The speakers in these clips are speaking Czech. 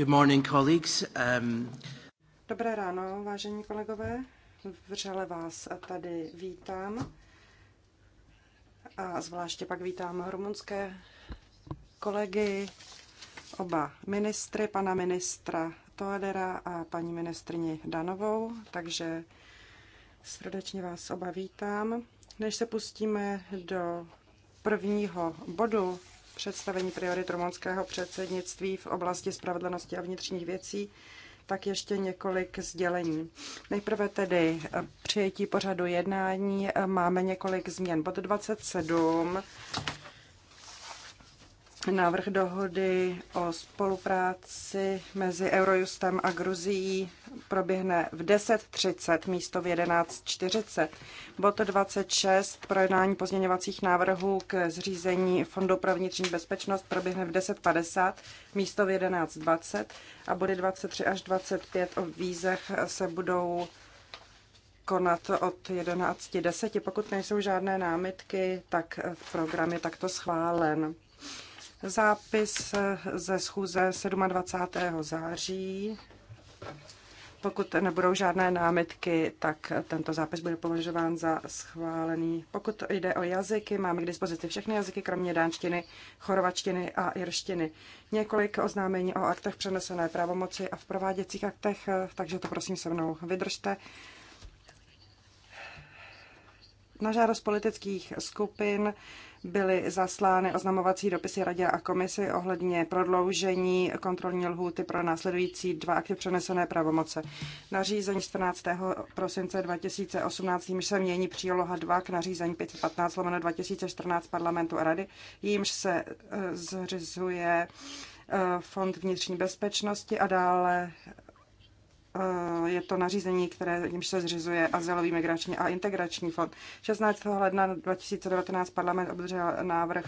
Good morning, colleagues. Um... Dobré ráno, vážení kolegové. Vřele vás tady vítám. A zvláště pak vítám rumunské kolegy, oba ministry, pana ministra Toadera a paní ministrni Danovou. Takže srdečně vás oba vítám. Než se pustíme do prvního bodu představení priorit rumunského předsednictví v oblasti spravedlnosti a vnitřních věcí, tak ještě několik sdělení. Nejprve tedy přijetí pořadu jednání. Máme několik změn. Bod 27 návrh dohody o spolupráci mezi Eurojustem a Gruzií proběhne v 10.30 místo v 11.40. Bod 26 projednání pozměňovacích návrhů k zřízení Fondu pro vnitřní bezpečnost proběhne v 10.50 místo v 11.20 a body 23 až 25 o vízech se budou konat od 11.10. Pokud nejsou žádné námitky, tak v program je takto schválen. Zápis ze schůze 27. září. Pokud nebudou žádné námitky, tak tento zápis bude považován za schválený. Pokud jde o jazyky, máme k dispozici všechny jazyky, kromě dánštiny, chorvačtiny a irštiny. Několik oznámení o aktech přenesené pravomoci a v prováděcích aktech, takže to prosím se mnou vydržte. Na žádost politických skupin byly zaslány oznamovací dopisy radě a komisi ohledně prodloužení kontrolní lhůty pro následující dva akty přenesené pravomoce. Nařízení 14. prosince 2018, jímž se mění příloha 2 k nařízení 515 lomeno 2014 parlamentu a rady, jímž se eh, zřizuje eh, Fond vnitřní bezpečnosti a dále Eh, je to nařízení, které jimž se zřizuje azylový migrační a integrační fond. 16. ledna 2019 parlament obdržel návrh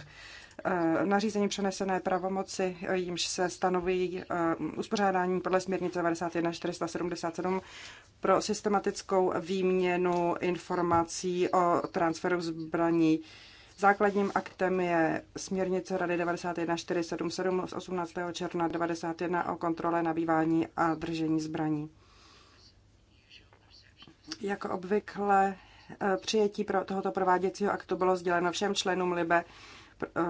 eh, nařízení přenesené pravomoci, jimž se stanoví eh, uspořádání podle směrnice 91 pro systematickou výměnu informací o transferu zbraní. Základním aktem je směrnice Rady 91477 z 18. června 1991 o kontrole nabývání a držení zbraní. Jako obvykle eh, přijetí pro tohoto prováděcího aktu bylo sděleno všem členům Libe, eh,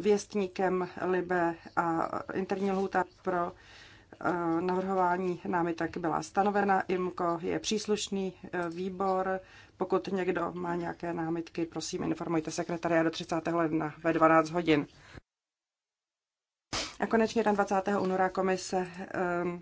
věstníkem Libe a interní lhůta pro eh, navrhování námi tak byla stanovena. IMKO je příslušný výbor. Pokud někdo má nějaké námitky, prosím, informujte sekretaria do 30. ledna ve 12 hodin. A konečně 20. února komise ehm,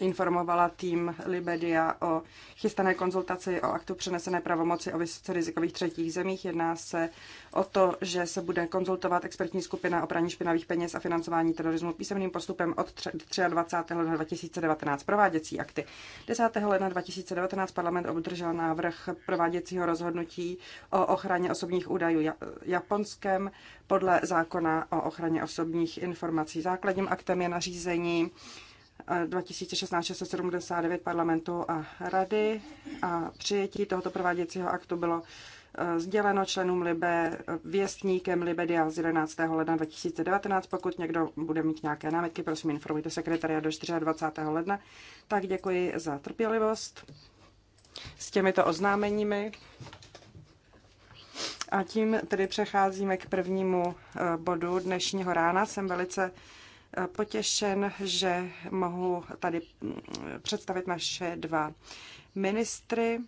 informovala tým Libedia o chystané konzultaci o aktu přenesené pravomoci o vysoce rizikových třetích zemích. Jedná se o to, že se bude konzultovat expertní skupina o praní špinavých peněz a financování terorismu písemným postupem od 23. ledna 2019 prováděcí akty. 10. ledna 2019 parlament obdržel návrh prováděcího rozhodnutí o ochraně osobních údajů japonském podle zákona o ochraně osobních informací. Základním aktem je nařízení 2016-679 parlamentu a rady a přijetí tohoto prováděcího aktu bylo eh, sděleno členům Libe věstníkem Libedia z 11. ledna 2019. Pokud někdo bude mít nějaké námitky, prosím informujte sekretariat do 24. ledna. Tak děkuji za trpělivost s těmito oznámeními. A tím tedy přecházíme k prvnímu eh, bodu dnešního rána. Jsem velice potěšen, že mohu tady mm, představit naše dva ministry.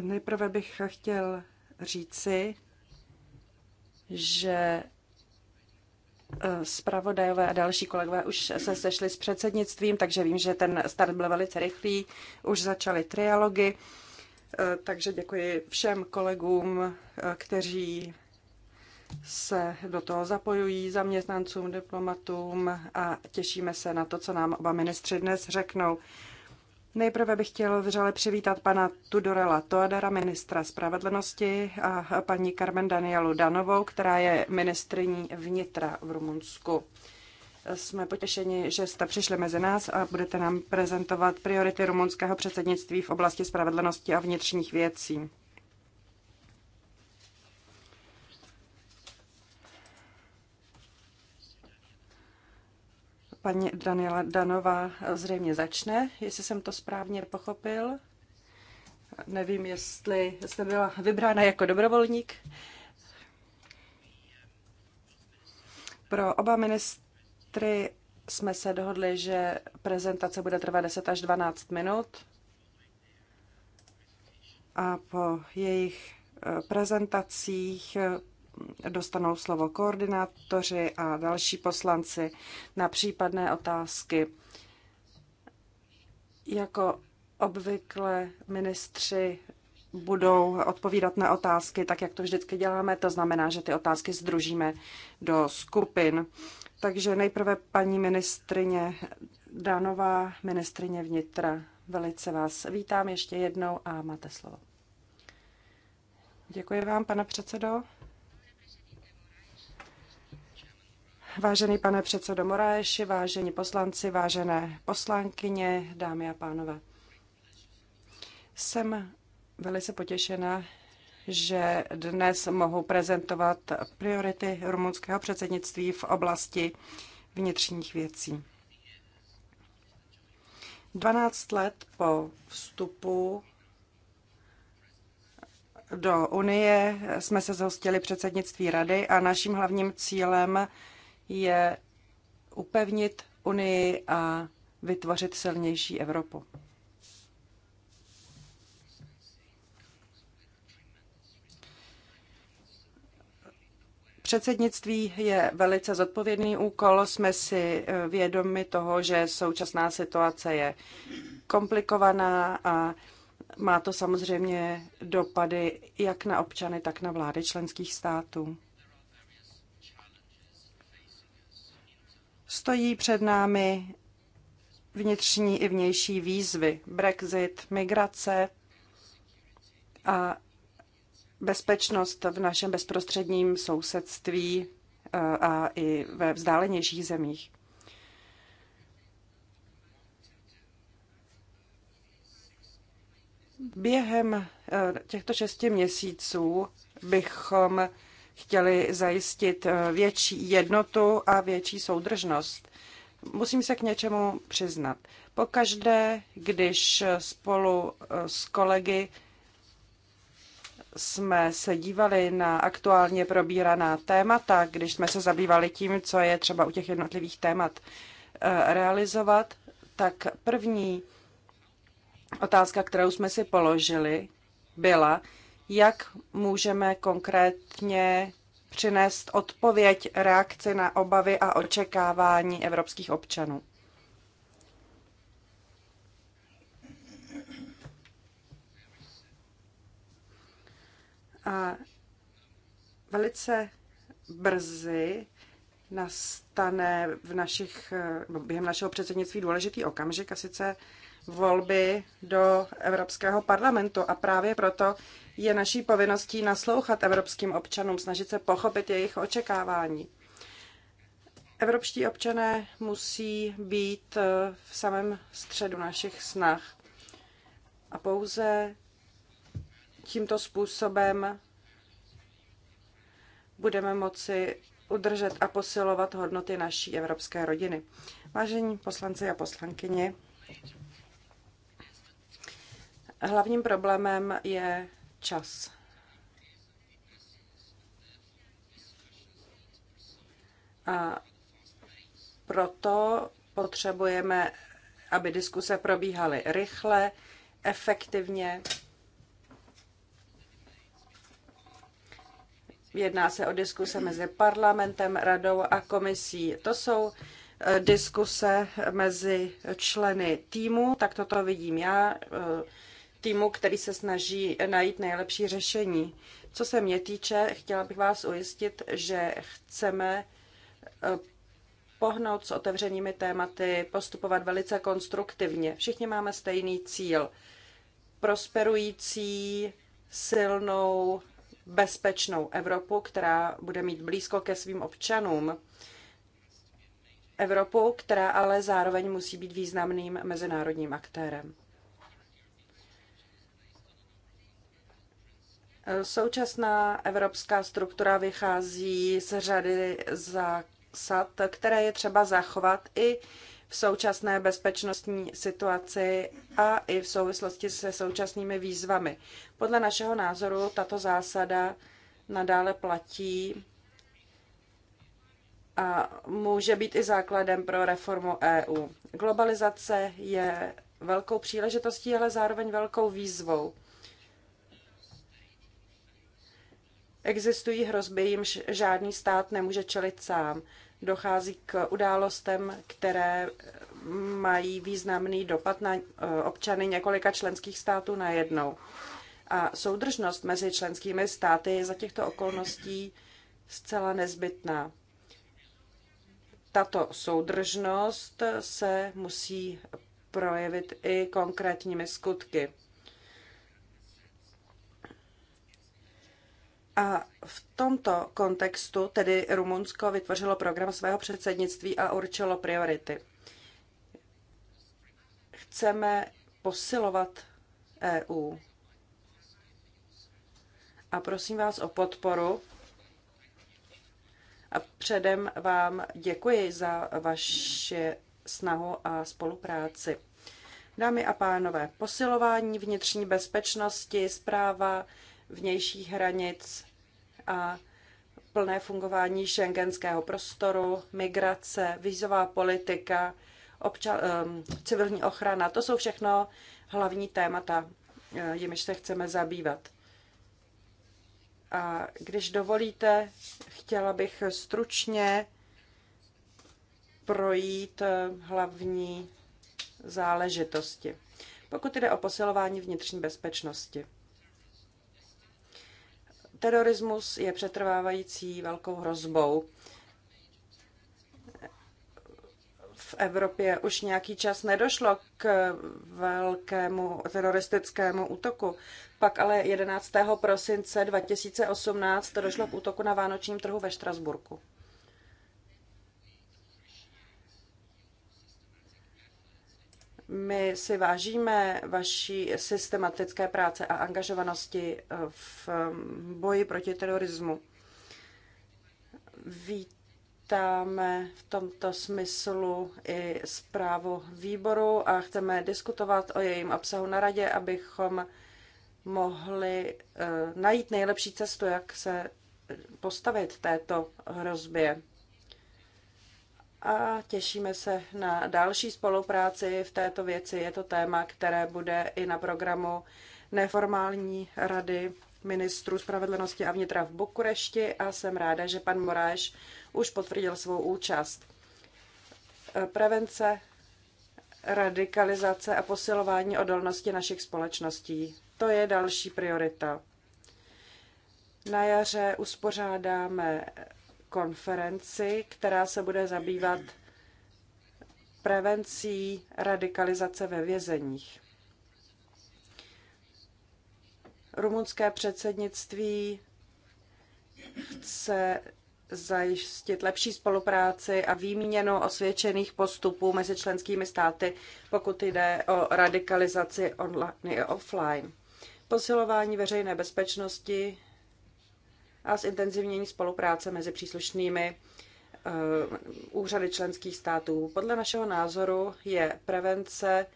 Nejprve bych chtěl říci, že e, zpravodajové a další kolegové už se sešli s předsednictvím, takže vím, že ten start byl velice rychlý. Už začaly trialogy, e, takže děkuji všem kolegům, e, kteří se do toho zapojují zaměstnancům, diplomatům a těšíme se na to, co nám oba ministři dnes řeknou. Nejprve bych chtěl vřele přivítat pana Tudorela Toadara, ministra spravedlnosti, a paní Carmen Danielu Danovou, která je ministriní vnitra v Rumunsku. Jsme potěšeni, že jste přišli mezi nás a budete nám prezentovat priority rumunského předsednictví v oblasti spravedlnosti a vnitřních věcí. Paní Daniela Danová eh, zřejmě začne, jestli jsem to správně pochopil. Nevím, jestli jste byla vybrána jako dobrovolník. Pro oba ministry jsme se dohodli, že prezentace bude trvat 10 až 12 minut. A po jejich eh, prezentacích eh, dostanou slovo koordinátoři a další poslanci na případné otázky. Jako obvykle ministři budou odpovídat na otázky, tak jak to vždycky děláme. To znamená, že ty otázky združíme do skupin. Takže nejprve paní ministrině Danová, ministrině vnitra. Velice vás vítám ještě jednou a máte slovo. Děkuji vám, pane předsedo. Vážený pane předsedo Moraeši, vážení poslanci, vážené poslankyně, dámy a pánové. Jsem velice potěšena, že dnes mohu prezentovat priority rumunského předsednictví v oblasti vnitřních věcí. 12 let po vstupu do Unie jsme se zhostili předsednictví Rady a naším hlavním cílem je upevnit Unii a vytvořit silnější Evropu. Předsednictví je velice zodpovědný úkol. Jsme si eh, vědomi toho, že současná situace je komplikovaná a má to samozřejmě dopady jak na občany, tak na vlády členských států. Stojí před námi vnitřní i vnější výzvy. Brexit, migrace a bezpečnost v našem bezprostředním sousedství eh, a i ve vzdálenějších zemích. Během eh, těchto šesti měsíců bychom chtěli zajistit eh, větší jednotu a větší soudržnost. Musím se k něčemu přiznat. Pokaždé, když spolu eh, s kolegy jsme se dívali na aktuálně probíraná témata, když jsme se zabývali tím, co je třeba u těch jednotlivých témat eh, realizovat, tak první otázka, kterou jsme si položili, byla, jak můžeme konkrétně přinést odpověď reakci na obavy a očekávání evropských občanů. A velice brzy nastane v našich, no, během našeho předsednictví důležitý okamžik, a sice volby do Evropského parlamentu a právě proto je naší povinností naslouchat evropským občanům, snažit se pochopit jejich očekávání. Evropští občané musí být eh, v samém středu našich snah a pouze tímto způsobem budeme moci udržet a posilovat hodnoty naší evropské rodiny. Vážení poslanci a poslankyně, Hlavním problémem je čas. A proto potřebujeme, aby diskuse probíhaly rychle, efektivně. Jedná se o diskuse mezi parlamentem, radou a komisí. To jsou eh, diskuse mezi členy týmu, tak toto vidím já. Eh, týmu, který se snaží najít nejlepší řešení. Co se mě týče, chtěla bych vás ujistit, že chceme eh, pohnout s otevřenými tématy, postupovat velice konstruktivně. Všichni máme stejný cíl. Prosperující, silnou, bezpečnou Evropu, která bude mít blízko ke svým občanům. Evropu, která ale zároveň musí být významným mezinárodním aktérem. Současná evropská struktura vychází z řady zásad, které je třeba zachovat i v současné bezpečnostní situaci a i v souvislosti se současnými výzvami. Podle našeho názoru tato zásada nadále platí a může být i základem pro reformu EU. Globalizace je velkou příležitostí, ale zároveň velkou výzvou. Existují hrozby, jimž žádný stát nemůže čelit sám. Dochází k událostem, které mm, mají významný dopad na eh, občany několika členských států najednou. A soudržnost mezi členskými státy je za těchto okolností zcela nezbytná. Tato soudržnost se musí projevit i konkrétními skutky. A v tomto kontextu tedy Rumunsko vytvořilo program svého předsednictví a určilo priority. Chceme posilovat EU. A prosím vás o podporu. A předem vám děkuji za vaši snahu a spolupráci. Dámy a pánové, posilování vnitřní bezpečnosti, zpráva vnějších hranic a plné fungování šengenského prostoru, migrace, vízová politika, obča- civilní ochrana. To jsou všechno hlavní témata, eh, jimiž se chceme zabývat. A když dovolíte, chtěla bych stručně projít eh, hlavní záležitosti. Pokud jde o posilování vnitřní bezpečnosti. Terorismus je přetrvávající velkou hrozbou. V Evropě už nějaký čas nedošlo k velkému teroristickému útoku. Pak ale 11. prosince 2018 došlo k útoku na vánočním trhu ve Štrasburku. My si vážíme vaší systematické práce a angažovanosti eh, v mm, boji proti terorismu. Vítáme v tomto smyslu i zprávu výboru a chceme diskutovat o jejím obsahu na radě, abychom mohli eh, najít nejlepší cestu, jak se postavit této hrozbě a těšíme se na další spolupráci v této věci. Je to téma, které bude i na programu neformální rady ministrů spravedlnosti a vnitra v Bukurešti a jsem ráda, že pan Moráš už potvrdil svou účast. Prevence, radikalizace a posilování odolnosti našich společností. To je další priorita. Na jaře uspořádáme konferenci, která se bude zabývat prevencí radikalizace ve vězeních. Rumunské předsednictví chce zajistit lepší spolupráci a výměnu osvědčených postupů mezi členskými státy, pokud jde o radikalizaci online i offline. Posilování veřejné bezpečnosti a zintenzivnění spolupráce mezi příslušnými eh, úřady členských států. Podle našeho názoru je prevence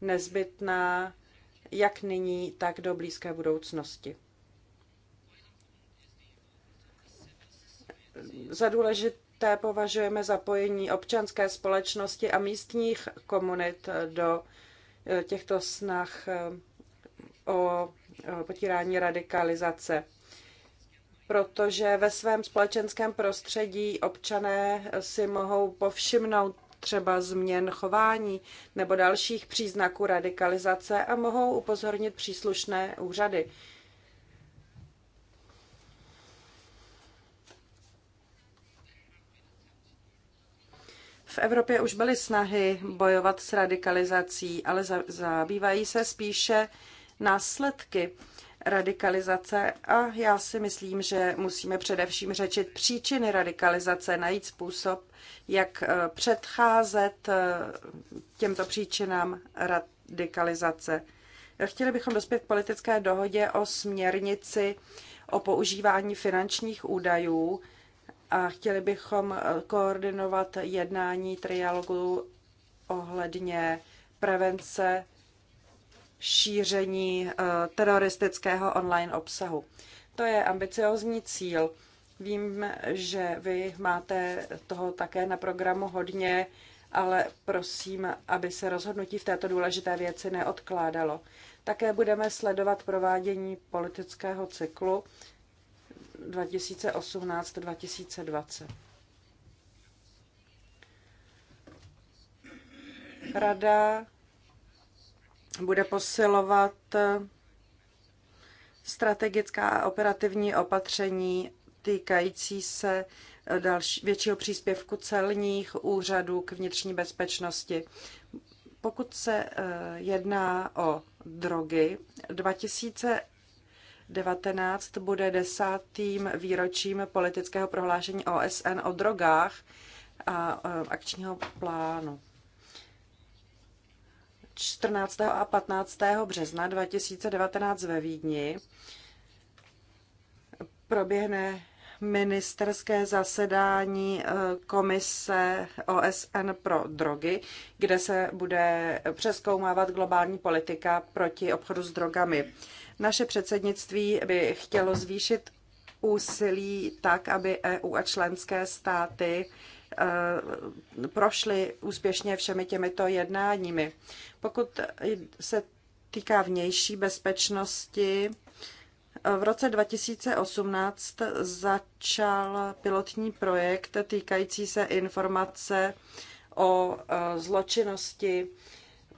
nezbytná jak nyní, tak do blízké budoucnosti. Za důležité považujeme zapojení občanské společnosti a místních komunit do eh, těchto snah eh, o potírání radikalizace protože ve svém společenském prostředí občané si mohou povšimnout třeba změn chování nebo dalších příznaků radikalizace a mohou upozornit příslušné úřady. V Evropě už byly snahy bojovat s radikalizací, ale zabývají se spíše následky radikalizace a já si myslím, že musíme především řečit příčiny radikalizace, najít způsob, jak eh, předcházet eh, těmto příčinám radikalizace. Chtěli bychom dospět k politické dohodě o směrnici o používání finančních údajů a chtěli bychom eh, koordinovat jednání trialogu ohledně prevence šíření eh, teroristického online obsahu. To je ambiciozní cíl. Vím, že vy máte toho také na programu hodně, ale prosím, aby se rozhodnutí v této důležité věci neodkládalo. Také budeme sledovat provádění politického cyklu 2018-2020. Rada bude posilovat eh, strategická a operativní opatření týkající se eh, další, většího příspěvku celních úřadů k vnitřní bezpečnosti. Pokud se eh, jedná o drogy, 2019 bude desátým výročím politického prohlášení OSN o drogách a akčního plánu. 14. a 15. března 2019 ve Vídni proběhne ministerské zasedání eh, Komise OSN pro drogy, kde se bude přeskoumávat globální politika proti obchodu s drogami. Naše předsednictví by chtělo zvýšit úsilí tak, aby EU a členské státy Eh, prošli úspěšně všemi těmito jednáními. Pokud se týká vnější bezpečnosti, eh, v roce 2018 začal pilotní projekt týkající se informace o eh, zločinnosti.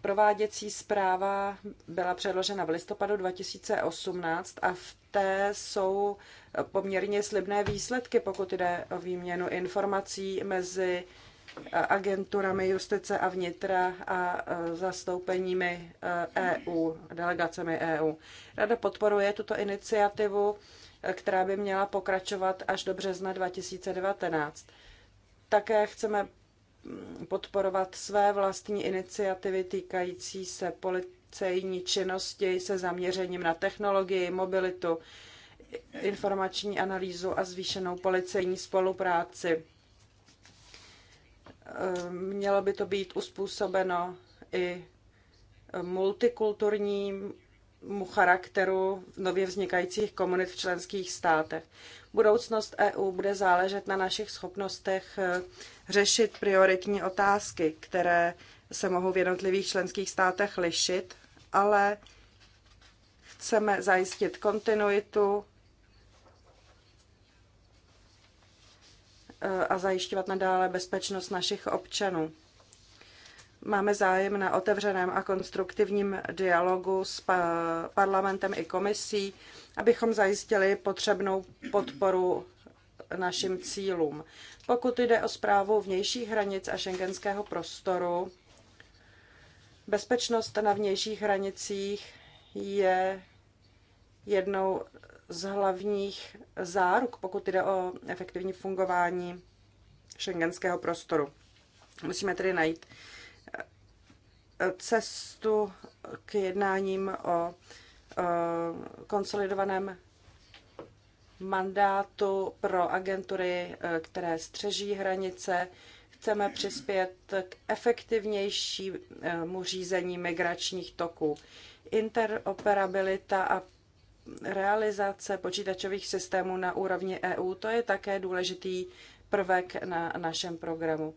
Prováděcí zpráva byla předložena v listopadu 2018 a v té jsou poměrně slibné výsledky, pokud jde o výměnu informací mezi agenturami justice a vnitra a e, zastoupeními EU, e delegacemi EU. Rada podporuje tuto iniciativu, e, která by měla pokračovat až do března 2019. Také chceme mm, podporovat své vlastní iniciativy týkající se politiky policejní činnosti se zaměřením na technologii, mobilitu, informační analýzu a zvýšenou policejní spolupráci. Eh, mělo by to být uspůsobeno i multikulturnímu charakteru nově vznikajících komunit v členských státech. Budoucnost EU bude záležet na našich schopnostech eh, řešit prioritní otázky, které se mohou v jednotlivých členských státech lišit, ale chceme zajistit kontinuitu eh, a zajišťovat nadále bezpečnost našich občanů. Máme zájem na otevřeném a konstruktivním dialogu s parlamentem i komisí, abychom zajistili potřebnou podporu našim cílům. Pokud jde o zprávu vnějších hranic a šengenského prostoru, Bezpečnost na vnějších hranicích je jednou z hlavních záruk, pokud jde o efektivní fungování šengenského prostoru. Musíme tedy najít eh, cestu k jednáním o eh, konsolidovaném mandátu pro agentury, eh, které střeží hranice, chceme přispět k efektivnějšímu řízení migračních toků. Interoperabilita a realizace počítačových systémů na úrovni EU, to je také důležitý prvek na našem programu.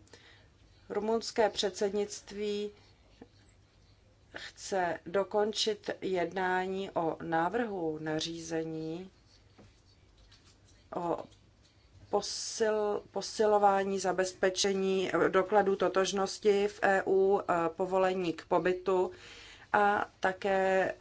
Rumunské předsednictví chce dokončit jednání o návrhu nařízení o posil, posilování zabezpečení dokladů totožnosti v EU, e, povolení k pobytu a také e,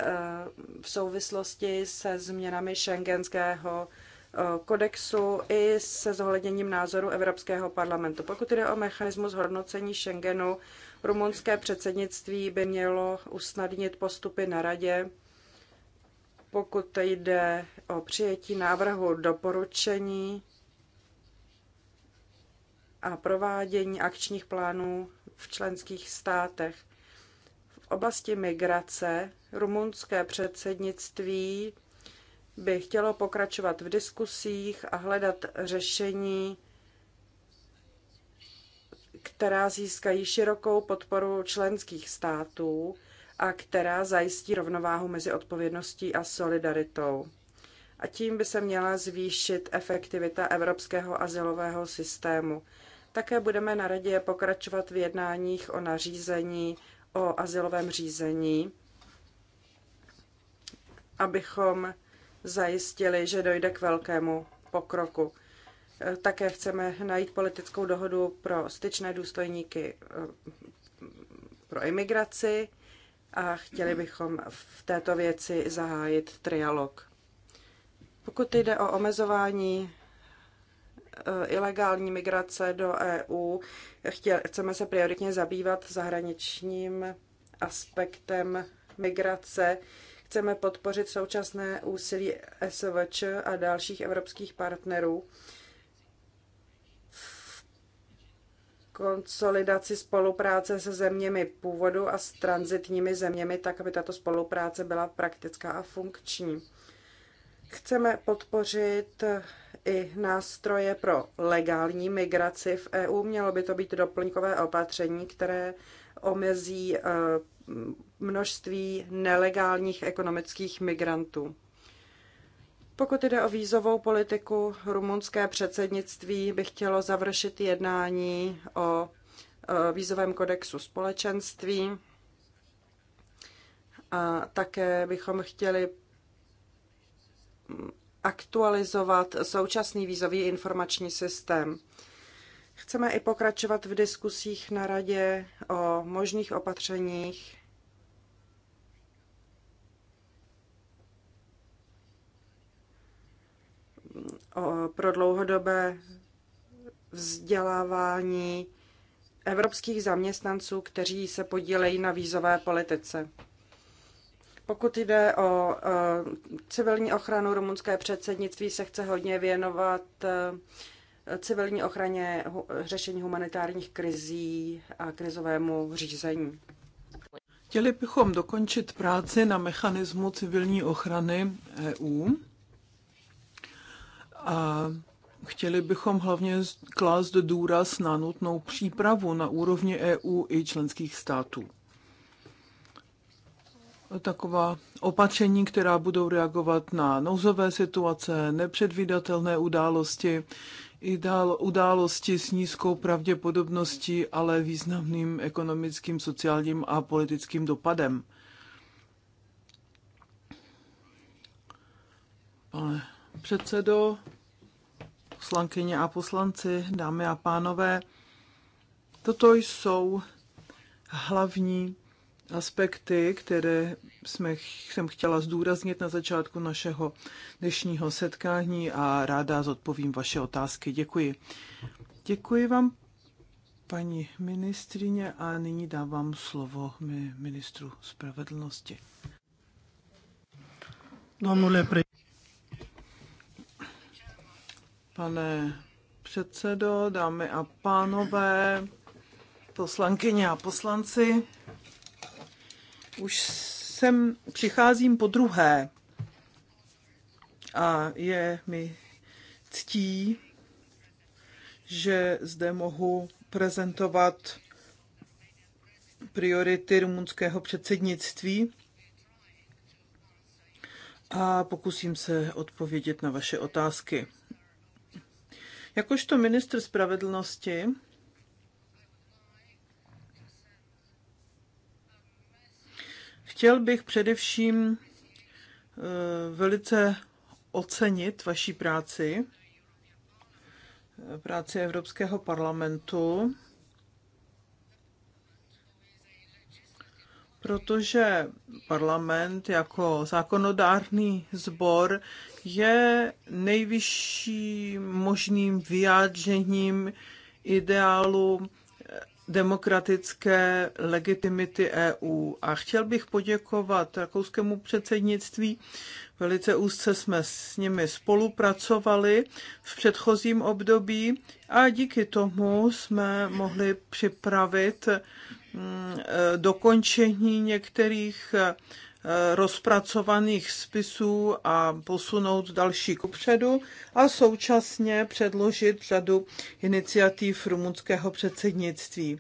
v souvislosti se změnami šengenského e, kodexu i se zohledněním názoru Evropského parlamentu. Pokud jde o mechanismus hodnocení Schengenu, rumunské předsednictví by mělo usnadnit postupy na radě, pokud jde o přijetí návrhu doporučení a provádění akčních plánů v členských státech. V oblasti migrace rumunské předsednictví by chtělo pokračovat v diskusích a hledat řešení, která získají širokou podporu členských států a která zajistí rovnováhu mezi odpovědností a solidaritou. A tím by se měla zvýšit efektivita evropského asilového systému. Také budeme na radě pokračovat v jednáních o nařízení, o asilovém řízení, abychom zajistili, že dojde k velkému pokroku. E, také chceme najít politickou dohodu pro styčné důstojníky e, pro imigraci a chtěli bychom v této věci zahájit trialog. Pokud jde o omezování Eh, ilegální migrace do EU. Chceme se prioritně zabývat zahraničním aspektem migrace. Chceme podpořit současné úsilí SVČ a dalších evropských partnerů v konsolidaci spolupráce se zeměmi původu a s transitními zeměmi, tak aby tato spolupráce byla praktická a funkční. Chceme podpořit i nástroje pro legální migraci v EU. Mělo by to být doplňkové opatření, které omezí eh, množství nelegálních ekonomických migrantů. Pokud jde o vízovou politiku, rumunské předsednictví by chtělo završit jednání o eh, vízovém kodexu společenství. A také bychom chtěli aktualizovat současný vízový informační systém. Chceme i pokračovat v diskusích na radě o možných opatřeních pro dlouhodobé vzdělávání evropských zaměstnanců, kteří se podílejí na vízové politice. Pokud jde o eh, civilní ochranu, rumunské předsednictví se chce hodně věnovat eh, civilní ochraně, řešení humanitárních krizí a krizovému řízení. Chtěli bychom dokončit práci na mechanismu civilní ochrany EU a chtěli bychom hlavně klást důraz na nutnou přípravu na úrovni EU i členských států taková opatření, která budou reagovat na nouzové situace, nepředvídatelné události, i dál události s nízkou pravděpodobností, ale významným ekonomickým, sociálním a politickým dopadem. Pane předsedo, poslankyně a poslanci, dámy a pánové, toto jsou hlavní aspekty, které jsme, jsem chtěla zdůraznit na začátku našeho dnešního setkání a ráda zodpovím vaše otázky. Děkuji. Děkuji vám, paní ministrině, a nyní dávám slovo mi ministru spravedlnosti. Pane předsedo, dámy a pánové, poslankyně a poslanci, už sem přicházím po druhé a je mi ctí, že zde mohu prezentovat priority rumunského předsednictví a pokusím se odpovědět na vaše otázky. Jakožto ministr spravedlnosti Chtěl bych především eh, velice ocenit vaší práci, eh, práci Evropského parlamentu, protože parlament jako zákonodárný sbor je nejvyšším možným vyjádřením ideálu demokratické legitimity EU. A chtěl bych poděkovat rakouskému předsednictví. Velice úzce jsme s nimi spolupracovali v předchozím období a díky tomu jsme mohli připravit mm, e, dokončení některých Eh, rozpracovaných spisů a posunout další kupředu a současně předložit řadu iniciativ rumunského předsednictví.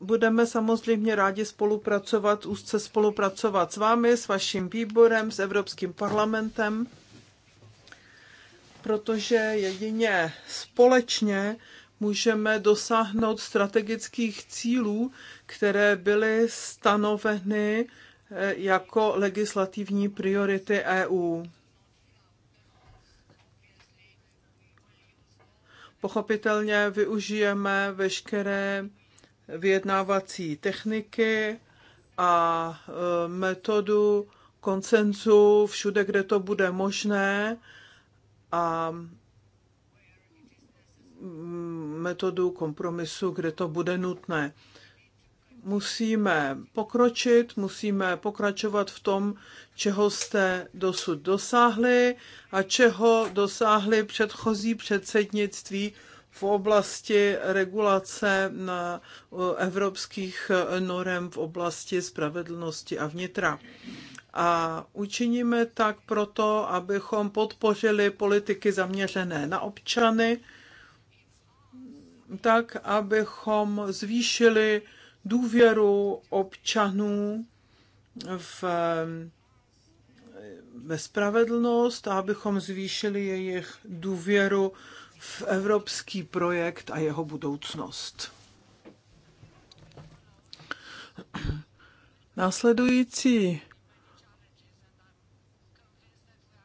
Budeme samozřejmě rádi spolupracovat, úzce spolupracovat s vámi, s vaším výborem, s Evropským parlamentem, protože jedině společně můžeme dosáhnout strategických cílů, které byly stanoveny jako legislativní priority EU. Pochopitelně využijeme veškeré vyjednávací techniky a e, metodu koncenzu všude, kde to bude možné a metodu kompromisu, kde to bude nutné musíme pokročit, musíme pokračovat v tom, čeho jste dosud dosáhli a čeho dosáhli předchozí předsednictví v oblasti regulace na evropských norem v oblasti spravedlnosti a vnitra. A učiníme tak proto, abychom podpořili politiky zaměřené na občany, tak, abychom zvýšili důvěru občanů v, ve spravedlnost a abychom zvýšili jejich důvěru v evropský projekt a jeho budoucnost. Následující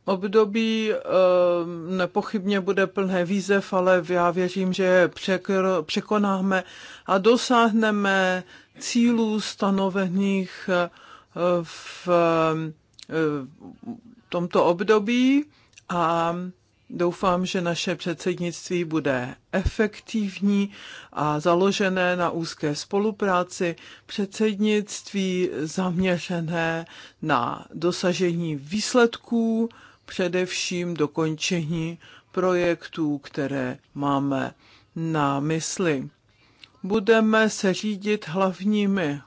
období ehm, nepochybně bude plné výzev, ale já věřím, že je překonáme a dosáhneme cílů stanovených eh, v eh, tomto období a Doufám, že naše předsednictví bude efektivní a založené na úzké spolupráci, předsednictví zaměřené na dosažení výsledků především dokončení projektů, které máme na mysli. Budeme se řídit hlavními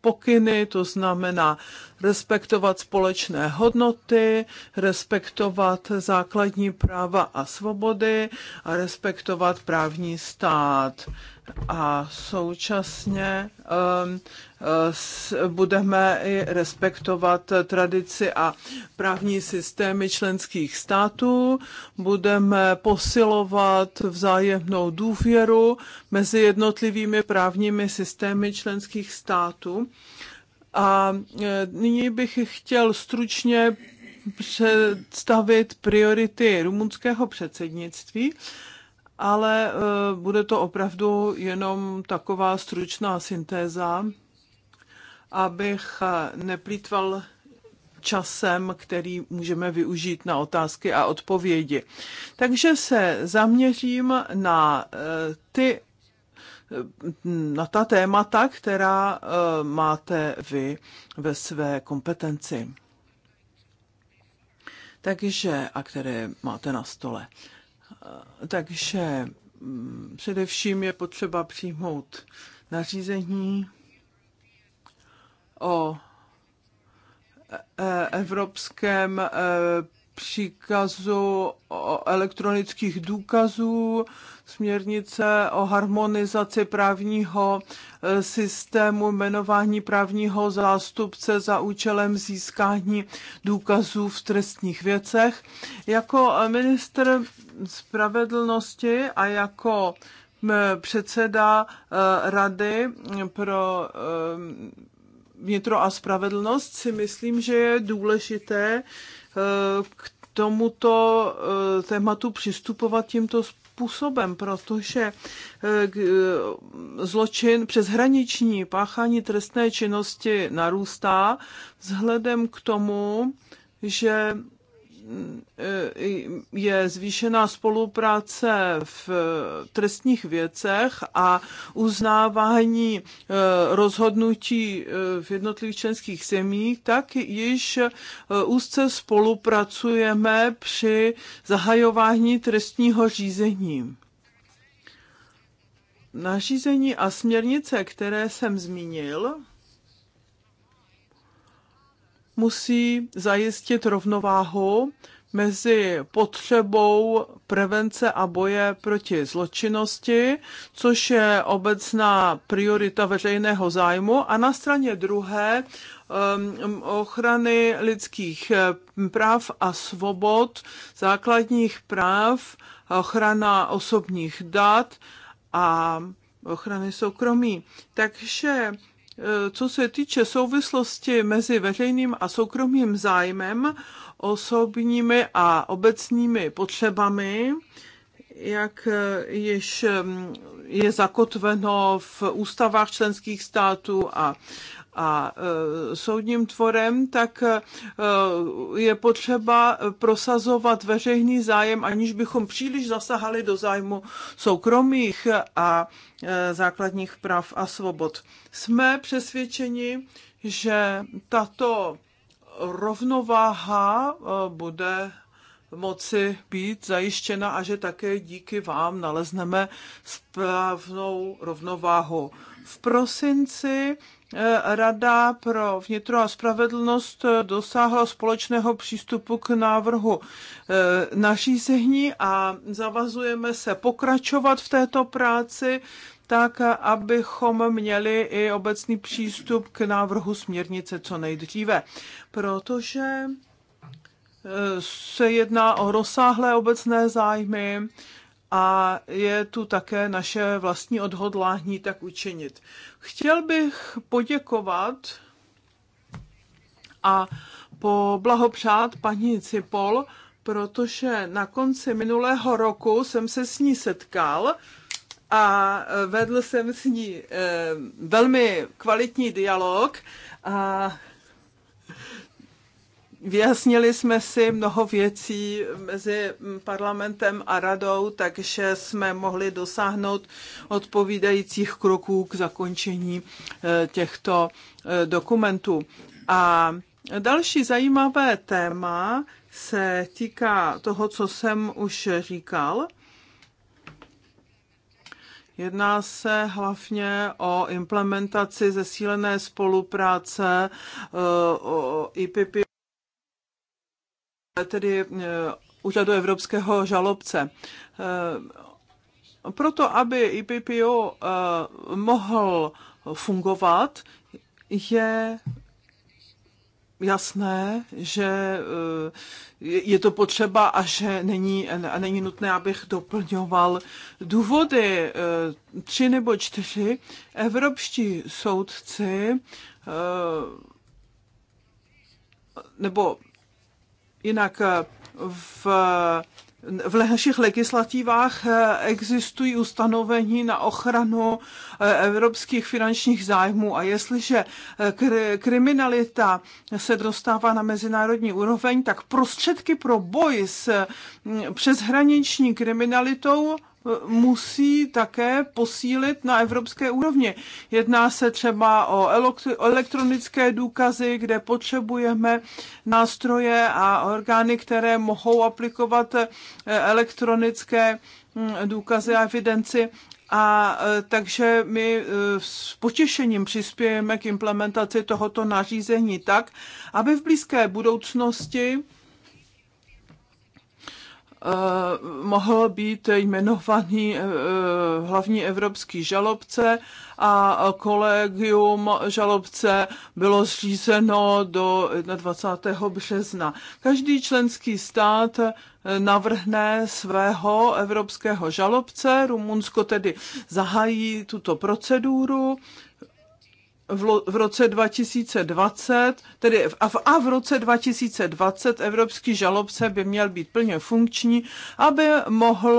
pokyny, to znamená respektovat společné hodnoty, respektovat základní práva a svobody a respektovat právní stát a současně ehm, eh, budeme i respektovat tradici a právní systémy členských států, budeme posilovat vzájemnou důvěru mezi jednotlivými právními systémy členských států. A eh, nyní bych chtěl stručně představit priority rumunského předsednictví ale eh, bude to opravdu jenom taková stručná syntéza, abych eh, neplýtval časem, který můžeme využít na otázky a odpovědi. Takže se zaměřím na eh, ty na ta témata, která máte vy ve své kompetenci. Takže, a které máte na stole takže mm, především je potřeba přijmout nařízení o e, evropském e, příkazu o elektronických důkazů, směrnice o harmonizaci právního e, systému jmenování právního zástupce za účelem získání důkazů v trestních věcech. Jako e, minister spravedlnosti a jako předseda e, Rady pro vnitro a spravedlnost si myslím, že je důležité, k tomuto eh, tématu přistupovat tímto způsobem, protože eh, eh, zločin přeshraniční páchání trestné činnosti narůstá vzhledem k tomu, že Eh, je zvýšená spolupráce v trestních věcech a uznávání eh, rozhodnutí eh, v jednotlivých členských zemích, tak již úzce spolupracujeme při zahajování trestního řízení. Nařízení a směrnice, které jsem zmínil, musí zajistit rovnováhu mezi potřebou prevence a boje proti zločinnosti, což je obecná priorita veřejného zájmu, a na straně druhé um, ochrany lidských eh, práv a svobod, základních práv, ochrana osobních dat a ochrany soukromí. Takže Eh, co se týče souvislosti mezi veřejným a soukromým zájmem, osobními a obecními potřebami, jak eh, již mm, je zakotveno v ústavách členských států a a e, soudním tvorem, tak e, je potřeba prosazovat veřejný zájem, aniž bychom příliš zasahali do zájmu soukromých a e, základních práv a svobod. Jsme přesvědčeni, že tato rovnováha bude moci být zajištěna a že také díky vám nalezneme správnou rovnováhu. V prosinci Eh, Rada pro vnitro a spravedlnost eh, dosáhla společného přístupu k návrhu eh, nařízení a zavazujeme se pokračovat v této práci tak, abychom měli i obecný přístup k návrhu směrnice co nejdříve, protože se jedná o rozsáhlé obecné zájmy a je tu také naše vlastní odhodlání tak učinit. Chtěl bych poděkovat a poblahopřát paní Cipol, protože na konci minulého roku jsem se s ní setkal a vedl jsem s ní eh, velmi kvalitní dialog a Vyjasnili jsme si mnoho věcí mezi parlamentem a radou, takže jsme mohli dosáhnout odpovídajících kroků k zakončení eh, těchto eh, dokumentů. A další zajímavé téma se týká toho, co jsem už říkal. Jedná se hlavně o implementaci zesílené spolupráce eh, o IPP tedy e, úřadu evropského žalobce. E, proto, aby IPPO e, mohl fungovat, je jasné, že je to potřeba a že není, a není nutné, abych doplňoval důvody. Tři nebo čtyři evropští soudci nebo Jinak eh, v v našich legislativách eh, existují ustanovení na ochranu eh, evropských finančních zájmů a jestliže kriminalita se dostává na mezinárodní úroveň, tak prostředky pro boj s mm, přeshraniční kriminalitou musí také posílit na evropské úrovni. Jedná se třeba o elektronické důkazy, kde potřebujeme nástroje a orgány, které mohou aplikovat eh, elektronické hm, důkazy a evidenci. A eh, takže my eh, s potěšením přispějeme k implementaci tohoto nařízení tak, aby v blízké budoucnosti Eh, mohl být jmenovaný eh, hlavní evropský žalobce a kolegium žalobce bylo zřízeno do 21. března. Každý členský stát eh, navrhne svého evropského žalobce, Rumunsko tedy zahájí tuto proceduru v, v roce 2020, tedy v, a, v, a v roce 2020 evropský žalobce by měl být plně funkční, aby mohl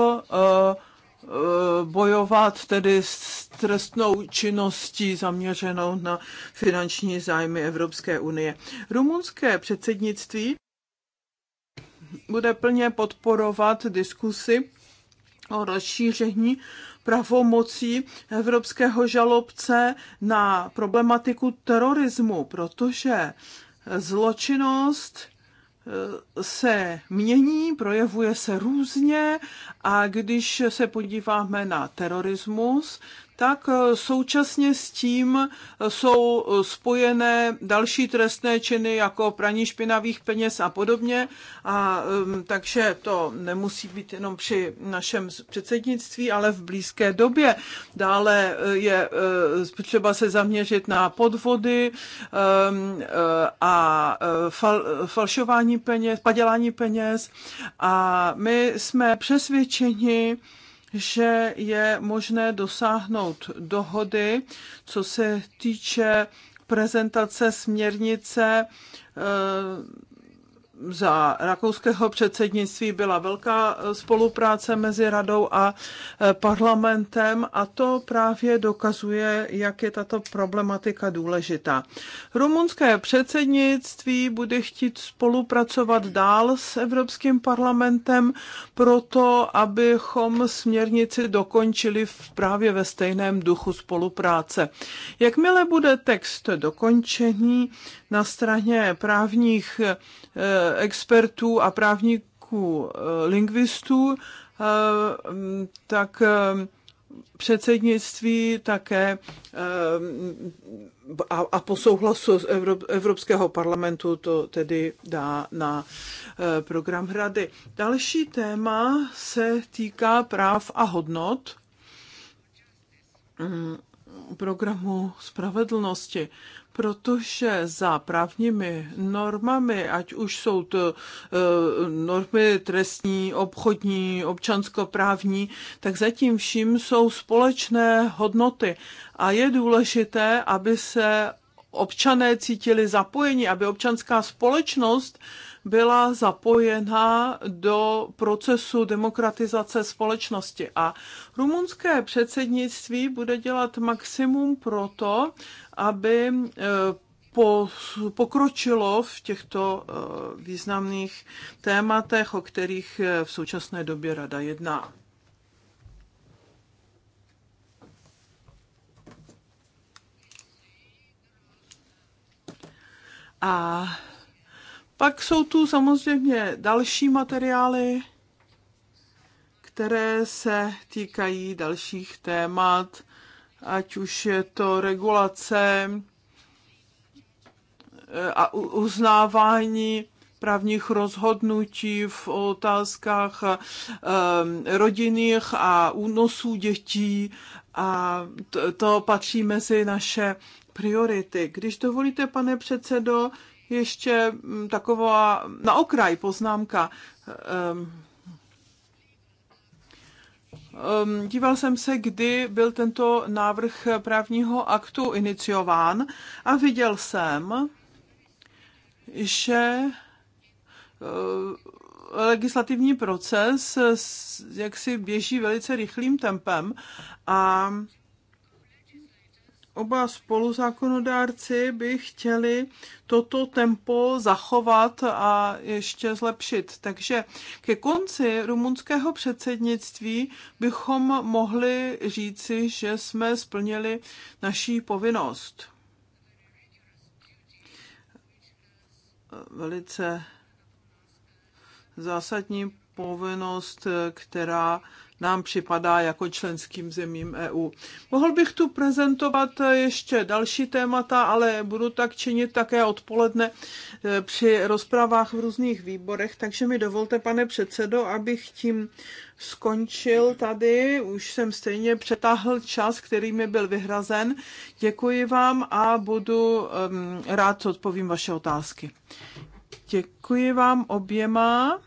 uh, uh, bojovat tedy s trestnou činností zaměřenou na finanční zájmy Evropské unie. Rumunské předsednictví bude plně podporovat diskusy o rozšíření pravomocí evropského žalobce na problematiku terorismu, protože zločinnost eh, se mění, projevuje se různě a když se podíváme na terorismus, tak eh, současně s tím eh, jsou eh, spojené další trestné činy jako praní špinavých peněz a podobně. A, ehm, takže to nemusí být jenom při našem předsednictví, ale v blízké době. Dále je třeba se zaměřit na podvody ehm, a fal, falšování peněz, padělání peněz. A my jsme přesvědčeni, že je možné dosáhnout dohody, co se týče prezentace směrnice eh, za rakouského předsednictví byla velká eh, spolupráce mezi radou a eh, parlamentem a to právě dokazuje, jak je tato problematika důležitá. Rumunské předsednictví bude chtít spolupracovat dál s Evropským parlamentem proto, abychom směrnici dokončili v právě ve stejném duchu spolupráce. Jakmile bude text dokončený na straně právních eh, expertů a právníků eh, lingvistů, eh, tak eh, předsednictví také a, po souhlasu z Evropského parlamentu to tedy dá na program hrady. Další téma se týká práv a hodnot mm, programu spravedlnosti, protože za právními normami, ať už jsou to e, normy trestní, obchodní, občanskoprávní, tak zatím vším jsou společné hodnoty. A je důležité, aby se občané cítili zapojeni, aby občanská společnost byla zapojena do procesu demokratizace společnosti. A rumunské předsednictví bude dělat maximum pro to, aby e, po, pokročilo v těchto e, významných tématech, o kterých e, v současné době Rada jedná. A pak jsou tu samozřejmě další materiály, které se týkají dalších témat, ať už je to regulace eh, a uznávání právních rozhodnutí v otázkách eh, eh, rodinných a únosů dětí a to, patří mezi naše priority. Když dovolíte, pane předsedo, ještě mm, taková na okraj poznámka. Ehm, ehm, díval jsem se, kdy byl tento návrh právního aktu iniciován a viděl jsem, že eh, legislativní proces jaksi běží velice rychlým tempem a oba spoluzákonodárci by chtěli toto tempo zachovat a ještě zlepšit. Takže ke konci rumunského předsednictví bychom mohli říci, že jsme splnili naší povinnost. Velice zásadní povinnost, která nám připadá jako členským zemím EU. Mohl bych tu prezentovat ještě další témata, ale budu tak činit také odpoledne eh, při rozpravách v různých výborech, takže mi dovolte, pane předsedo, abych tím skončil tady, už jsem stejně přetáhl čas, který mi byl vyhrazen. Děkuji vám a budu um, rád, co odpovím vaše otázky. Děkuji vám oběma.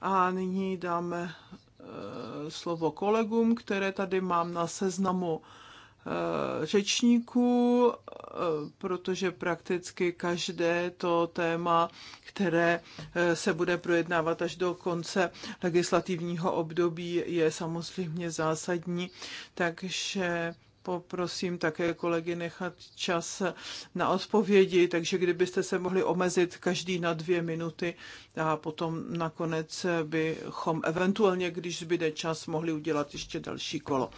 A nyní dáme eh, slovo kolegům, které tady mám na seznamu eh, řečníků, eh, protože prakticky každé to téma, které se bude projednávat až do konce legislativního období, je samozřejmě zásadní. Takže poprosím také kolegy nechat čas na odpovědi, takže kdybyste se mohli omezit každý na dvě minuty a potom nakonec bychom eventuálně, když zbyde čas, mohli udělat ještě další kolo.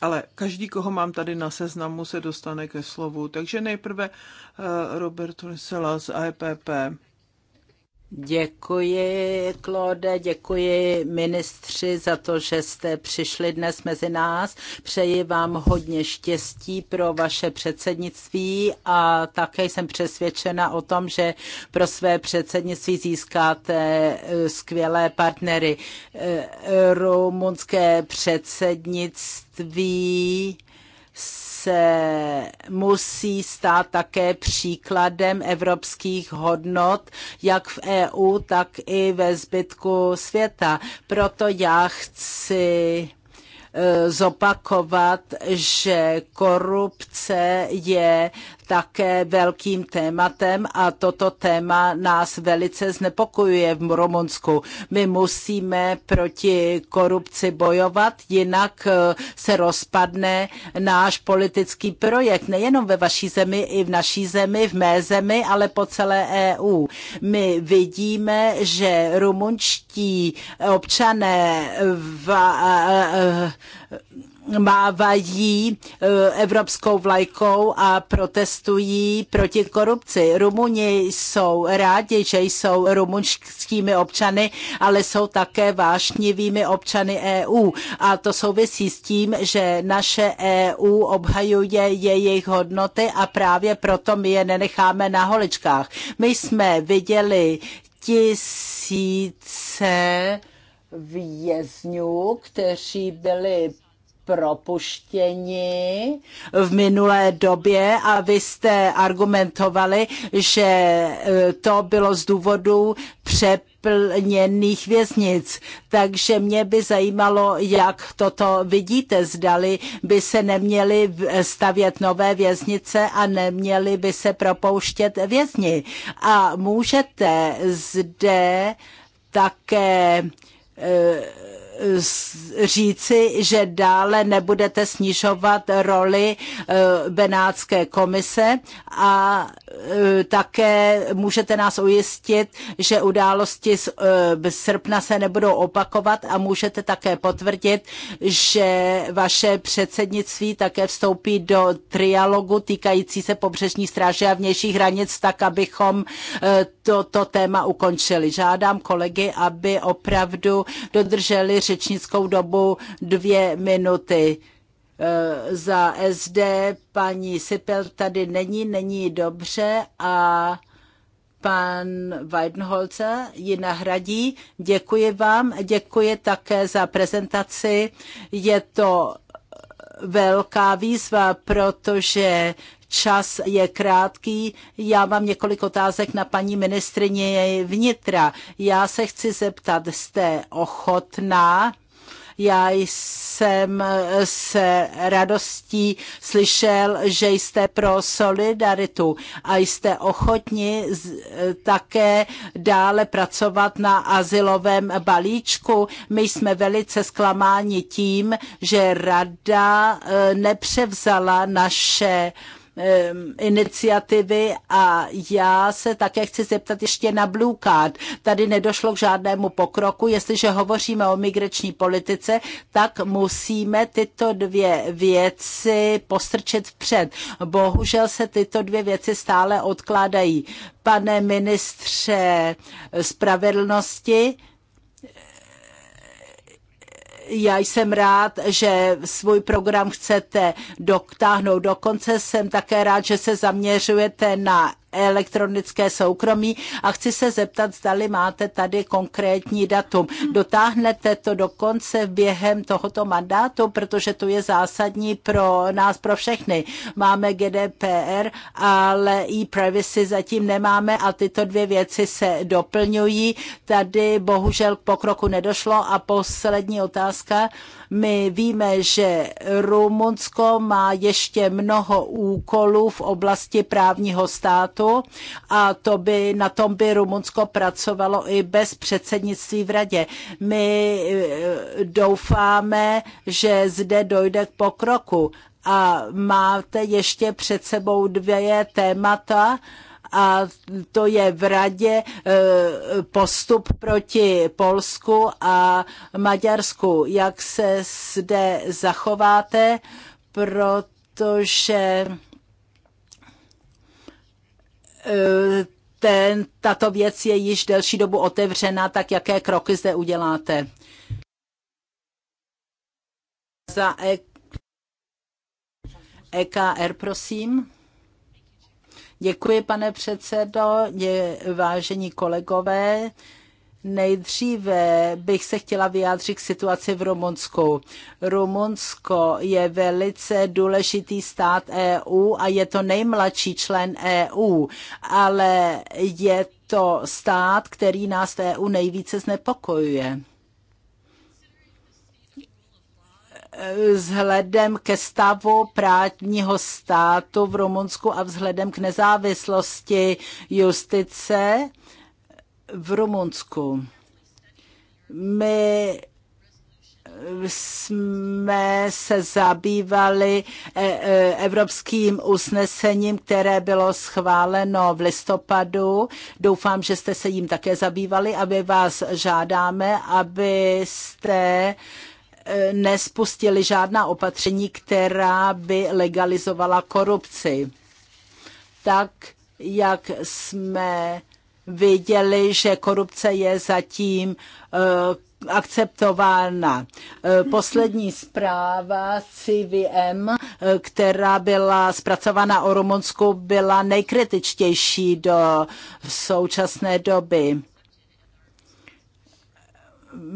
Ale každý, koho mám tady na seznamu, se dostane ke slovu. Takže nejprve eh, Robert Risela z EPP. Děkuji, Klode, děkuji ministři za to, že jste přišli dnes mezi nás. Přeji vám hodně štěstí pro vaše předsednictví a také jsem přesvědčena o tom, že pro své předsednictví získáte eh, skvělé partnery. Eh, eh, rumunské předsednictví se musí stát také příkladem evropských hodnot, jak v EU, tak i ve zbytku světa. Proto já chci eh, zopakovat, že korupce je také velkým tématem a toto téma nás velice znepokojuje v Rumunsku. My musíme proti korupci bojovat, jinak eh, se rozpadne náš politický projekt, nejenom ve vaší zemi, i v naší zemi, v mé zemi, ale po celé EU. My vidíme, že rumunští občané v, eh, eh, mávají eh, evropskou vlajkou a protestují proti korupci. Rumuni jsou rádi, že jsou rumunskými občany, ale jsou také vášnivými občany EU. A to souvisí s tím, že naše EU obhajuje jejich hodnoty a právě proto my je nenecháme na holičkách. My jsme viděli tisíce vězňů, kteří byli propuštěni v minulé době a vy jste argumentovali, že e, to bylo z důvodu přeplněných věznic. Takže mě by zajímalo, jak toto vidíte. Zdali by se neměly stavět nové věznice a neměly by se propouštět vězni. A můžete zde také e, říci, že dále nebudete snižovat roli eh, Benátské komise a Eh, také můžete nás ujistit, že události eh, z srpna se nebudou opakovat a můžete také potvrdit, že vaše předsednictví také vstoupí do trialogu týkající se pobřežní stráže a vnějších hranic, tak abychom eh, toto téma ukončili. Žádám kolegy, aby opravdu dodrželi řečnickou dobu dvě minuty Eh, za SD paní Sipel tady není, není dobře a pan Weidenholzer ji nahradí. Děkuji vám, děkuji také za prezentaci. Je to velká výzva, protože čas je krátký. Já mám několik otázek na paní ministrině vnitra. Já se chci zeptat, jste ochotná já jsem se radostí slyšel, že jste pro solidaritu a jste ochotni také dále pracovat na asilovém balíčku. My jsme velice zklamáni tím, že rada eh, nepřevzala naše iniciativy a já se také chci zeptat ještě na Blue Card. Tady nedošlo k žádnému pokroku. Jestliže hovoříme o migrační politice, tak musíme tyto dvě věci postrčit vpřed. Bohužel se tyto dvě věci stále odkládají. Pane ministře spravedlnosti, já jsem rád, že svůj program chcete dotáhnout do konce. Jsem také rád, že se zaměřujete na elektronické soukromí a chci se zeptat, zdali máte tady konkrétní datum. Dotáhnete to dokonce během tohoto mandátu, protože to je zásadní pro nás, pro všechny. Máme GDPR, ale i privacy zatím nemáme a tyto dvě věci se doplňují. Tady bohužel k pokroku nedošlo a poslední otázka. My víme, že Rumunsko má ještě mnoho úkolů v oblasti právního státu tématu a to by na tom by Rumunsko pracovalo i bez předsednictví v radě. My eh, doufáme, že zde dojde k pokroku a máte ještě před sebou dvě témata, a to je v radě eh, postup proti Polsku a Maďarsku. Jak se zde zachováte, protože E, ten, tato věc je již delší dobu otevřena, tak jaké kroky zde uděláte? Za e- EKR, prosím. Děkuji, pane předsedo, je, vážení kolegové. Nejdříve bych se chtěla vyjádřit k situaci v Rumunsku. Rumunsko je velice důležitý stát EU a je to nejmladší člen EU, ale je to stát, který nás v e EU nejvíce znepokojuje. vzhledem ke stavu právního státu v Rumunsku a vzhledem k nezávislosti justice v Rumunsku. My jsme se zabývali eh, eh, evropským usnesením, které bylo schváleno v listopadu. Doufám, že jste se jim také zabývali, aby vás žádáme, abyste eh, nespustili žádná opatření, která by legalizovala korupci. Tak, jak jsme viděli, že korupce je zatím eh, akceptována. Eh, poslední zpráva CVM, eh, která byla zpracována o Rumunsku, byla nejkritičtější do současné doby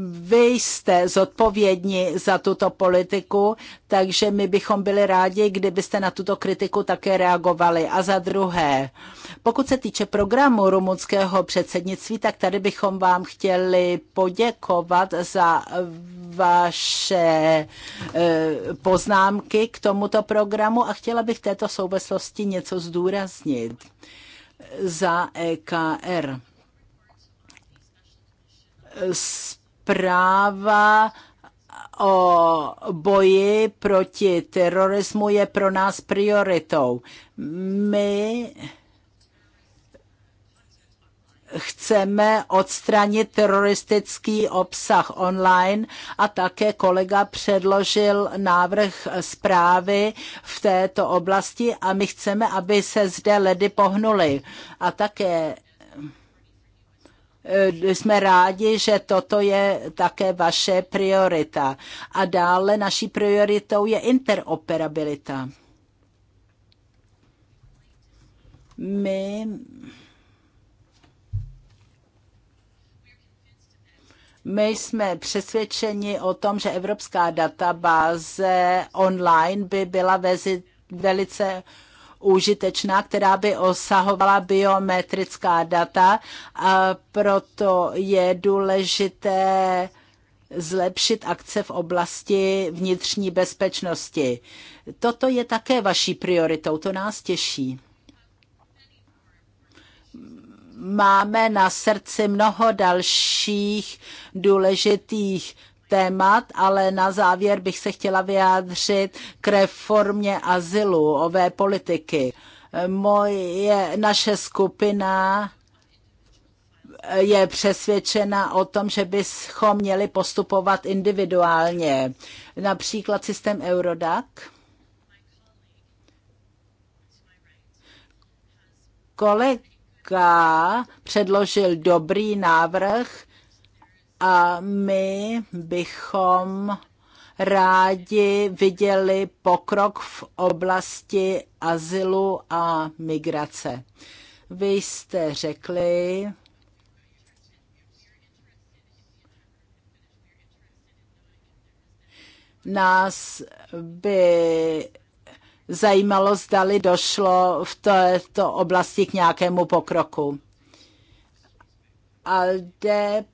vy jste zodpovědní za tuto politiku, takže my bychom byli rádi, kdybyste na tuto kritiku také reagovali. A za druhé, pokud se týče programu rumunského předsednictví, tak tady bychom vám chtěli poděkovat za vaše eh, poznámky k tomuto programu a chtěla bych v této souvislosti něco zdůraznit za EKR práva o boji proti terorismu je pro nás prioritou. My chceme odstranit teroristický obsah online a také kolega předložil návrh zprávy v této oblasti a my chceme, aby se zde ledy pohnuly. A také Eh, jsme rádi, že toto je také vaše priorita. A dále naší prioritou je interoperabilita. My My jsme přesvědčeni o tom, že evropská databáze online by byla velice užitečná, která by osahovala biometrická data a proto je důležité zlepšit akce v oblasti vnitřní bezpečnosti. Toto je také vaší prioritou, to nás těší. Máme na srdci mnoho dalších důležitých témat, ale na závěr bych se chtěla vyjádřit k reformě azylu, ové politiky. Moje, naše skupina je přesvědčena o tom, že bychom měli postupovat individuálně. Například systém Eurodac. Kolega předložil dobrý návrh, a my bychom rádi viděli pokrok v oblasti azylu a migrace. Vy jste řekli, nás by zajímalo, zdali došlo v této oblasti k nějakému pokroku. Alde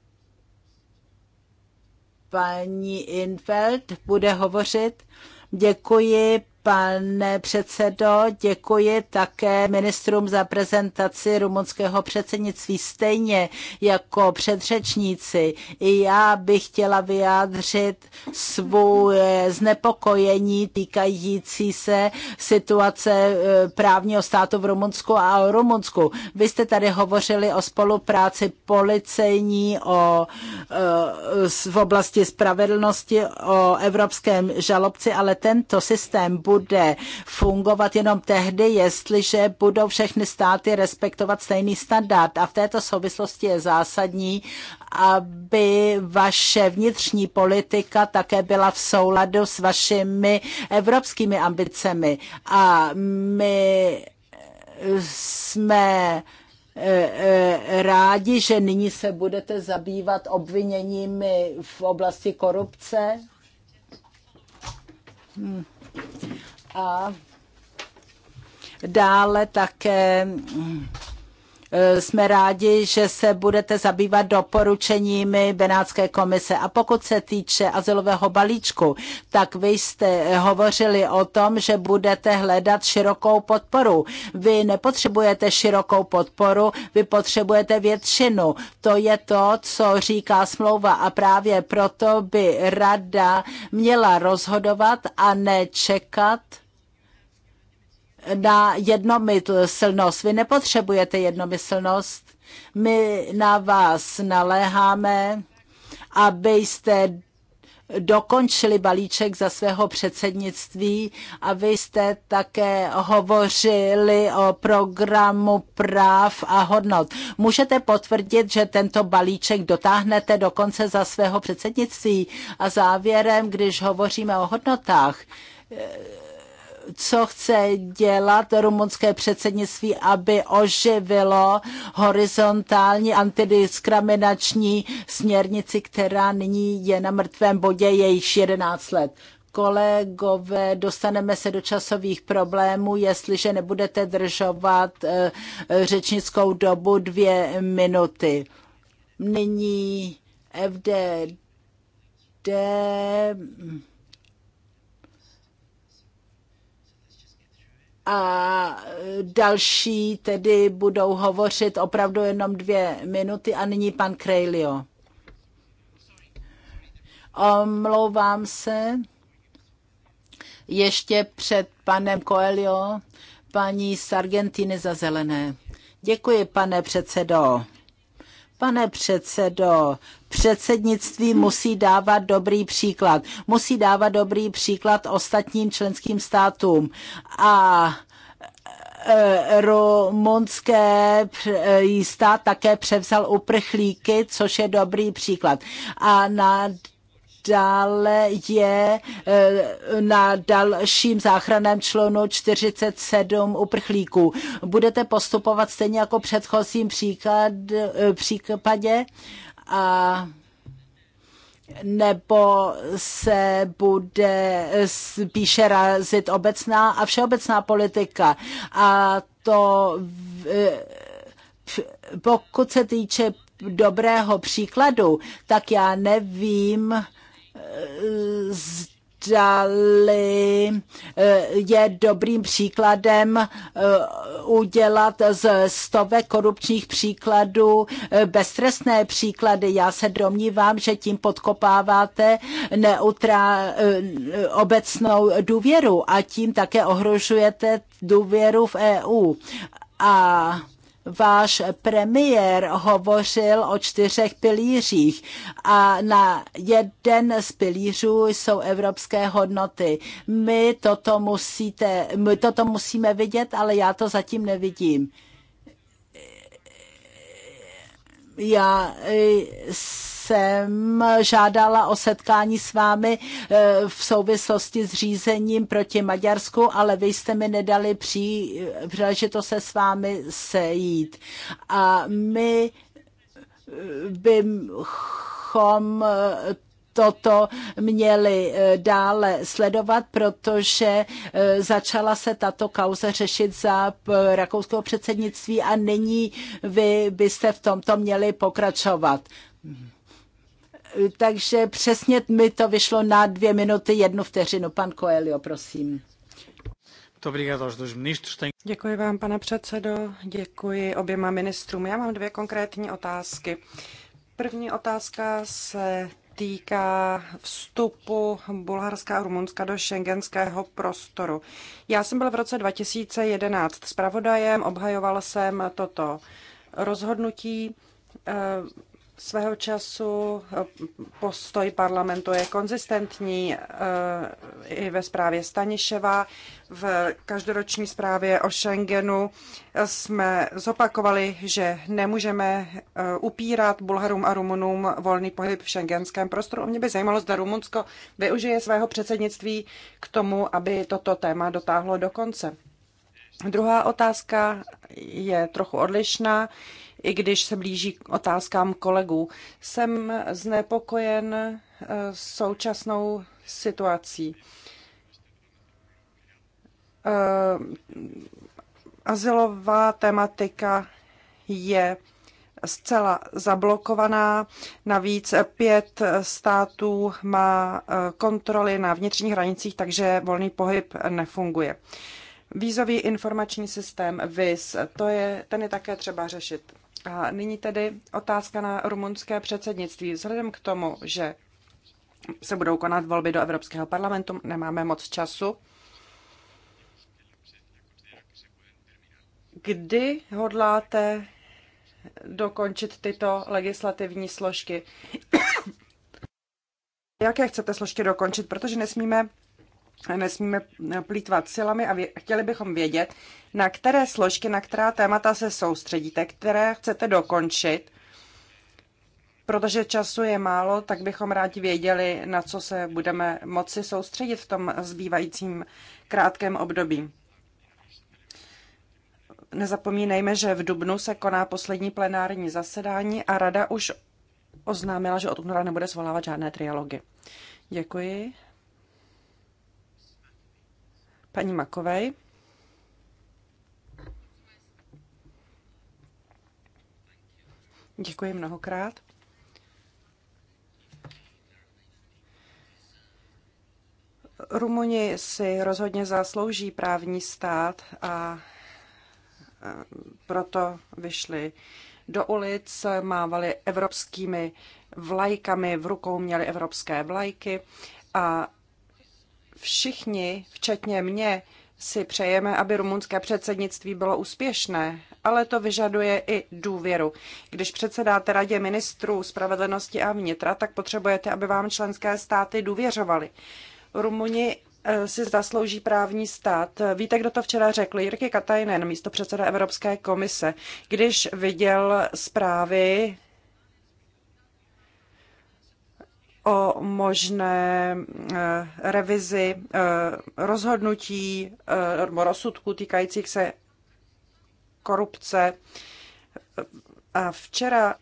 paní Infeld bude hovořit. Děkuji, Pane předsedo, děkuji také ministrům za prezentaci rumunského předsednictví. Stejně jako předřečníci, i já bych chtěla vyjádřit svoje znepokojení týkající se situace eh, právního státu v Rumunsku a o Rumunsku. Vy jste tady hovořili o spolupráci policejní, o, eh, v oblasti spravedlnosti, o evropském žalobci, ale tento systém bude bude fungovat jenom tehdy, jestliže budou všechny státy respektovat stejný standard. A v této souvislosti je zásadní, aby vaše vnitřní politika také byla v souladu s vašimi evropskými ambicemi. A my jsme e, e, rádi, že nyní se budete zabývat obviněními v oblasti korupce? Hmm. A dále také Eh, jsme rádi, že se budete zabývat doporučeními Benátské komise. A pokud se týče azylového balíčku, tak vy jste hovořili o tom, že budete hledat širokou podporu. Vy nepotřebujete širokou podporu, vy potřebujete většinu. To je to, co říká smlouva a právě proto by rada měla rozhodovat a nečekat, na jednomyslnost. Vy nepotřebujete jednomyslnost. My na vás naléháme, abyste dokončili balíček za svého předsednictví a vy jste také hovořili o programu práv a hodnot. Můžete potvrdit, že tento balíček dotáhnete dokonce za svého předsednictví a závěrem, když hovoříme o hodnotách, co chce dělat rumunské předsednictví, aby oživilo horizontální antidiskriminační směrnici, která nyní je na mrtvém bodě jejíž 11 let kolegové, dostaneme se do časových problémů, jestliže nebudete držovat eh, řečnickou dobu dvě minuty. Nyní FDD a další tedy budou hovořit opravdu jenom dvě minuty a nyní pan Krejlio. Omlouvám se ještě před panem Coelho, paní z Argentiny za zelené. Děkuji, pane předsedo. Pane předsedo, předsednictví musí dávat dobrý příklad. Musí dávat dobrý příklad ostatním členským státům. A e, rumunské e, stát také převzal uprchlíky, což je dobrý příklad. A na dále je e, na dalším záchranném člunu 47 uprchlíků. Budete postupovat stejně jako v předchozím příklad, případě a nebo se bude spíše razit obecná a všeobecná politika. A to pokud se týče dobrého příkladu, tak já nevím, dali eh, je dobrým příkladem eh, udělat z stovek korupčních příkladů eh, beztrestné příklady. Já se domnívám, že tím podkopáváte neutrá, obecnou důvěru a tím také ohrožujete důvěru v EU. A váš premiér hovořil o čtyřech pilířích a na jeden z pilířů jsou evropské hodnoty. My toto, musíte, my toto musíme vidět, ale já to zatím nevidím. Já eh, jsem žádala o setkání s vámi eh, v souvislosti s řízením proti Maďarsku, ale vy jste mi nedali eh, příležitost se s vámi sejít. A my eh, bychom toto měli dále sledovat, protože začala se tato kauze řešit za rakouského předsednictví a nyní vy byste v tomto měli pokračovat takže přesně mi to vyšlo na dvě minuty, jednu vteřinu. Pan Coelho, prosím. Děkuji vám, pane předsedo, děkuji oběma ministrům. Já mám dvě konkrétní otázky. První otázka se týká vstupu Bulharska a Rumunska do šengenského prostoru. Já jsem byl v roce 2011 zpravodajem, obhajoval jsem toto rozhodnutí svého času eh, postoj parlamentu je konzistentní eh, i ve zprávě Staniševa. V každoroční zprávě o Schengenu eh, jsme zopakovali, že nemůžeme upírat Bulharům a Rumunům volný pohyb v šengenském prostoru. Mě by zajímalo, zda Rumunsko využije svého předsednictví k tomu, aby toto téma dotáhlo do konce. Druhá otázka je trochu odlišná i když se blíží k otázkám kolegů. Jsem znepokojen eh, současnou situací. Eh, azylová tematika je zcela zablokovaná. Navíc pět států má eh, kontroly na vnitřních hranicích, takže volný pohyb nefunguje. Vízový informační systém VIS, to je, ten je také třeba řešit. A nyní tedy otázka na rumunské předsednictví. Vzhledem k tomu, že se budou konat volby do Evropského parlamentu, nemáme moc času. Kdy hodláte dokončit tyto legislativní složky? Jaké chcete složky dokončit? Protože nesmíme nesmíme plítvat silami a chtěli bychom vědět, na které složky, na která témata se soustředíte, které chcete dokončit, protože času je málo, tak bychom rádi věděli, na co se budeme moci soustředit v tom zbývajícím krátkém období. Nezapomínejme, že v Dubnu se koná poslední plenární zasedání a rada už oznámila, že od února nebude zvolávat žádné trialogy. Děkuji. Paní Makovej. Děkuji mnohokrát. Rumuni si rozhodně zaslouží právní stát a proto vyšli do ulic, mávali evropskými vlajkami, v rukou měli evropské vlajky a Všichni, včetně mě, si přejeme, aby rumunské předsednictví bylo úspěšné, ale to vyžaduje i důvěru. Když předsedáte Radě ministrů spravedlnosti a vnitra, tak potřebujete, aby vám členské státy důvěřovaly. Rumuni eh, si zaslouží právní stát. Víte, kdo to včera řekl? Jirky Katajnen, místo předseda Evropské komise, když viděl zprávy o možné eh, revizi eh, rozhodnutí eh, nebo rozsudků týkajících se korupce. A včera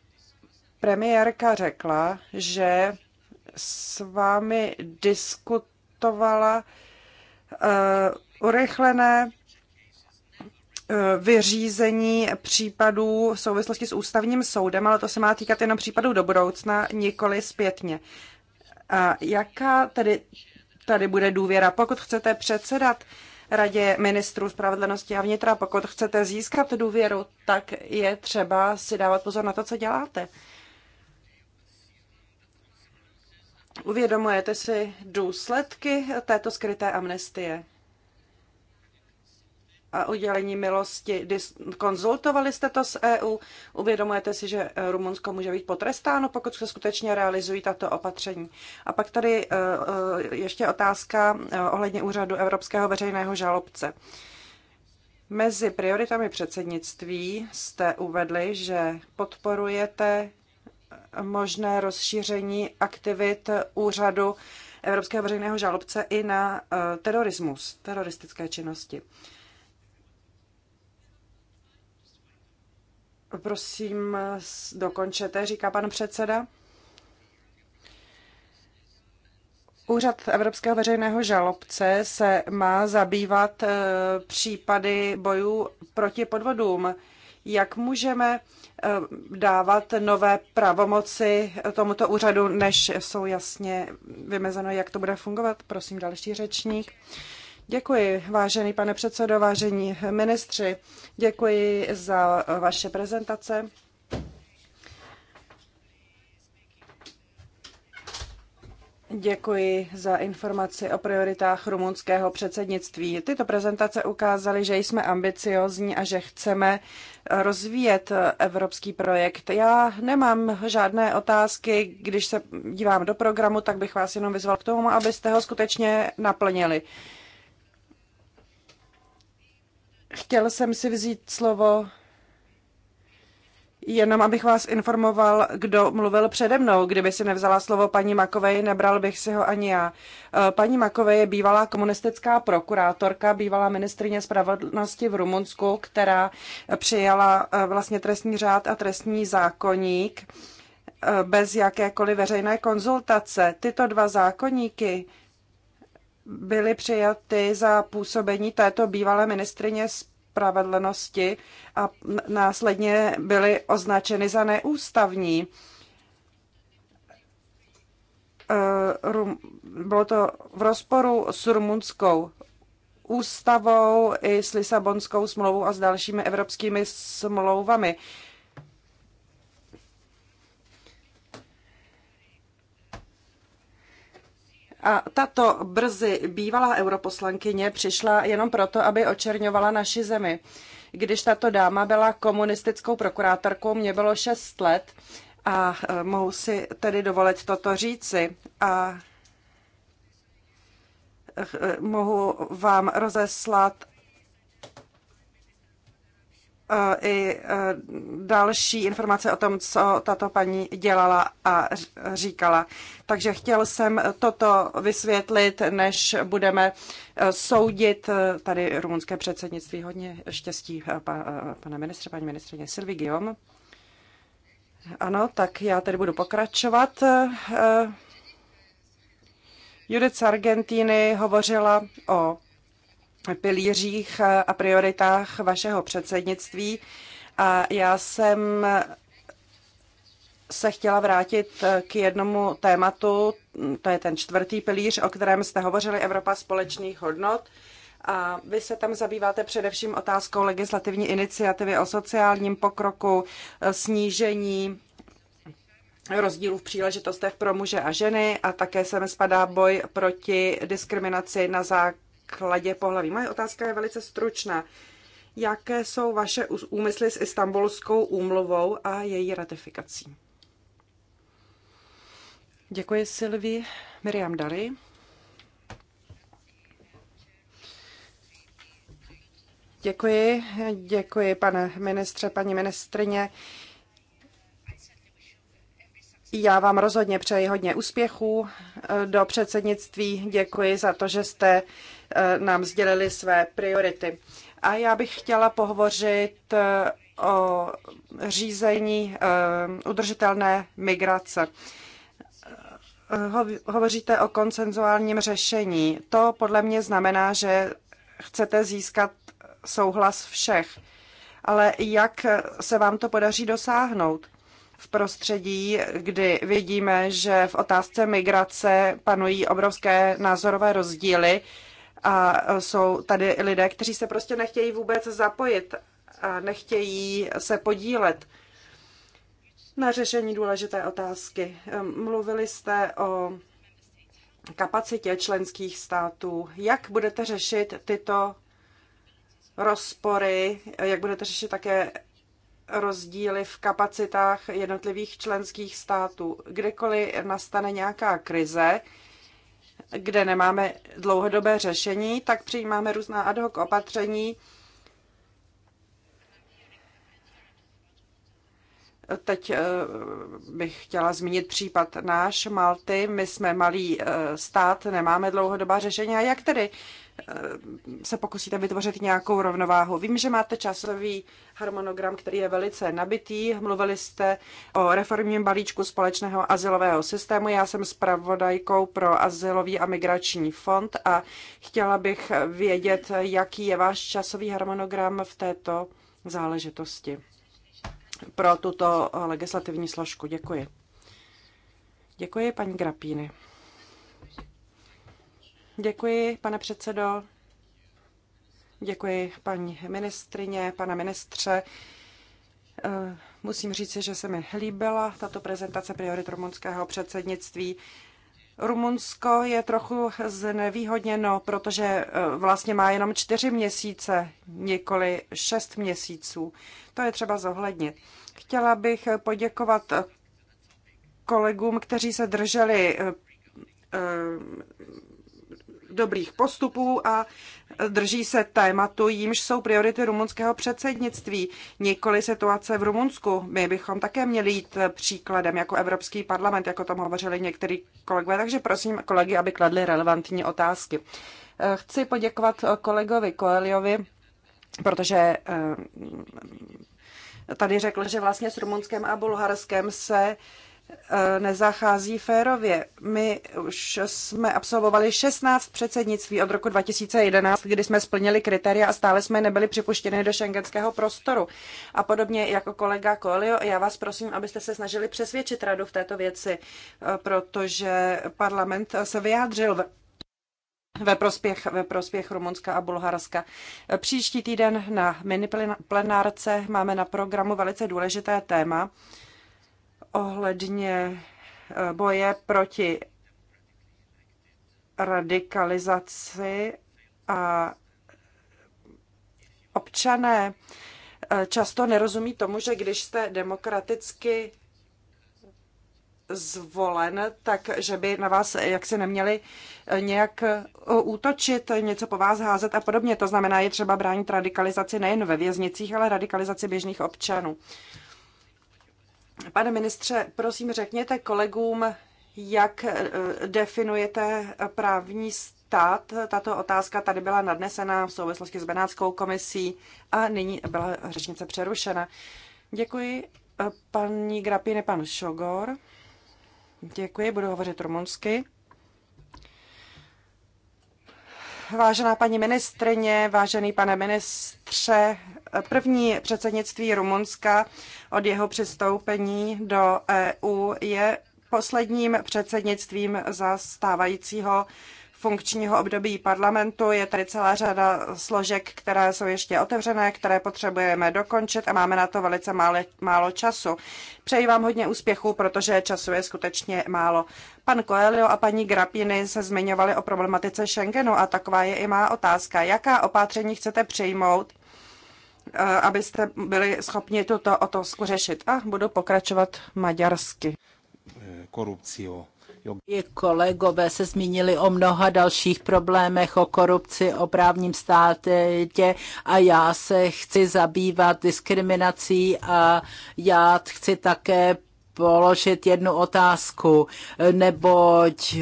premiérka řekla, že s vámi diskutovala urychlené vyřízení případů v souvislosti s ústavním soudem, ale to se má týkat jenom případů do budoucna, nikoli zpětně. A jaká tedy tady bude důvěra? Pokud chcete předsedat Radě ministrů spravedlnosti a vnitra, pokud chcete získat důvěru, tak je třeba si dávat pozor na to, co děláte. Uvědomujete si důsledky této skryté amnestie? a udělení milosti. Konzultovali jste to s EU? Uvědomujete si, že e, Rumunsko může být potrestáno, pokud se skutečně realizují tato opatření? A pak tady e, e, ještě otázka ohledně úřadu Evropského veřejného žalobce. Mezi prioritami předsednictví jste uvedli, že podporujete možné rozšíření aktivit úřadu Evropského veřejného žalobce i na terorismus, teroristické činnosti. Uh, Prosím, dokončete, říká pan předseda. Úřad Evropského veřejného žalobce se má zabývat eh, případy bojů proti podvodům. Jak můžeme eh, dávat nové pravomoci tomuto úřadu, než jsou jasně vymezeno, jak to bude fungovat? Prosím, další řečník. Děkuji, vážený pane předsedo, vážení ministři. Děkuji za vaše prezentace. Děkuji za informaci o prioritách rumunského předsednictví. Tyto prezentace ukázaly, že jsme ambiciozní a že chceme rozvíjet evropský projekt. Já nemám žádné otázky, když se dívám do programu, tak bych vás jenom vyzval k tomu, abyste ho skutečně naplnili. Chtěl jsem si vzít slovo Jenom abych vás informoval, kdo mluvil přede mnou. Kdyby si nevzala slovo paní Makovej, nebral bych si ho ani já. Eh, paní Makovej je bývalá komunistická prokurátorka, bývalá ministrině spravedlnosti v Rumunsku, která přijala eh, vlastně trestní řád a trestní zákoník eh, bez jakékoliv veřejné konzultace. Tyto dva zákoníky byly přijaty za působení této bývalé ministrině spravedlnosti a následně byly označeny za neústavní. Eh, bylo to v rozporu s rumunskou ústavou i s Lisabonskou smlouvou a s dalšími evropskými smlouvami. A tato brzy bývalá europoslankyně přišla jenom proto, aby očerňovala naši zemi. Když tato dáma byla komunistickou prokurátorkou, mě bylo 6 let a e, mohu si tedy dovolit toto říci. A e, e, mohu vám rozeslat i další informace o tom, co tato paní dělala a říkala. Takže chtěl jsem toto vysvětlit, než budeme e, soudit e, tady rumunské předsednictví. Hodně štěstí, e, pane ministře, paní ministrině Silvi Guillaume. Ano, tak já tedy budu pokračovat. Judith z Argentíny hovořila o pilířích a prioritách vašeho předsednictví. A já jsem se chtěla vrátit e, k jednomu tématu, to je ten čtvrtý pilíř, o kterém jste hovořili, Evropa společných hodnot. A vy se tam zabýváte především otázkou legislativní iniciativy o sociálním pokroku, e, snížení rozdílů v příležitostech pro muže a ženy a také sem spadá boj proti diskriminaci na základě Kladě pohlaví. Moje otázka je velice stručná. Jaké jsou vaše úmysly s Istanbulskou úmluvou a její ratifikací? Děkuji Silvi. Miriam Dary. Děkuji, děkuji pane ministře, paní ministrině. Já vám rozhodně přeji hodně úspěchů eh, do předsednictví. Děkuji za to, že jste Eh, nám sdělili své priority. A já bych chtěla pohovořit eh, o řízení eh, udržitelné migrace. Hovoříte o koncenzuálním řešení. To podle mě znamená, že chcete získat souhlas všech. Ale jak se vám to podaří dosáhnout? v prostředí, kdy vidíme, že v otázce migrace panují obrovské názorové rozdíly a e, jsou tady lidé, kteří se prostě nechtějí vůbec zapojit a nechtějí se podílet na řešení důležité otázky. E, mluvili jste o kapacitě členských států. Jak budete řešit tyto rozpory, e, jak budete řešit také rozdíly v kapacitách jednotlivých členských států. Kdekoliv nastane nějaká krize, kde nemáme dlouhodobé řešení, tak přijímáme různá ad hoc opatření. Teď eh, bych chtěla zmínit případ náš, Malty. My jsme malý eh, stát, nemáme dlouhodobá řešení. A jak tedy eh, se pokusíte vytvořit nějakou rovnováhu? Vím, že máte časový harmonogram, který je velice nabitý. Mluvili jste o reformním balíčku společného asilového systému. Já jsem zpravodajkou pro asilový a migrační fond a chtěla bych vědět, jaký je váš časový harmonogram v této záležitosti pro tuto legislativní složku. Děkuji. Děkuji, paní Grapíny. Děkuji, pane předsedo. Děkuji paní ministrině, pana ministře. Eh, musím říci, že se mi líbila tato prezentace priorit rumunského předsednictví. Rumunsko je trochu znevýhodněno, protože eh, vlastně má jenom čtyři měsíce, nikoli šest měsíců. To je třeba zohlednit. Chtěla bych poděkovat kolegům, kteří se drželi eh, dobrých postupů a drží se tématu, jímž jsou priority rumunského předsednictví, nikoli situace v Rumunsku. My bychom také měli jít příkladem jako Evropský parlament, jako tam hovořili některý kolegové, takže prosím kolegy, aby kladli relevantní otázky. Eh, chci poděkovat eh, kolegovi Koeliovi, protože eh, tady řekl, že vlastně s Rumunskem a Bulharskem se Eh, nezachází férově. My už jsme absolvovali 16 předsednictví od roku 2011, kdy jsme splnili kritéria a stále jsme nebyli připuštěni do šengenského prostoru. A podobně jako kolega Kolio, já vás prosím, abyste se snažili přesvědčit radu v této věci, eh, protože parlament se vyjádřil v ve prospěch, ve prospěch Rumunska a Bulharska. Příští týden na mini plenárce máme na programu velice důležité téma, ohledně eh, boje proti radikalizaci a občané eh, často nerozumí tomu, že když jste demokraticky zvolen, tak že by na vás jaksi neměli eh, nějak útočit, něco po vás házet a podobně. To znamená, je třeba bránit radikalizaci nejen ve věznicích, ale radikalizaci běžných občanů. Pane ministře, prosím řekněte kolegům, jak eh, definujete právní stát. Tato otázka tady byla nadnesena v souvislosti s Benátskou komisí a nyní byla řečnice přerušena. Děkuji eh, paní Grapine, pan Šogor. Děkuji, budu hovořit rumunsky. Vážená paní ministrině, vážený pane ministře, první předsednictví Rumunska od jeho přistoupení do EU je posledním předsednictvím za stávajícího funkčního období parlamentu. Je tady celá řada složek, které jsou ještě otevřené, které potřebujeme dokončit a máme na to velice málo času. Přeji vám hodně úspěchů, protože času je skutečně málo. Pan Coelho a paní Grapiny se zmiňovali o problematice Schengenu a taková je i má otázka. Jaká opatření chcete přijmout, eh, abyste byli schopni tuto otázku řešit? A budu pokračovat maďarsky. Eh, korupcio Kolegové se zmínili o mnoha dalších problémech, o korupci, o právním státě a já se chci zabývat diskriminací a já chci také položit jednu otázku, neboť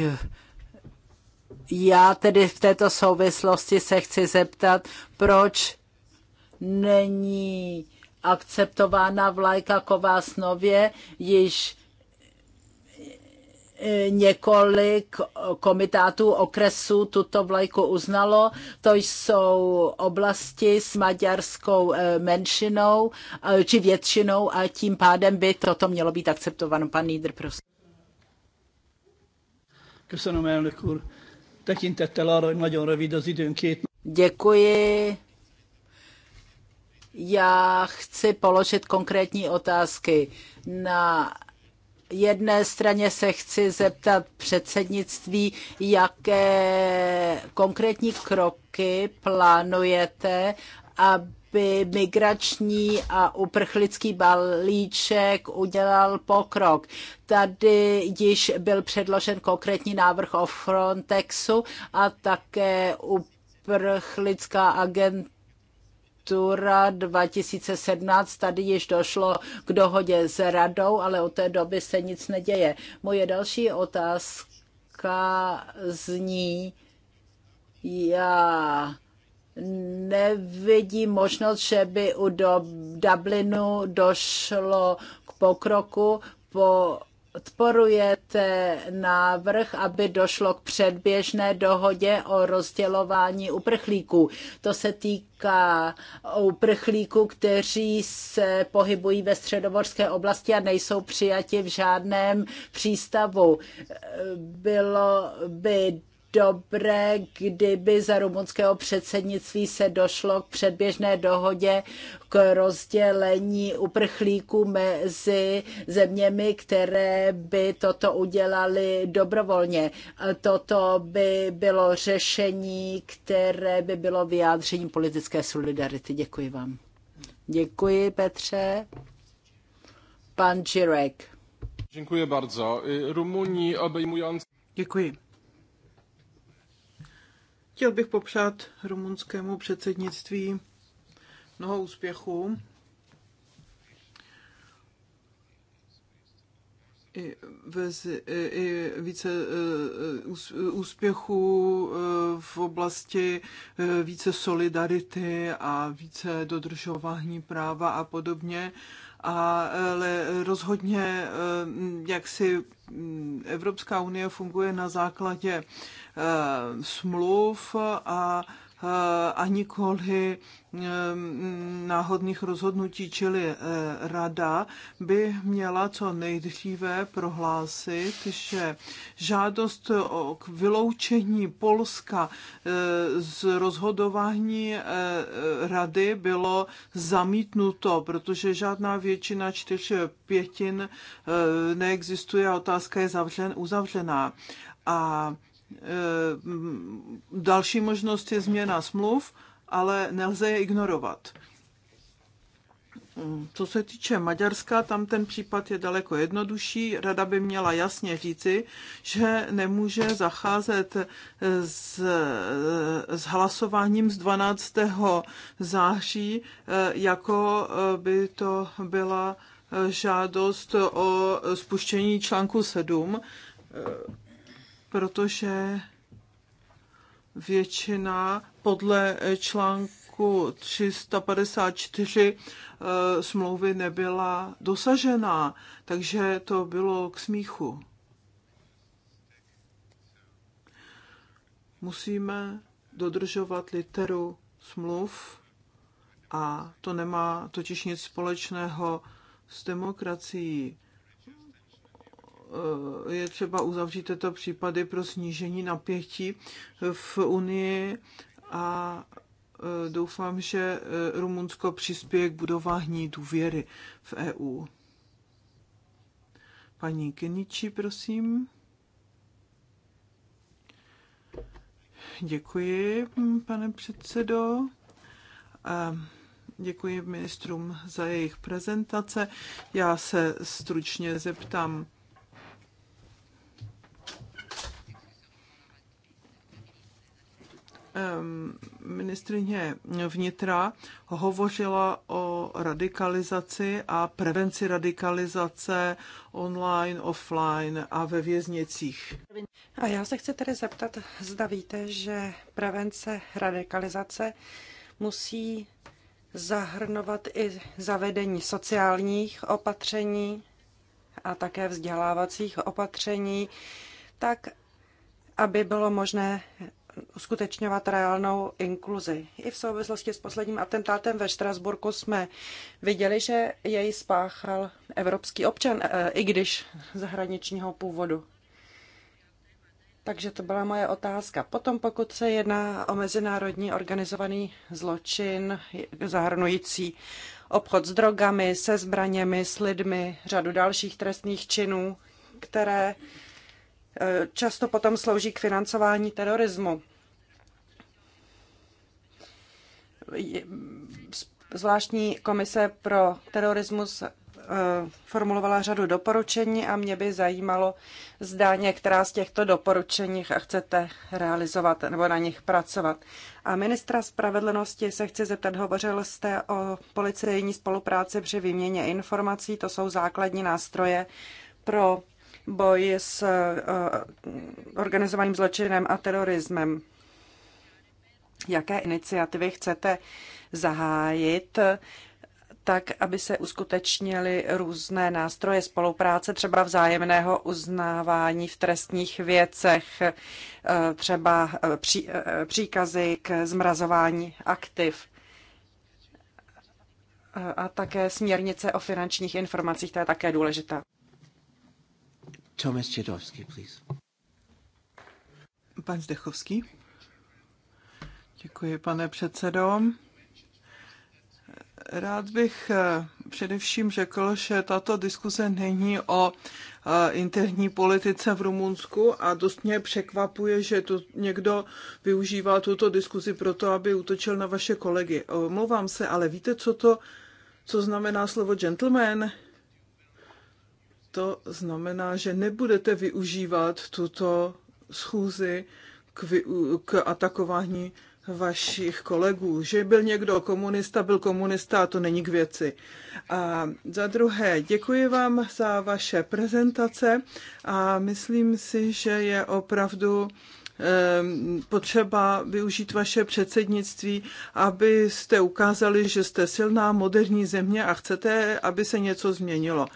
já tedy v této souvislosti se chci zeptat, proč není akceptována vlajka Kovásnově již několik komitátů okresů tuto vlajku uznalo. To jsou oblasti s maďarskou eh, menšinou eh, či většinou a tím pádem by toto mělo být akceptováno. Pan Nýdr, prosím. Köszönöm, elnök úr. Tekintettel arra, hogy nagyon rövid az két... Děkuji. Já chci položit konkrétní otázky. Na jedné straně se chci zeptat předsednictví, jaké konkrétní kroky plánujete, aby migrační a uprchlický balíček udělal pokrok. Tady již byl předložen konkrétní návrh o Frontexu a také uprchlická agentura Natura 2017 tady již došlo k dohodě s radou, ale od té doby se nic neděje. Moje další otázka zní, já nevidí možnost, že by u do Dublinu došlo k pokroku po podporujete návrh, aby došlo k předběžné dohodě o rozdělování uprchlíků. To se týká uprchlíků, kteří se pohybují ve středovorské oblasti a nejsou přijati v žádném přístavu. Bylo by dobré, kdyby za rumunského předsednictví se došlo k předběžné dohodě k rozdělení uprchlíků mezi zeměmi, které by toto udělali dobrovolně. Toto by bylo řešení, které by bylo vyjádřením politické solidarity. Děkuji vám. Děkuji, Petře. Pan Čirek. Děkuji bardzo. Rumunii obejmując... Děkuji. Chtěl bych popřát rumunskému předsednictví mnoho úspěchů. I, bez, i více e, úspěchů e, v oblasti e, více solidarity a více dodržování práva a podobně a ale rozhodně jak si Evropská unie funguje na základě Eh, smluv a eh, a nikoli eh, náhodných rozhodnutí, čili rada by měla co nejdříve prohlásit, že žádost o k vyloučení Polska z rozhodování rady bylo zamítnuto, protože žádná většina čtyř pětin neexistuje a otázka je zavřen, uzavřená. A Eh, další možnost je změna smluv, ale nelze je ignorovat. Eh, co se týče Maďarska, tam ten případ je daleko jednodušší. Rada by měla jasně říci, že nemůže zacházet eh, s, s hlasováním z 12. září, jako by to byla žádost o spuštění článku 7 protože většina podle článku 354 eh, smlouvy nebyla dosažená, takže to bylo k smíchu. Musíme dodržovat literu smluv a to nemá totiž nic společného s demokracií. Eh, je třeba uzavřít tyto případy pro snížení napětí v Unii a eh, doufám, že eh, Rumunsko přispěje k budování důvěry v EU. Paní Keniči, prosím. Děkuji, pane předsedo. Děkuji ministrům za jejich prezentace. Já se stručně zeptám ministrině vnitra hovořila o radikalizaci a prevenci radikalizace online, offline a ve věznicích. A já se chci tedy zeptat, zda víte, že prevence radikalizace musí zahrnovat i zavedení sociálních opatření a také vzdělávacích opatření, tak aby bylo možné uskutečňovat reálnou inkluzi. I v souvislosti s posledním atentátem ve Štrasburku jsme viděli, že jej spáchal evropský občan, e, i když zahraničního původu. Takže to byla moje otázka. Potom, pokud se jedná o mezinárodní organizovaný zločin zahrnující obchod s drogami, se zbraněmi, s lidmi, řadu dalších trestných činů, které často potom slouží k financování terorismu. Zvláštní komise pro terorismus eh, formulovala řadu doporučení a mě by zajímalo, zda některá z těchto doporučení chcete realizovat nebo na nich pracovat. A ministra spravedlnosti se chci zeptat, hovořil jste o policejní spolupráci při výměně informací, to jsou základní nástroje pro boj s eh, organizovaným zločinem a terorismem. Jaké iniciativy chcete zahájit, tak, aby se uskutečnily různé nástroje spolupráce, třeba vzájemného uznávání v trestních věcech, eh, třeba eh, pří, příkazy k zmrazování aktiv a také směrnice o finančních informacích, to je také důležitá. Tomas please. Pan Zdechovský. Děkuji, pane předsedo. Rád bych eh, především řekl, že tato diskuse není o eh, interní politice v Rumunsku a dost mě překvapuje, že to někdo využívá tuto diskuzi proto, aby útočil na vaše kolegy. Omlouvám se, ale víte, co to co znamená slovo gentleman? to znamená, že nebudete využívat tuto schůzi k, vy, k atakování vašich kolegů. Že byl někdo komunista, byl komunista a to není k věci. A za druhé, děkuji vám za vaše prezentace a myslím si, že je opravdu potřeba využít vaše předsednictví, abyste ukázali, že jste silná moderní země a chcete, aby se něco změnilo.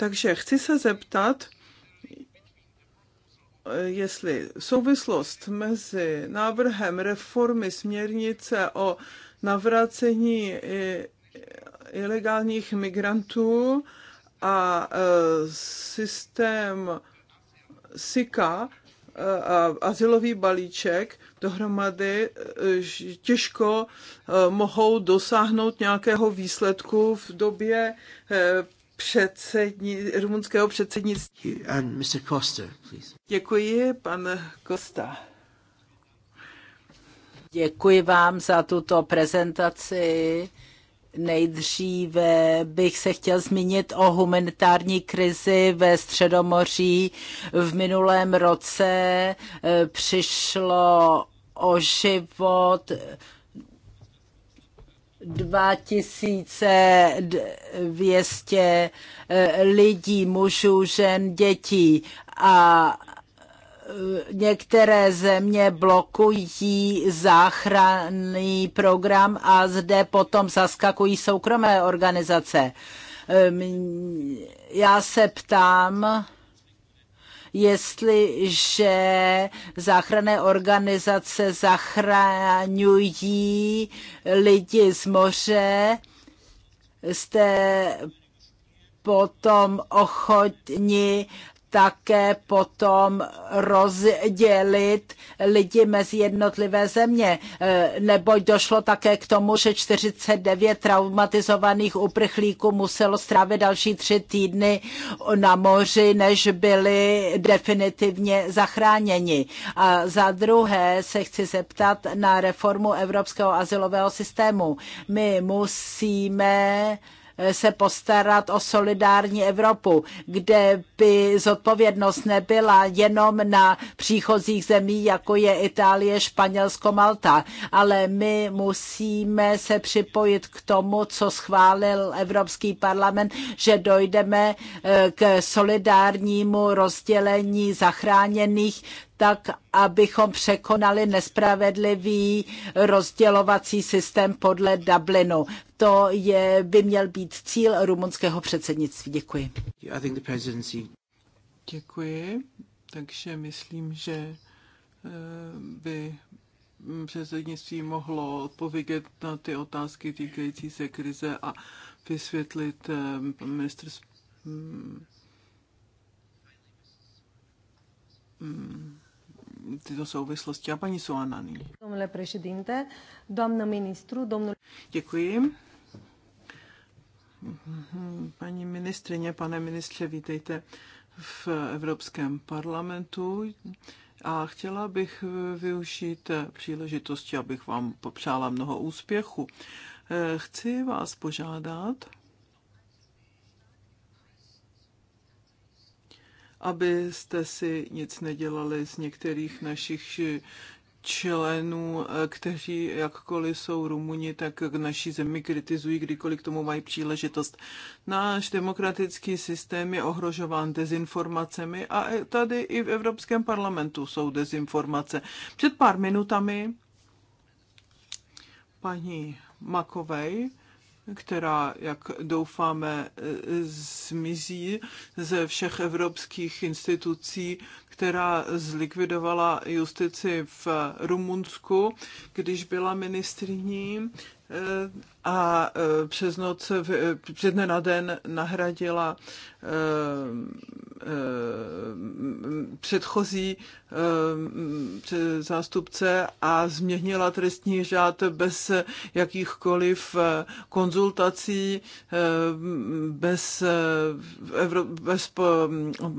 Takže chci se zeptat, jestli souvislost mezi návrhem reformy směrnice o navracení ilegálních migrantů a e, systém SIKA, e, a azylový balíček dohromady e, těžko mohou dosáhnout nějakého výsledku v době Předsední, rumunského předsednictví. And Mr. Costa, please. Děkuji, pan Costa. Děkuji vám za tuto prezentaci. Nejdříve bych se chtěl zmínit o humanitární krizi ve Středomoří. V minulém roce eh, přišlo o život 2200 lidí, mužů, žen, dětí a e, některé země blokují záchranný program a zde potom zaskakují soukromé organizace. Já se ptám, jestliže záchranné organizace zachraňují lidi z moře, jste potom ochotni také potom rozdělit lidi mezi jednotlivé země. E, neboť došlo také k tomu, že 49 traumatizovaných uprchlíků muselo strávit další tři týdny na moři, než byli definitivně zachráněni. A za druhé se chci zeptat na reformu evropského asilového systému. My musíme Eh, se postarat o solidární Evropu, kde by zodpovědnost nebyla jenom na příchozích zemí, jako je Itálie, Španělsko, Malta, ale my musíme se připojit k tomu, co schválil Evropský parlament, že dojdeme eh, k solidárnímu rozdělení zachráněných tak abychom překonali nespravedlivý rozdělovací systém podle Dublinu. To je, by měl být cíl rumunského předsednictví. Děkuji. Děkuji. Takže myslím, že eh, by předsednictví mohlo odpovědět na ty otázky týkající se krize a vysvětlit eh, ministr Mm tyto souvislosti. A paní Soanany. Domnule președinte, doamnă ministru, domnul... Děkuji. Paní ministrině, pane ministře, vítejte v Evropském parlamentu a chtěla bych využít příležitosti, abych vám popřála mnoho úspěchu. Chci vás požádat, abyste si nic nedělali z některých našich členů, eh, kteří jakkoliv jsou Rumuni, tak k naší zemi kritizují, kdykoliv k tomu mají příležitost. Náš demokratický systém je ohrožován dezinformacemi a e, tady i v Evropském parlamentu jsou dezinformace. Před pár minutami paní Makovej která, jak doufáme, zmizí ze všech evropských institucí, která zlikvidovala justici v Rumunsku, když byla ministriní a e, přes noc, před dne na den nahradila e, e, předchozí zástupce a změnila trestní řád bez jakýchkoliv konzultací, bez, bez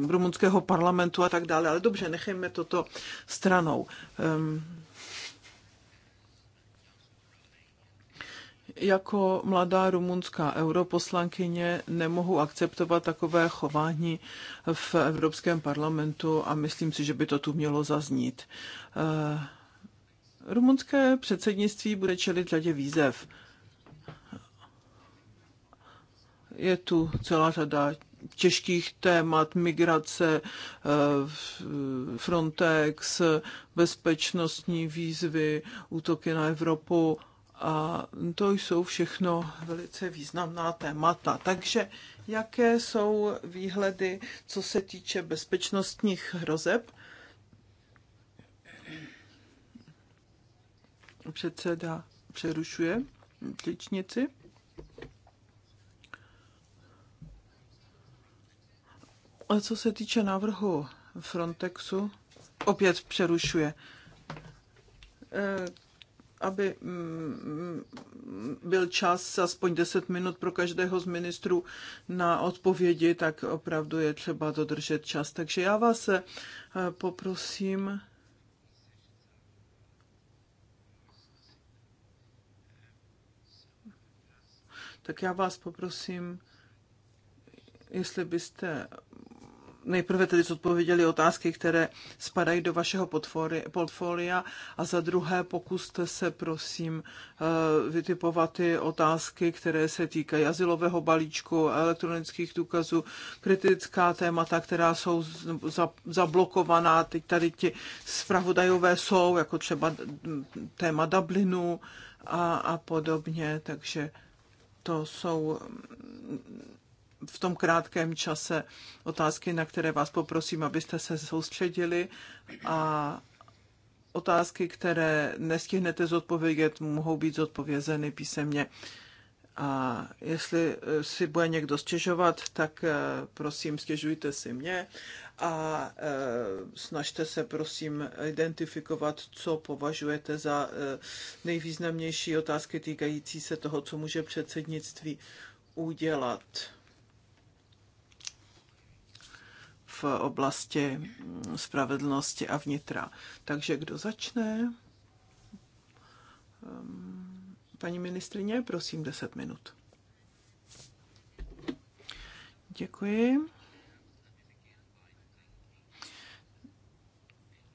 rumunského parlamentu a tak dále. Ale dobře, nechejme toto stranou. Jako mladá rumunská europoslankyně nemohu akceptovat takové chování v Evropském parlamentu a myslím si, že by to tu mělo zaznít. Eh, rumunské předsednictví bude čelit řadě výzev. Je tu celá řada těžkých témat, migrace, eh, Frontex, bezpečnostní výzvy, útoky na Evropu a to jsou všechno velice významná témata. Takže jaké jsou výhledy, co se týče bezpečnostních hrozeb? Předseda přerušuje tličnici. A co se týče návrhu Frontexu, opět přerušuje aby mm, byl čas aspoň 10 minut pro každého z ministrů na odpovědi, tak opravdu je třeba dodržet čas. Takže já vás eh, poprosím. Tak já vás poprosím, jestli byste nejprve tedy zodpověděli otázky, které spadají do vašeho portfolia a za druhé pokuste se prosím eh, vytipovat ty otázky, které se týkají asilového balíčku, elektronických důkazů, kritická témata, která jsou zablokovaná, teď tady ti zpravodajové jsou, jako třeba téma Dublinu a, a podobně, takže to jsou v tom krátkém čase otázky, na které vás poprosím, abyste se soustředili a otázky, které nestihnete zodpovědět, mohou být zodpovězeny písemně. A jestli eh, si bude někdo stěžovat, tak eh, prosím, stěžujte si mě a eh, snažte se, prosím, identifikovat, co považujete za nejvýznamnější otázky týkající se toho, co může předsednictví udělat. v oblasti mm, spravedlnosti a vnitra. Takže kdo začne? Ehm, paní ministrině, prosím, 10 minut. Děkuji.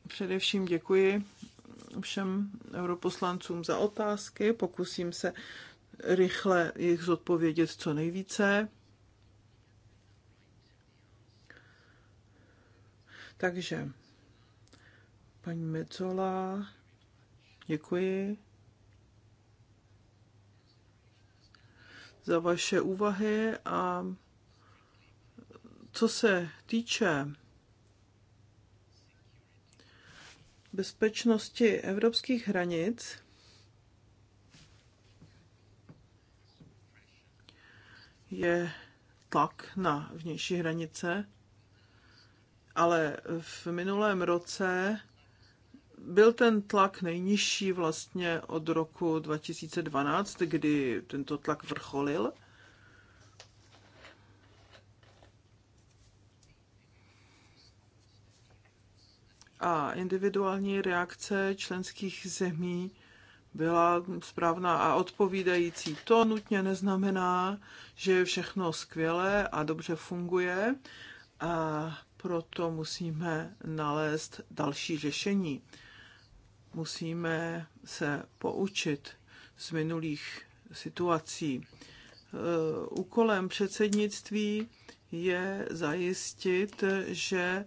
Především děkuji všem europoslancům za otázky. Pokusím se rychle jich zodpovědět co nejvíce. Takže paní Mecola, děkuji za vaše úvahy a co se týče bezpečnosti evropských hranic, je tlak na vnější hranice ale v minulém roce byl ten tlak nejnižší vlastně od roku 2012, kdy tento tlak vrcholil. A individuální reakce členských zemí byla správná a odpovídající. To nutně neznamená, že je všechno skvělé a dobře funguje. A proto musíme nalézt další řešení. Musíme se poučit z minulých situací. E, úkolem předsednictví je zajistit, že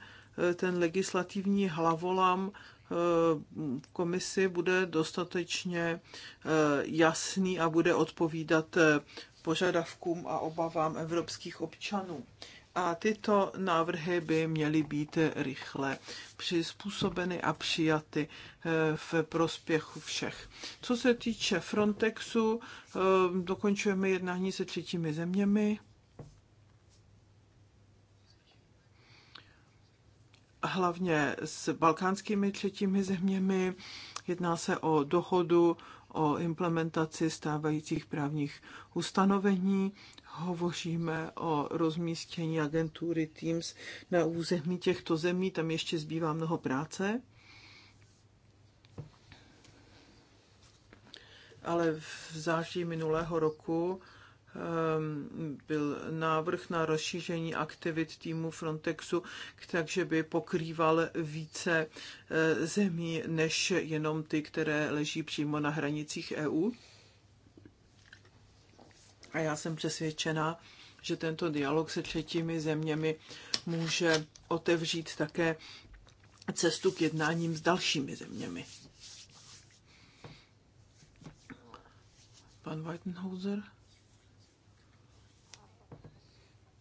e, ten legislativní hlavolam e, v komisi bude dostatečně jasný a bude odpovídat požadavkům a obavám evropských občanů a tyto návrhy by měly být rychle přizpůsobeny a přijaty eh, v prospěchu všech. Co se týče Frontexu, eh, dokončujeme jednání se třetími zeměmi. Hlavně s balkánskými třetími zeměmi. Jedná se o dohodu o implementaci stávajících právních ustanovení hovoříme o rozmístění agentury Teams na území těchto zemí, tam ještě zbývá mnoho práce. Ale v září minulého roku ehm, byl návrh na rozšíření aktivit týmu Frontexu, takže by pokrýval více eh, zemí než jenom ty, které leží přímo na hranicích EU. A já jsem přesvědčena, že tento dialog se třetími zeměmi může otevřít také cestu k jednáním s dalšími zeměmi. Pan Weitenhauser?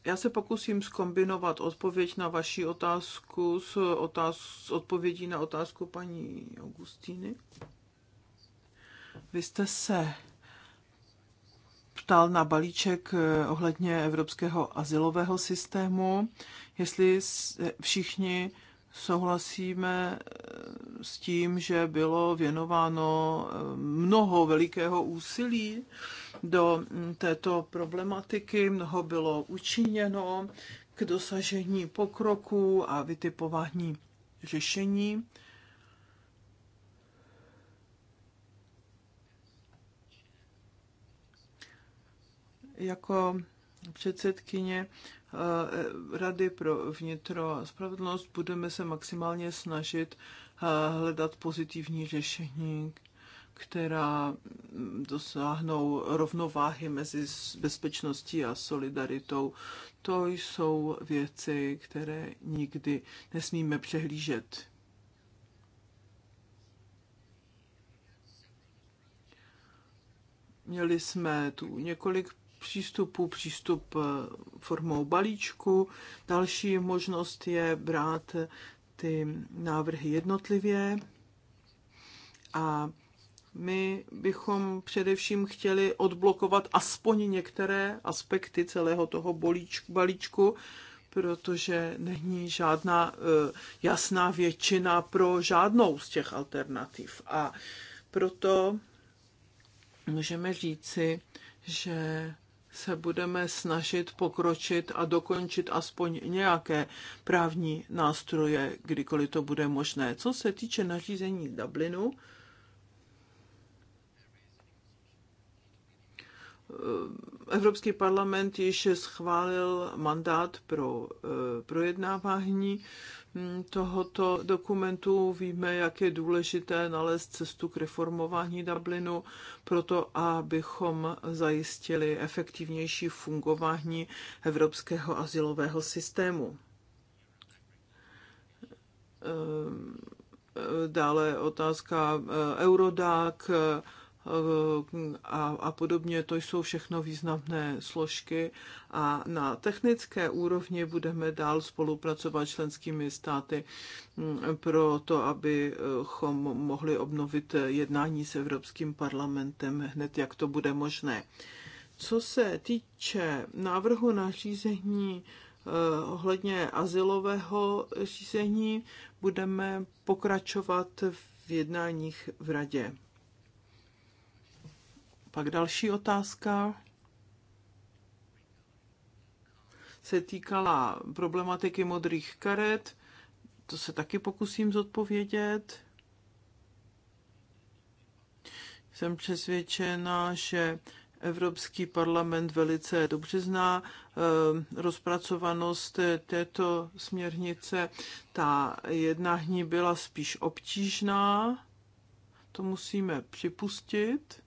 Já se pokusím skombinovat odpověď na vaši otázku s, otáz, s odpovědí na otázku paní Augustíny. Vy jste se ptal na balíček eh, ohledně evropského asilového systému, jestli všichni souhlasíme eh, s tím, že bylo věnováno eh, mnoho velikého úsilí do mm, této problematiky, mnoho bylo učiněno k dosažení pokroku a vytipování řešení. jako předsedkyně eh, Rady pro vnitro a spravedlnost budeme se maximálně snažit eh, hledat pozitivní řešení, která mm, dosáhnou rovnováhy mezi bezpečností a solidaritou. To jsou věci, které nikdy nesmíme přehlížet. Měli jsme tu několik přístupů, přístup eh, formou balíčku. Další možnost je brát ty návrhy jednotlivě a my bychom především chtěli odblokovat aspoň některé aspekty celého toho balíčku, protože není žádná eh, jasná většina pro žádnou z těch alternativ. A proto můžeme říci, že se budeme snažit pokročit a dokončit aspoň nějaké právní nástroje, kdykoliv to bude možné. Co se týče nařízení Dublinu, Evropský parlament již schválil mandát pro eh, projednávání Mm, tohoto dokumentu. Víme, jak je důležité nalézt cestu k reformování Dublinu, proto abychom zajistili efektivnější fungování evropského asilového systému. Ehm, e, dále otázka e, Eurodac, Eh, a, a podobně. To jsou všechno významné složky a na technické úrovni budeme dál spolupracovat členskými státy mm, pro to, abychom mohli obnovit jednání s Evropským parlamentem hned, jak to bude možné. Co se týče návrhu nařízení eh, ohledně asilového řízení, budeme pokračovat v jednáních v radě. Pak další otázka se týkala problematiky modrých karet. To se taky pokusím zodpovědět. Jsem přesvědčena, že Evropský parlament velice dobře zná eh, rozpracovanost této směrnice. Ta jednání byla spíš obtížná, to musíme připustit.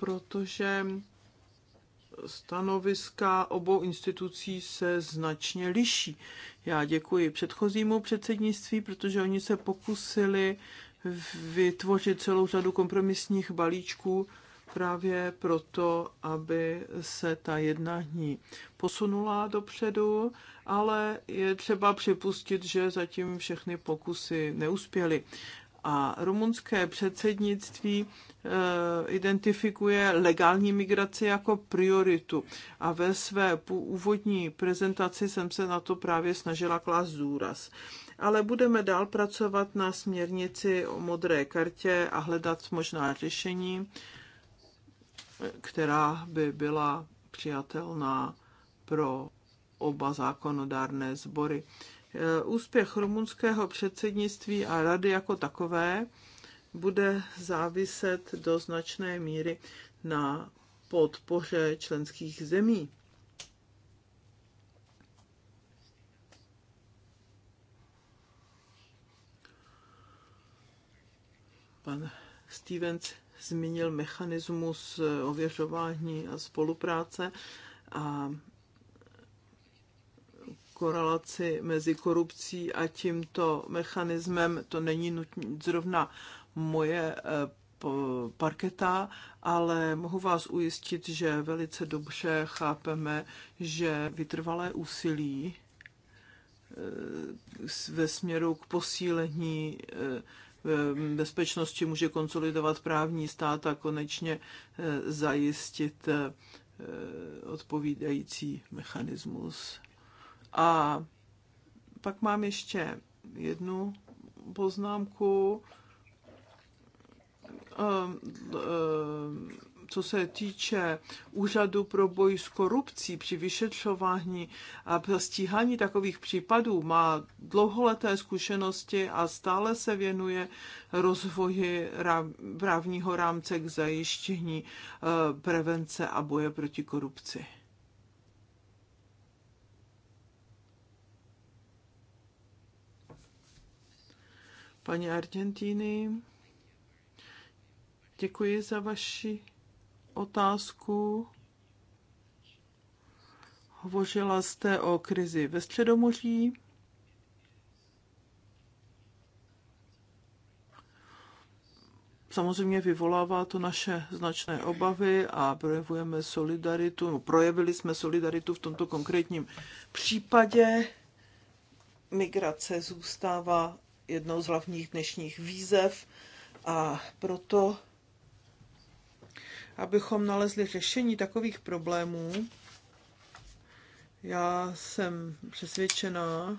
protože stanoviska obou institucí se značně liší. Já děkuji předchozímu předsednictví, protože oni se pokusili vytvořit celou řadu kompromisních balíčků právě proto, aby se ta jednání posunula dopředu, ale je třeba připustit, že zatím všechny pokusy neuspěly a rumunské předsednictví eh, identifikuje legální migraci jako prioritu. A ve své úvodní prezentaci jsem se na to právě snažila klást důraz. Ale budeme dál pracovat na směrnici o modré kartě a hledat možná řešení, která by byla přijatelná pro oba zákonodárné sbory. Eh, úspěch rumunského předsednictví a rady jako takové bude záviset do značné míry na podpoře členských zemí. Pan Stevens zmínil mechanismus eh, ověřování a spolupráce a korelaci mezi korupcí a tímto mechanismem. To není nutně zrovna moje eh, parketa, ale mohu vás ujistit, že velice dobře chápeme, že vytrvalé úsilí eh, ve směru k posílení eh, bezpečnosti může konsolidovat právní stát a konečně zajistit odpovídající mechanismus. A pak mám ještě jednu poznámku, ehm, ehm, co se týče Úřadu pro boj s korupcí při vyšetřování a stíhání takových případů, má dlouholeté zkušenosti a stále se věnuje rozvoji právního rámce k zajištění ehm, prevence a boje proti korupci. paní Argentíny. Děkuji za vaši otázku. Hovořila jste o krizi ve Středomoří. Samozřejmě vyvolává to naše značné obavy a projevujeme solidaritu, no, projevili jsme solidaritu v tomto konkrétním případě. Migrace zůstává jednou z hlavních dnešních výzev a proto, abychom nalezli řešení takových problémů, já jsem přesvědčená,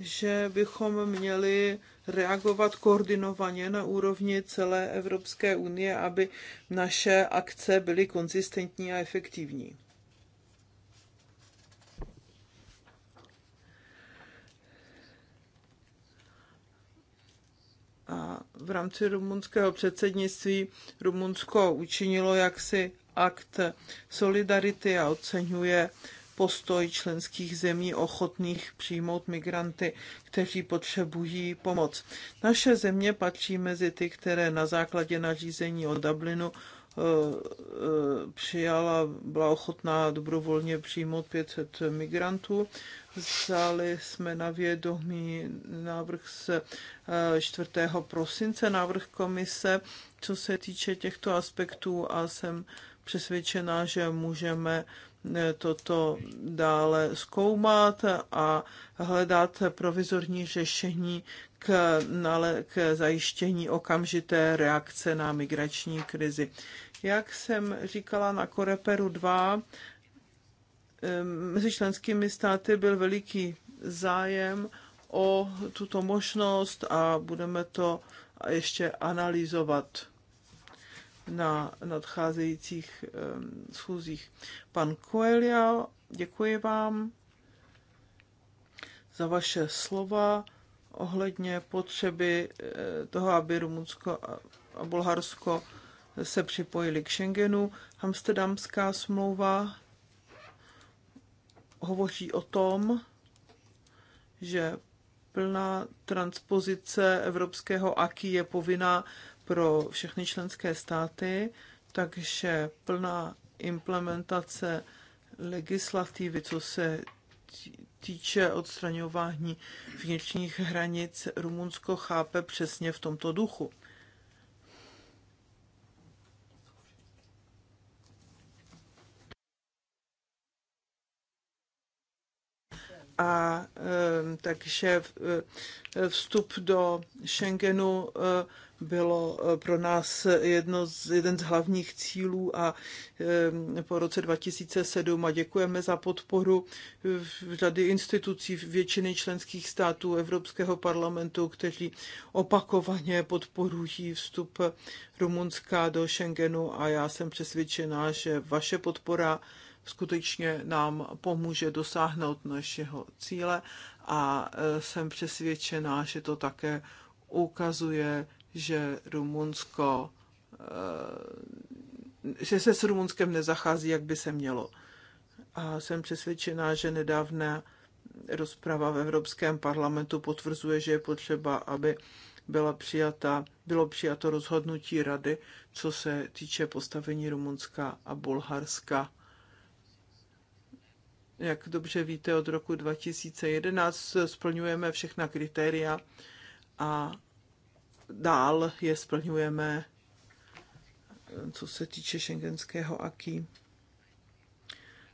že bychom měli reagovat koordinovaně na úrovni celé Evropské unie, aby naše akce byly konzistentní a efektivní. v rámci rumunského předsednictví Rumunsko učinilo jaksi akt solidarity a oceňuje postoj členských zemí ochotných přijmout migranty, kteří potřebují pomoc. Naše země patří mezi ty, které na základě nařízení o Dublinu Eh, eh, přijala, byla ochotná dobrovolně přijmout 500 migrantů. Vzali jsme na vědomí návrh z 4. Eh, prosince, návrh komise, co se týče těchto aspektů a jsem přesvědčená, že můžeme toto dále zkoumat a hledat provizorní řešení k, k zajištění okamžité reakce na migrační krizi. Jak jsem říkala na Koreperu 2, mezi členskými státy byl veliký zájem o tuto možnost a budeme to ještě analyzovat na nadcházejících schůzích. Pan Coelia, děkuji vám za vaše slova ohledně potřeby eh, toho, aby Rumunsko a Bulharsko se připojili k Schengenu. Amsterdamská smlouva hovoří o tom, že plná transpozice evropského AKI je povinná pro všechny členské státy, takže plná implementace legislativy, co se týče odstraňování vnitřních hranic, Rumunsko chápe přesně v tomto duchu. a takže e, vstup do Schengenu e, bylo e, pro nás jedno z, jeden z hlavních cílů a po roce 2007 a děkujeme za podporu řady institucí většiny členských států Evropského parlamentu, kteří opakovaně podporují vstup Rumunska do Schengenu a já jsem přesvědčená, že vaše podpora skutečně nám pomůže dosáhnout našeho cíle a e, jsem přesvědčená, že to také ukazuje, že Rumunsko, e, že se s Rumunskem nezachází, jak by se mělo. A jsem přesvědčená, že nedávná rozprava v Evropském parlamentu potvrzuje, že je potřeba, aby byla přijata, bylo přijato rozhodnutí rady, co se týče postavení Rumunska a Bulharska jak dobře víte, od roku 2011 splňujeme všechna kritéria a dál je splňujeme, co se týče šengenského aký.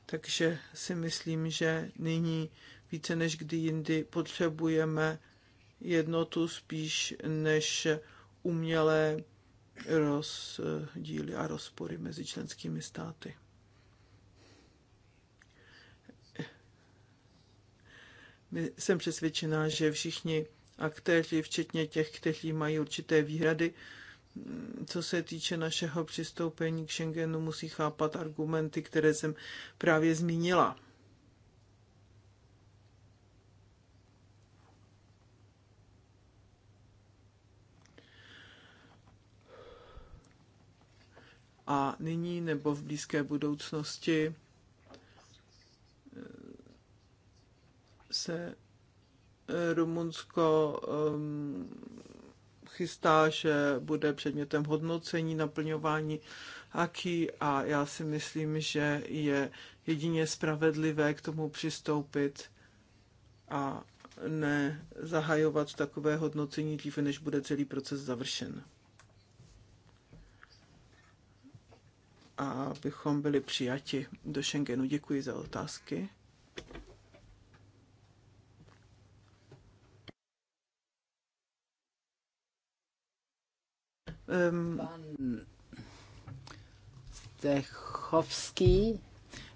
Takže si myslím, že nyní více než kdy jindy potřebujeme jednotu spíš než umělé rozdíly a rozpory mezi členskými státy. jsem přesvědčená, že všichni aktéři, včetně těch, kteří mají určité výhrady, mm, co se týče našeho přistoupení k Schengenu, musí chápat argumenty, které jsem právě zmínila. A nyní nebo v blízké budoucnosti se eh, Rumunsko ehm, chystá, že bude předmětem hodnocení naplňování aký a já si myslím, že je jedině spravedlivé k tomu přistoupit a ne zahajovat takové hodnocení dříve, než bude celý proces završen. A abychom byli přijati do Schengenu. Děkuji za otázky. Pan ehm, Zdechovský,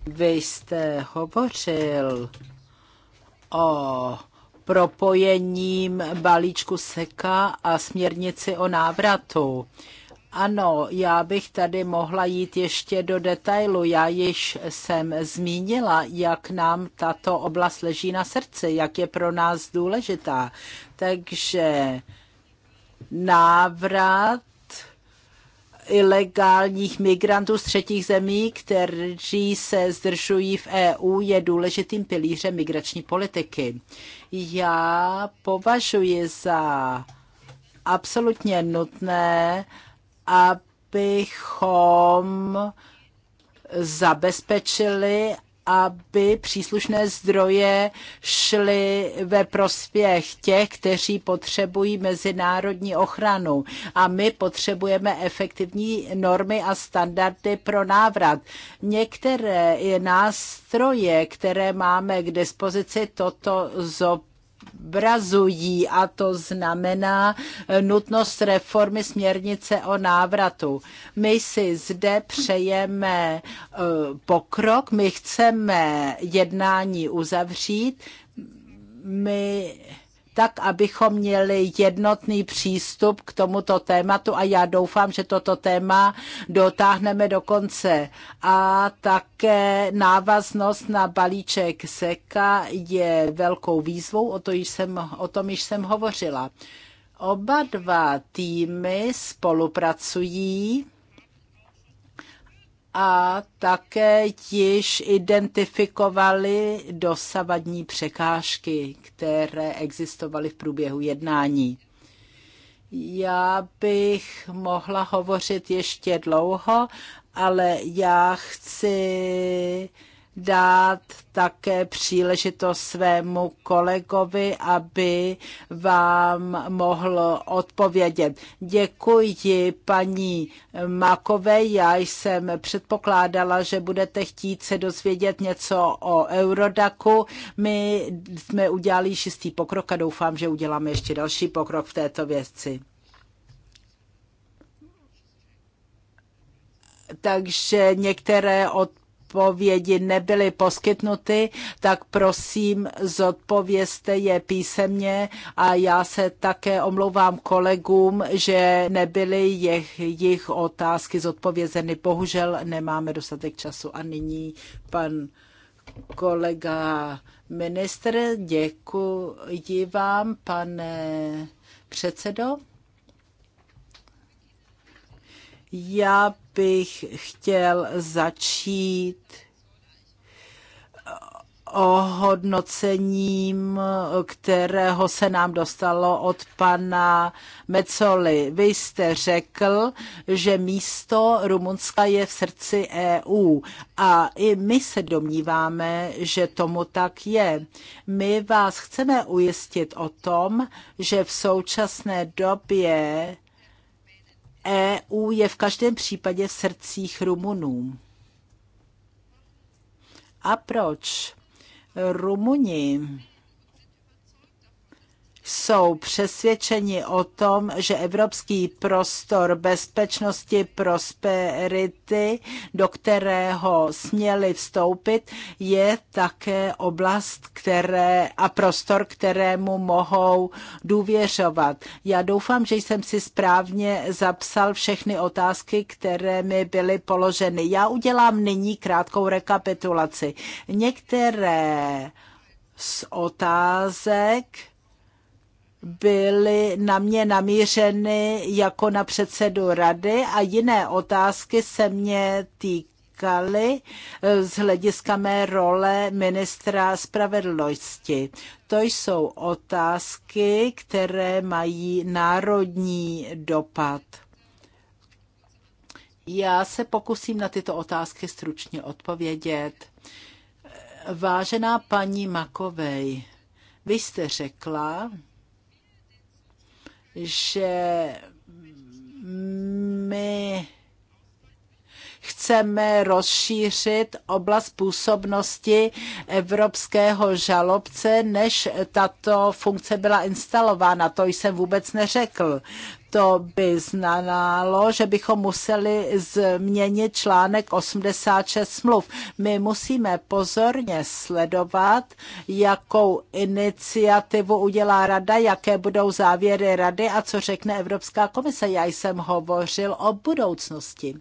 vy jste hovořil o propojením balíčku SEKA a směrnici o návratu. Ano, já bych tady mohla jít ještě do detailu. Já již jsem zmínila, jak nám tato oblast leží na srdci, jak je pro nás důležitá. Takže návrat ilegálních migrantů z třetích zemí, kteří se zdržují v EU, je důležitým pilířem migrační politiky. Já považuji za absolutně nutné, abychom zabezpečili, aby příslušné zdroje šly ve prospěch těch, kteří potřebují mezinárodní ochranu. A my potřebujeme efektivní normy a standardy pro návrat. Některé nástroje, které máme k dispozici, toto zopakují zobrazují a to znamená eh, nutnost reformy směrnice o návratu. My si zde přejeme eh, pokrok, my chceme jednání uzavřít, my tak abychom měli jednotný přístup k tomuto tématu a já doufám, že toto téma dotáhneme do konce. A také návaznost na balíček SEKA je velkou výzvou, o, to již jsem, o tom již jsem hovořila. Oba dva týmy spolupracují a také již identifikovali dosavadní překážky, které existovaly v průběhu jednání. Já bych mohla hovořit ještě dlouho, ale já chci dát také příležitost svému kolegovi, aby vám mohl odpovědět. Děkuji paní Makové, já jsem předpokládala, že budete chtít se dozvědět něco o Eurodaku. My jsme udělali šestý pokrok a doufám, že uděláme ještě další pokrok v této věci. takže některé od odpovědi nebyly poskytnuty, tak prosím zodpovězte je písemně a já se také omlouvám kolegům, že nebyly jejich otázky zodpovězeny. Bohužel nemáme dostatek času a nyní pan kolega ministr, děkuji vám, pane předsedo. Já bych chtěl začít ohodnocením, kterého se nám dostalo od pana Mecoli. Vy jste řekl, že místo Rumunska je v srdci EU a i my se domníváme, že tomu tak je. My vás chceme ujistit o tom, že v současné době EU je v každém případě v srdcích Rumunů. A proč? Rumuni jsou přesvědčeni o tom, že evropský prostor bezpečnosti, prosperity, do kterého směli vstoupit, je také oblast které, a prostor, kterému mohou důvěřovat. Já doufám, že jsem si správně zapsal všechny otázky, které mi byly položeny. Já udělám nyní krátkou rekapitulaci. Některé z otázek byly na mě namířeny jako na předsedu rady a jiné otázky se mě týkaly eh, z hlediska mé role ministra spravedlnosti. To jsou otázky, které mají národní dopad. Já se pokusím na tyto otázky stručně odpovědět. Vážená paní Makovej, vy jste řekla, že my chceme rozšířit oblast působnosti evropského žalobce, než tato funkce byla instalována. To jsem vůbec neřekl to by znamenalo, že bychom museli změnit článek 86 smluv. My musíme pozorně sledovat, jakou iniciativu udělá rada, jaké budou závěry rady a co řekne Evropská komise. Já jsem hovořil o budoucnosti.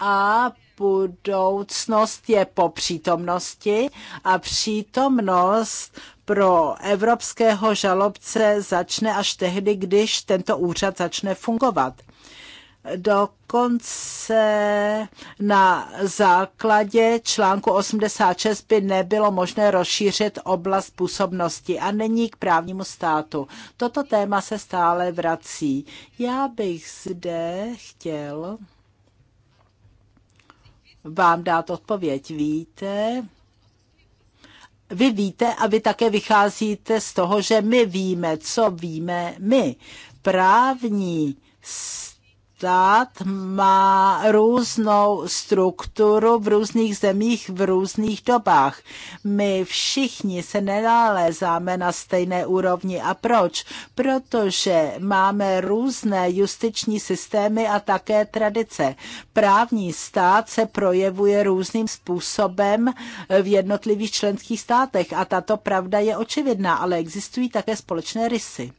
A budoucnost je po přítomnosti a přítomnost pro evropského žalobce začne až tehdy, když tento úřad začne fungovat dokonce na základě článku 86 by nebylo možné rozšířit oblast působnosti a není k právnímu státu. Toto téma se stále vrací. Já bych zde chtěl vám dát odpověď. Víte, vy víte a vy také vycházíte z toho, že my víme, co víme my. Právní stát má různou strukturu v různých zemích v různých dobách. My všichni se nenalézáme na stejné úrovni. A proč? Protože máme různé justiční systémy a také tradice. Právní stát se projevuje různým způsobem v jednotlivých členských státech a tato pravda je očividná, ale existují také společné rysy.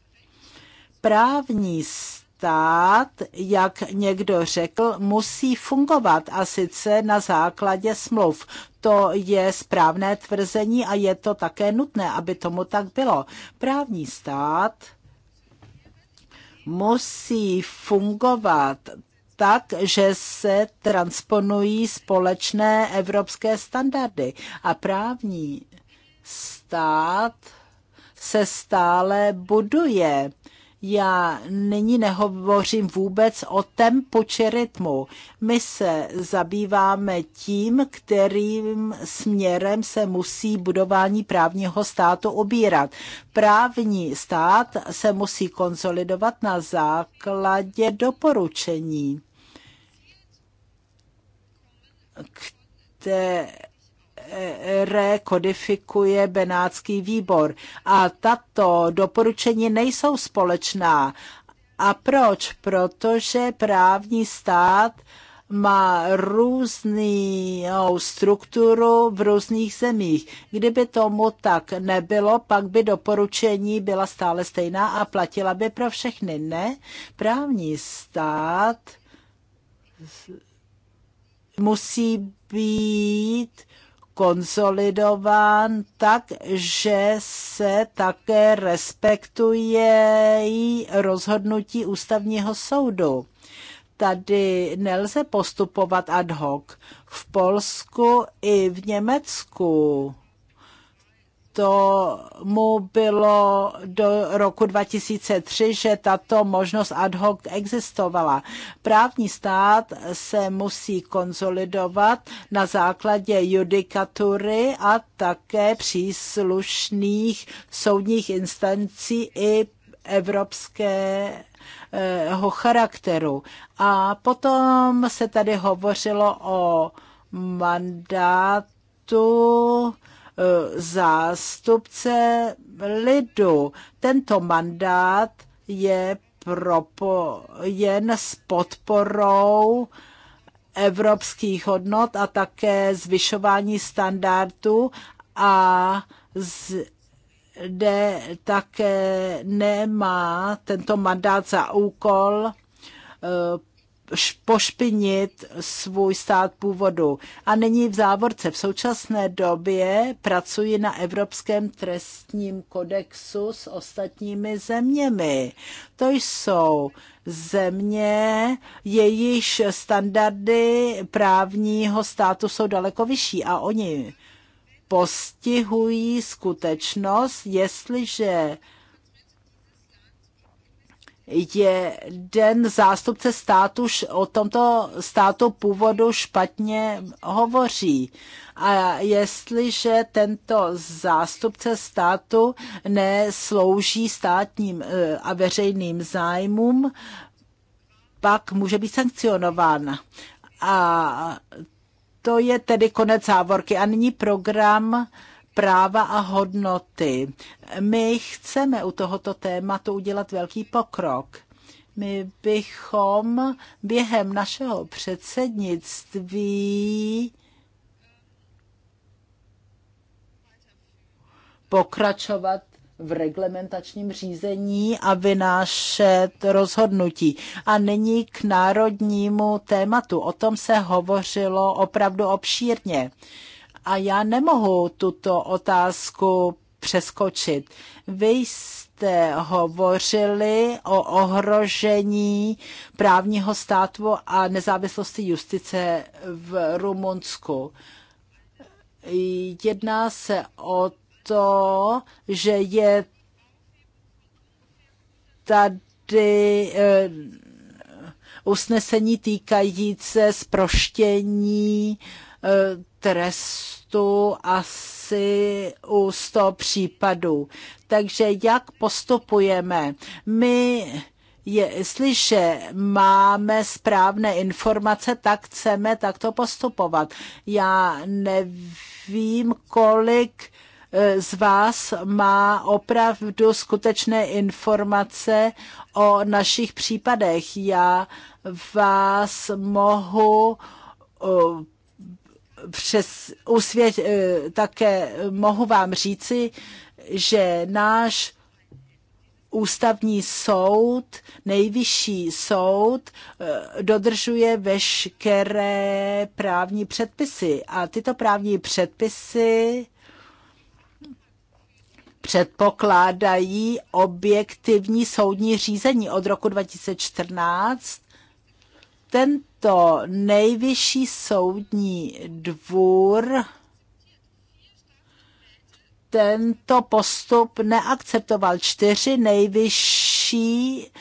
Právní stát stát, jak někdo řekl, musí fungovat a sice na základě smluv. To je správné tvrzení a je to také nutné, aby tomu tak bylo. Právní stát musí fungovat tak, že se transponují společné evropské standardy. A právní stát se stále buduje já nyní nehovořím vůbec o tempu či rytmu. My se zabýváme tím, kterým směrem se musí budování právního státu obírat. Právní stát se musí konsolidovat na základě doporučení, které rekodifikuje Benátský výbor. A tato doporučení nejsou společná. A proč? Protože právní stát má různou strukturu v různých zemích. Kdyby tomu tak nebylo, pak by doporučení byla stále stejná a platila by pro všechny. Ne, právní stát musí být konsolidován tak, že se také respektuje rozhodnutí ústavního soudu. Tady nelze postupovat ad hoc. V Polsku i v Německu tomu bylo do roku 2003, že tato možnost ad hoc existovala. Právní stát se musí konsolidovat na základě judikatury a také příslušných soudních instancí i evropské charakteru. A potom se tady hovořilo o mandátu zástupce lidu. Tento mandát je propojen s podporou evropských hodnot a také zvyšování standardů a zde také nemá tento mandát za úkol eh, pošpinit svůj stát původu. A není v závorce. V současné době pracuji na Evropském trestním kodexu s ostatními zeměmi. To jsou země, jejíž standardy právního státu jsou daleko vyšší a oni postihují skutečnost, jestliže je den zástupce státu o tomto státu původu špatně hovoří. A jestliže tento zástupce státu neslouží státním e, a veřejným zájmům, pak může být sankcionován. A to je tedy konec závorky. A nyní program práva a hodnoty. My chceme u tohoto tématu udělat velký pokrok. My bychom během našeho předsednictví pokračovat v reglementačním řízení a vynášet rozhodnutí. A nyní k národnímu tématu. O tom se hovořilo opravdu obšírně. Uh, a já nemohu tuto otázku přeskočit. Vy jste hovořili o ohrožení právního státu a nezávislosti justice v Rumunsku. Jedná se o to, že je tady eh, usnesení týkající se sproštění eh, trestu trestu asi u 100 případů. Takže jak postupujeme? My jestliže máme správné informace, tak chceme takto postupovat. Já nevím, kolik e, z vás má opravdu skutečné informace o našich případech. Já vás mohu e, přes usvět, eh, také mohu vám říci, že náš ústavní soud, nejvyšší soud, eh, dodržuje veškeré právní předpisy. A tyto právní předpisy předpokládají objektivní soudní řízení od roku 2014. Ten to nejvyšší soudní dvůr tento postup neakceptoval. Čtyři nejvyšší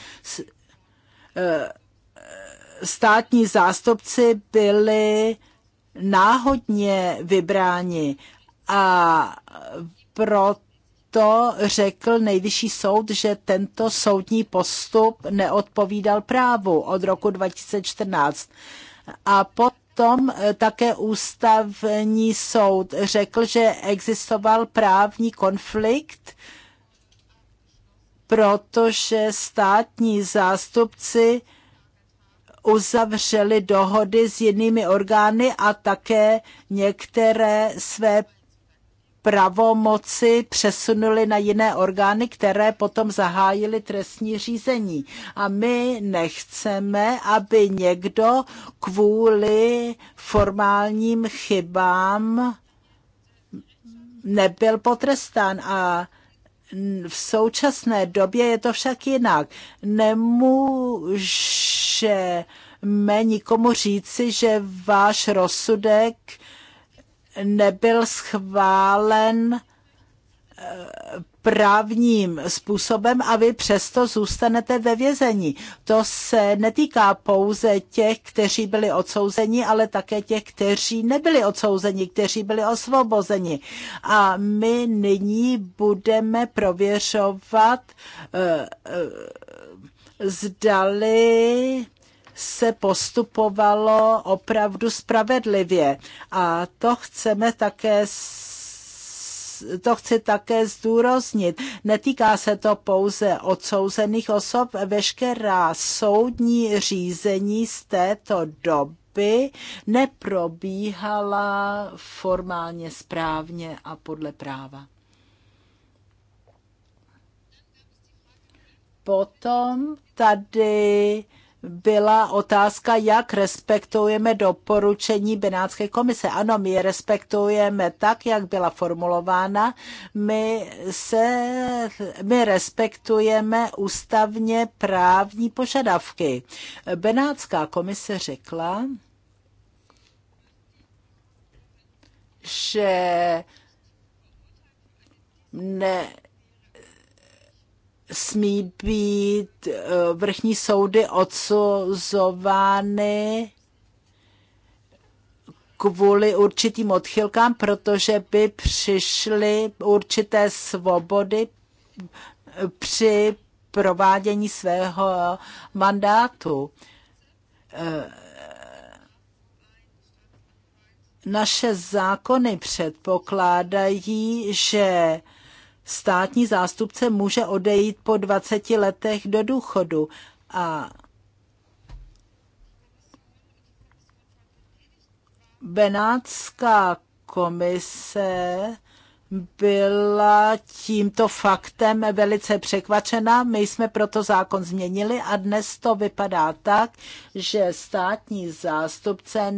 eh, státní zástupci byli náhodně vybráni a proto to řekl nejvyšší soud, že tento soudní postup neodpovídal právu od roku 2014. A potom eh, také ústavní soud řekl, že existoval právní konflikt, protože státní zástupci uzavřeli dohody s jinými orgány a také některé své pravomoci přesunuli na jiné orgány, které potom zahájily trestní řízení. A my nechceme, aby někdo kvůli formálním chybám nebyl potrestán a v současné době je to však jinak. Nemůžeme nikomu říci, že váš rozsudek nebyl schválen eh, právním způsobem a vy přesto zůstanete ve vězení. To se netýká pouze těch, kteří byli odsouzeni, ale také těch, kteří nebyli odsouzeni, kteří byli osvobozeni. A my nyní budeme prověřovat, eh, eh, zdali se postupovalo opravdu spravedlivě. A to chceme také to chci také zdůraznit. Netýká se to pouze odsouzených osob, veškerá soudní řízení z této doby neprobíhala formálně správně a podle práva. Potom tady byla otázka, jak respektujeme doporučení Benátské komise. Ano, my je respektujeme tak, jak byla formulována. My, se, my respektujeme ústavně právní požadavky. Benátská komise řekla, že ne, smí být eh, vrchní soudy odsuzovány kvůli určitým odchylkám, protože by přišly určité svobody při provádění svého mandátu. Eh, naše zákony předpokládají, že státní zástupce může odejít po 20 letech do důchodu. A Benátská komise byla tímto faktem velice překvačena. My jsme proto zákon změnili a dnes to vypadá tak, že státní zástupce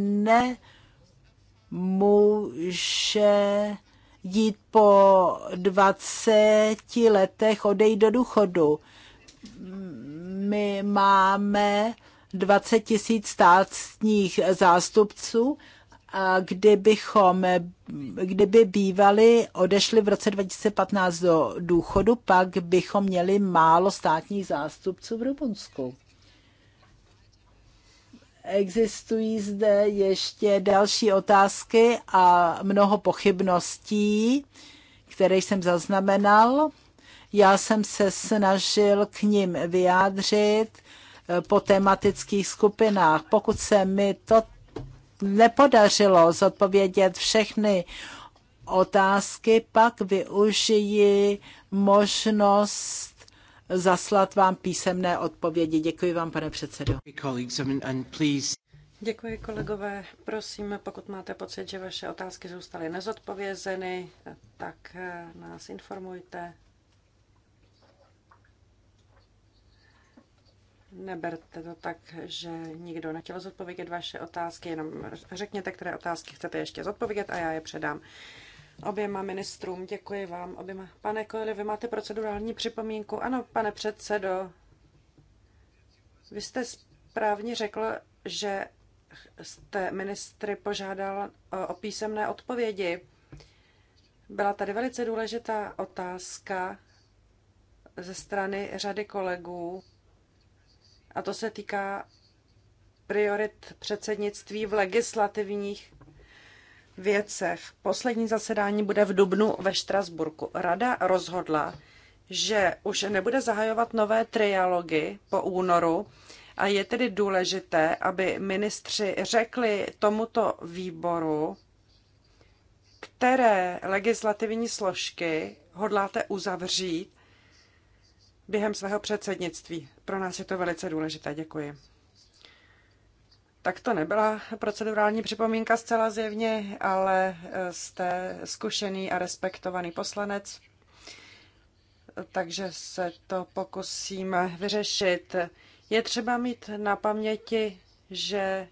nemůže jít po 20 letech odejít do důchodu. My máme 20 tisíc státních zástupců a kdybychom, kdyby bývali odešli v roce 2015 do důchodu, pak bychom měli málo státních zástupců v Rumunsku. Existují zde ještě další otázky a mnoho pochybností, které jsem zaznamenal. Já jsem se snažil k ním vyjádřit eh, po tematických skupinách. Pokud se mi to nepodařilo zodpovědět všechny otázky, pak využiji možnost zaslat vám písemné odpovědi. Děkuji vám, pane předsedo. Děkuji, kolegové. Prosím, pokud máte pocit, že vaše otázky zůstaly nezodpovězeny, tak nás informujte. Neberte to tak, že nikdo nechtěl zodpovědět vaše otázky, jenom řekněte, které otázky chcete ještě zodpovědět a já je předám oběma ministrům. Děkuji vám oběma. Pane Koeli, vy máte procedurální připomínku? Ano, pane předsedo. Vy jste správně řekl, že jste ministry požádal e, o písemné odpovědi. Byla tady velice důležitá otázka ze strany řady kolegů a to se týká priorit předsednictví v legislativních věcech. Poslední zasedání bude v Dubnu ve Štrasburku. Rada rozhodla, že už nebude zahajovat nové trialogy po únoru a je tedy důležité, aby ministři řekli tomuto výboru, které legislativní složky hodláte uzavřít během svého předsednictví. Pro nás je to velice důležité. Děkuji. Tak to nebyla procedurální připomínka zcela zjevně, ale eh, jste zkušený a respektovaný poslanec, takže se to pokusíme vyřešit. Je třeba mít na paměti, že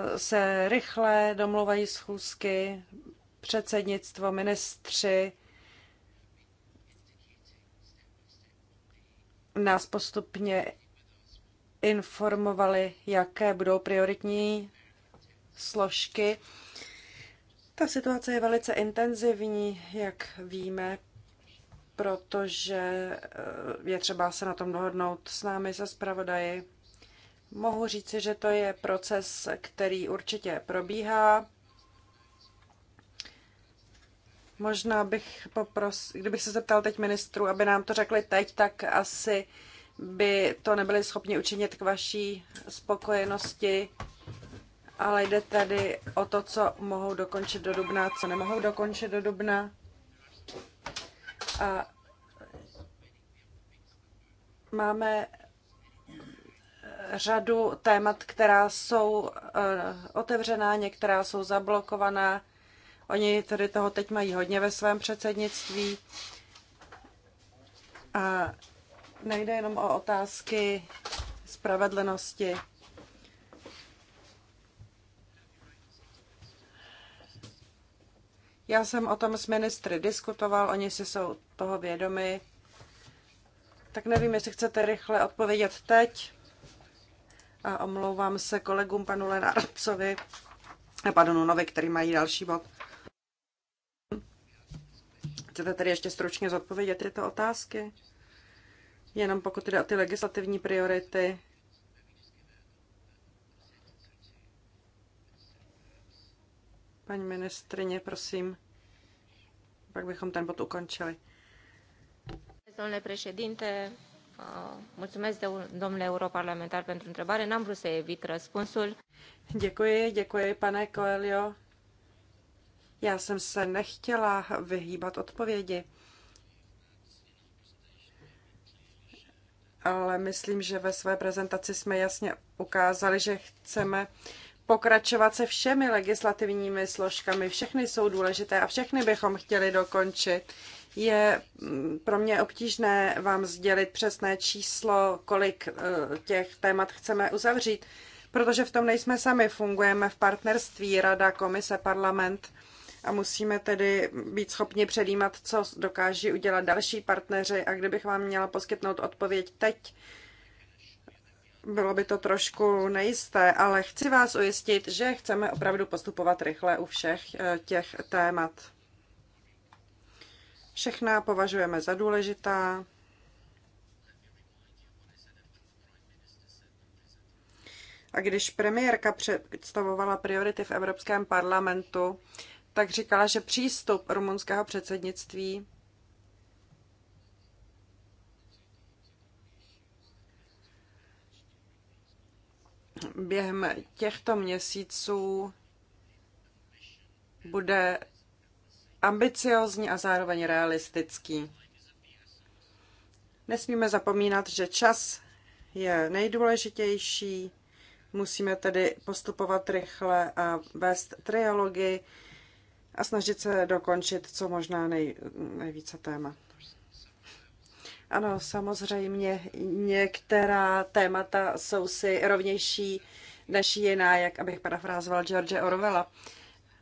eh, se rychle domluvají schůzky, předsednictvo, ministři, nás postupně informovali, jaké budou prioritní složky. Ta situace je velice intenzivní, jak víme, protože eh, je třeba se na tom dohodnout s námi, se zpravodaji. Mohu říci, že to je proces, který určitě probíhá. Možná bych poprosil, kdybych se zeptal teď ministru, aby nám to řekli teď, tak asi uh, by to nebyli schopni učinit k vaší spokojenosti, ale jde tady o to, co mohou dokončit do dubna, co nemohou dokončit do dubna. A máme eh, řadu témat, která jsou eh, otevřená, některá jsou zablokovaná. Oni tedy toho teď mají hodně ve svém předsednictví. A nejde jenom o otázky spravedlnosti. Já jsem o tom s ministry diskutoval, oni si jsou toho vědomi. Tak nevím, jestli chcete rychle odpovědět teď. A omlouvám se kolegům panu Lenarcovi a panu Nunovi, který mají další bod. Chcete tedy ještě stručně zodpovědět tyto otázky? Jenom pokud jde o ty legislativní priority, Paní ministrině, prosím. Pak bychom ten bod ukončili. Domnule președinte, mulțumesc de, domnule europarlamentar pentru întrebare. N-am vrut să evit răspunsul. Děkuji, děkuji, pane Coelho. Já jsem se nechtěla vyhýbat odpovědi. ale myslím, že ve své prezentaci jsme jasně ukázali, že chceme pokračovat se všemi legislativními složkami. Všechny jsou důležité a všechny bychom chtěli dokončit. Je mm, pro mě obtížné vám sdělit přesné číslo, kolik eh, těch témat chceme uzavřít, protože v tom nejsme sami. Fungujeme v partnerství Rada, Komise, Parlament – a musíme tedy být schopni předjímat, co dokáží udělat další partneři. A kdybych vám měla poskytnout odpověď teď, bylo by to trošku nejisté, ale chci vás ujistit, že chceme opravdu postupovat rychle u všech eh, těch témat. Všechna považujeme za důležitá. A když premiérka představovala priority v Evropském parlamentu, tak říkala, že přístup rumunského předsednictví během těchto měsíců bude ambiciozní a zároveň realistický. Nesmíme zapomínat, že čas je nejdůležitější, musíme tedy postupovat rychle a vést trialogy, a snažit se dokončit co možná nej, nejvíce témat. Ano, samozřejmě některá témata jsou si rovnější než jiná, jak abych parafrázoval George Orwella.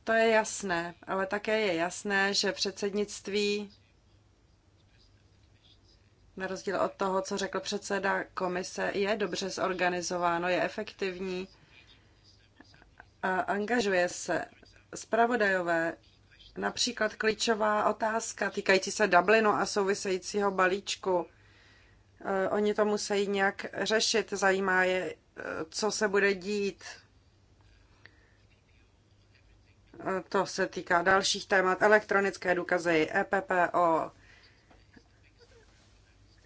To je jasné, ale také je jasné, že předsednictví, na rozdíl od toho, co řekl předseda komise, je dobře zorganizováno, je efektivní a angažuje se zpravodajové, například klíčová otázka týkající se Dublinu a souvisejícího balíčku. Eh, oni to musí nějak řešit. Zajímá je, eh, co se bude dít. Eh, to se týká dalších témat. Elektronické důkazy, EPPO.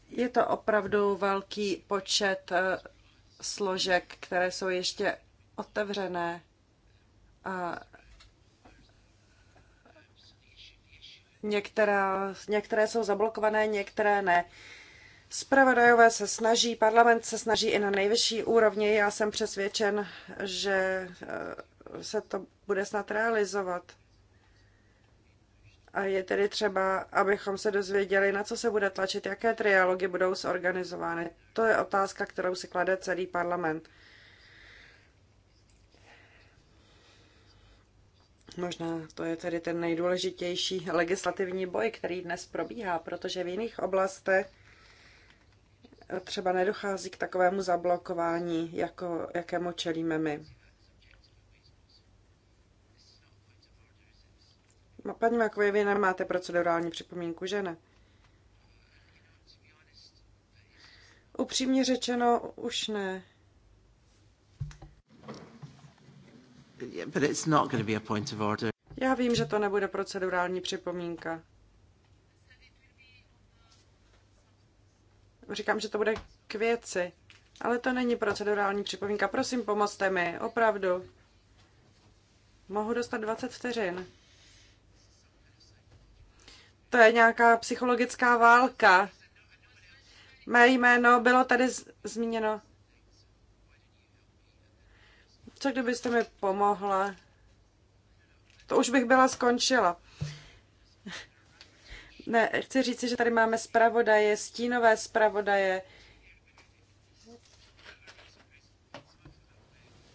Je to opravdu velký počet složek, které jsou ještě otevřené. A Některá, některé jsou zablokované, některé ne. Spravodajové se snaží, parlament se snaží i na nejvyšší úrovni. Já jsem přesvědčen, že eh, se to bude snad realizovat. A je tedy třeba, abychom se dozvěděli, na co se bude tlačit, jaké trialogy budou zorganizovány. To je otázka, kterou si klade celý parlament. Možná to je tedy ten nejdůležitější legislativní boj, který dnes probíhá, protože v jiných oblastech třeba nedochází k takovému zablokování, jako, jakému čelíme my. No, paní Makové, vy nemáte procedurální připomínku, že ne? Upřímně řečeno, už ne. Já vím, že to nebude procedurální připomínka. Říkám, že to bude k věci, ale to není procedurální připomínka. Prosím, pomozte mi, opravdu. Mohu dostat 20 vteřin. To je nějaká psychologická válka. Mé jméno bylo tady zmíněno co kdybyste mi pomohla? To už bych byla skončila. Ne, chci říct, že tady máme zpravodaje, stínové zpravodaje.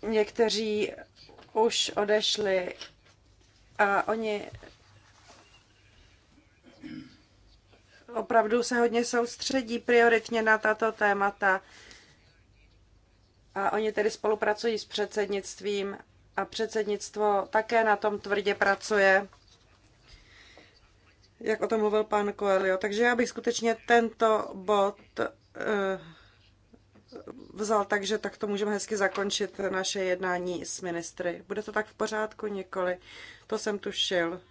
Někteří už odešli a oni opravdu se hodně soustředí prioritně na tato témata. A oni tedy spolupracují s předsednictvím a předsednictvo také na tom tvrdě pracuje, jak o tom mluvil pan Coelho. Takže já bych skutečně tento bod eh, vzal tak, že takto můžeme hezky zakončit naše jednání s ministry. Bude to tak v pořádku? Nikoli. To jsem tušil.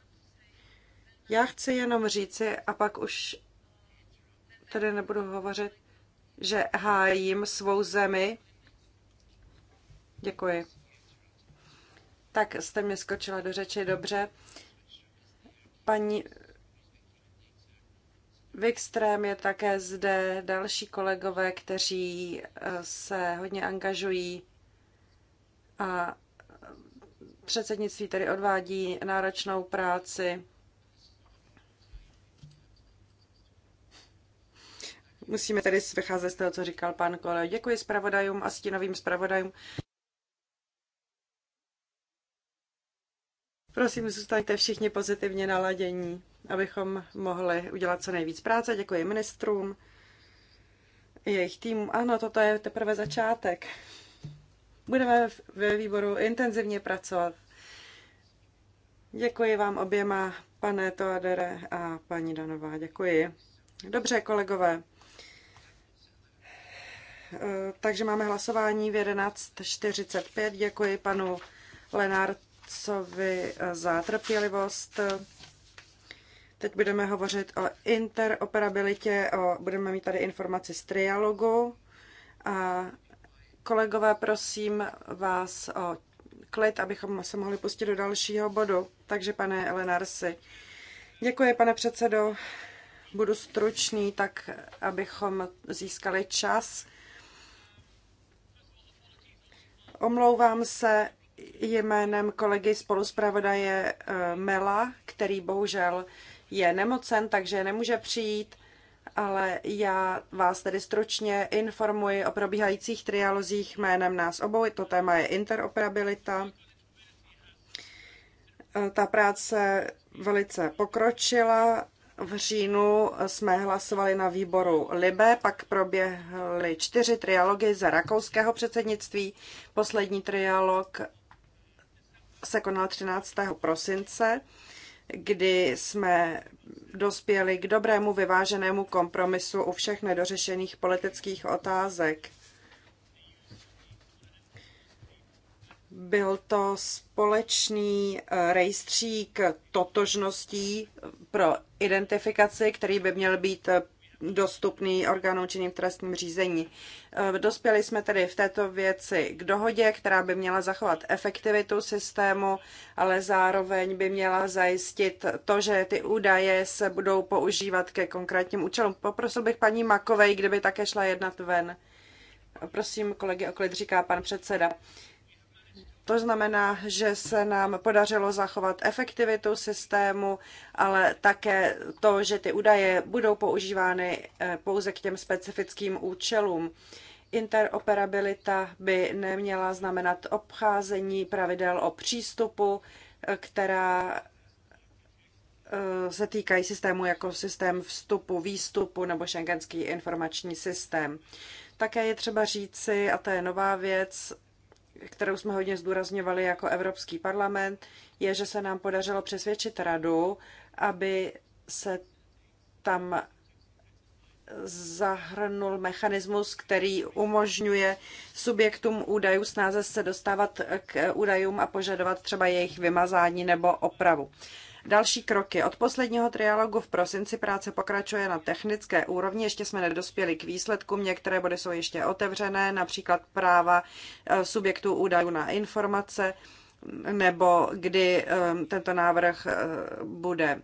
Já chci jenom říci, a pak už tady nebudu hovořit, že hájím svou zemi Děkuji. Tak jste mě skočila do řeči, dobře. Paní Wikström je také zde, další kolegové, kteří eh, se hodně angažují a předsednictví tedy odvádí náročnou práci. Musíme tedy vycházet z toho, co říkal pan kolega. Děkuji zpravodajům a stínovým zpravodajům. Prosím, zůstaňte všichni pozitivně naladění, abychom mohli udělat co nejvíc práce. Děkuji ministrům, jejich týmu. Ano, toto je teprve začátek. Budeme ve výboru intenzivně pracovat. Děkuji vám oběma, pane Toadere a paní Danová. Děkuji. Dobře, kolegové. Eh, takže máme hlasování v 11.45. Děkuji panu Lenart otcovi eh, za trpělivost. Teď budeme hovořit o interoperabilitě, o, budeme mít tady informaci z trialogu. A kolegové, prosím vás o klid, abychom se mohli pustit do dalšího bodu. Takže, pane Elenarsi, děkuji, pane předsedo. Budu stručný, tak abychom získali čas. Omlouvám se jménem kolegy spoluzpravodaje eh, Mela, který bohužel je nemocen, takže nemůže přijít, ale já vás tedy stručně informuji o probíhajících trialozích jménem nás obou. To téma je interoperabilita. Eh, ta práce velice pokročila. V říjnu jsme hlasovali na výboru Libe, pak proběhly čtyři trialogy za rakouského předsednictví. Poslední trialog se konal 13. prosince, kdy jsme dospěli k dobrému vyváženému kompromisu u všech nedořešených politických otázek. Byl to společný eh, rejstřík totožností pro identifikaci, který by měl být eh, dostupný orgánům činným trestním řízení. E, dospěli jsme tedy v této věci k dohodě, která by měla zachovat efektivitu systému, ale zároveň by měla zajistit to, že ty údaje se budou používat ke konkrétním účelům. Poprosil bych paní Makovej, kdyby také šla jednat ven. Prosím kolegy o klid, říká pan předseda. To znamená, že se nám podařilo zachovat efektivitu systému, ale také to, že ty údaje budou používány eh, pouze k těm specifickým účelům. Interoperabilita by neměla znamenat obcházení pravidel o přístupu, eh, která eh, se týkají systému jako systém vstupu, výstupu nebo šengenský informační systém. Také je třeba říci, a to je nová věc, kterou jsme hodně zdůrazňovali jako Evropský parlament, je, že se nám podařilo přesvědčit radu, aby se tam zahrnul mechanismus, který umožňuje subjektům údajů snáze se dostávat k údajům a požadovat třeba jejich vymazání nebo opravu. Další kroky. Od posledního trialogu v prosinci práce pokračuje na technické úrovni. Ještě jsme nedospěli k výsledkům. Některé body jsou ještě otevřené, například práva eh, subjektů údajů na informace nebo kdy um, tento návrh uh, bude,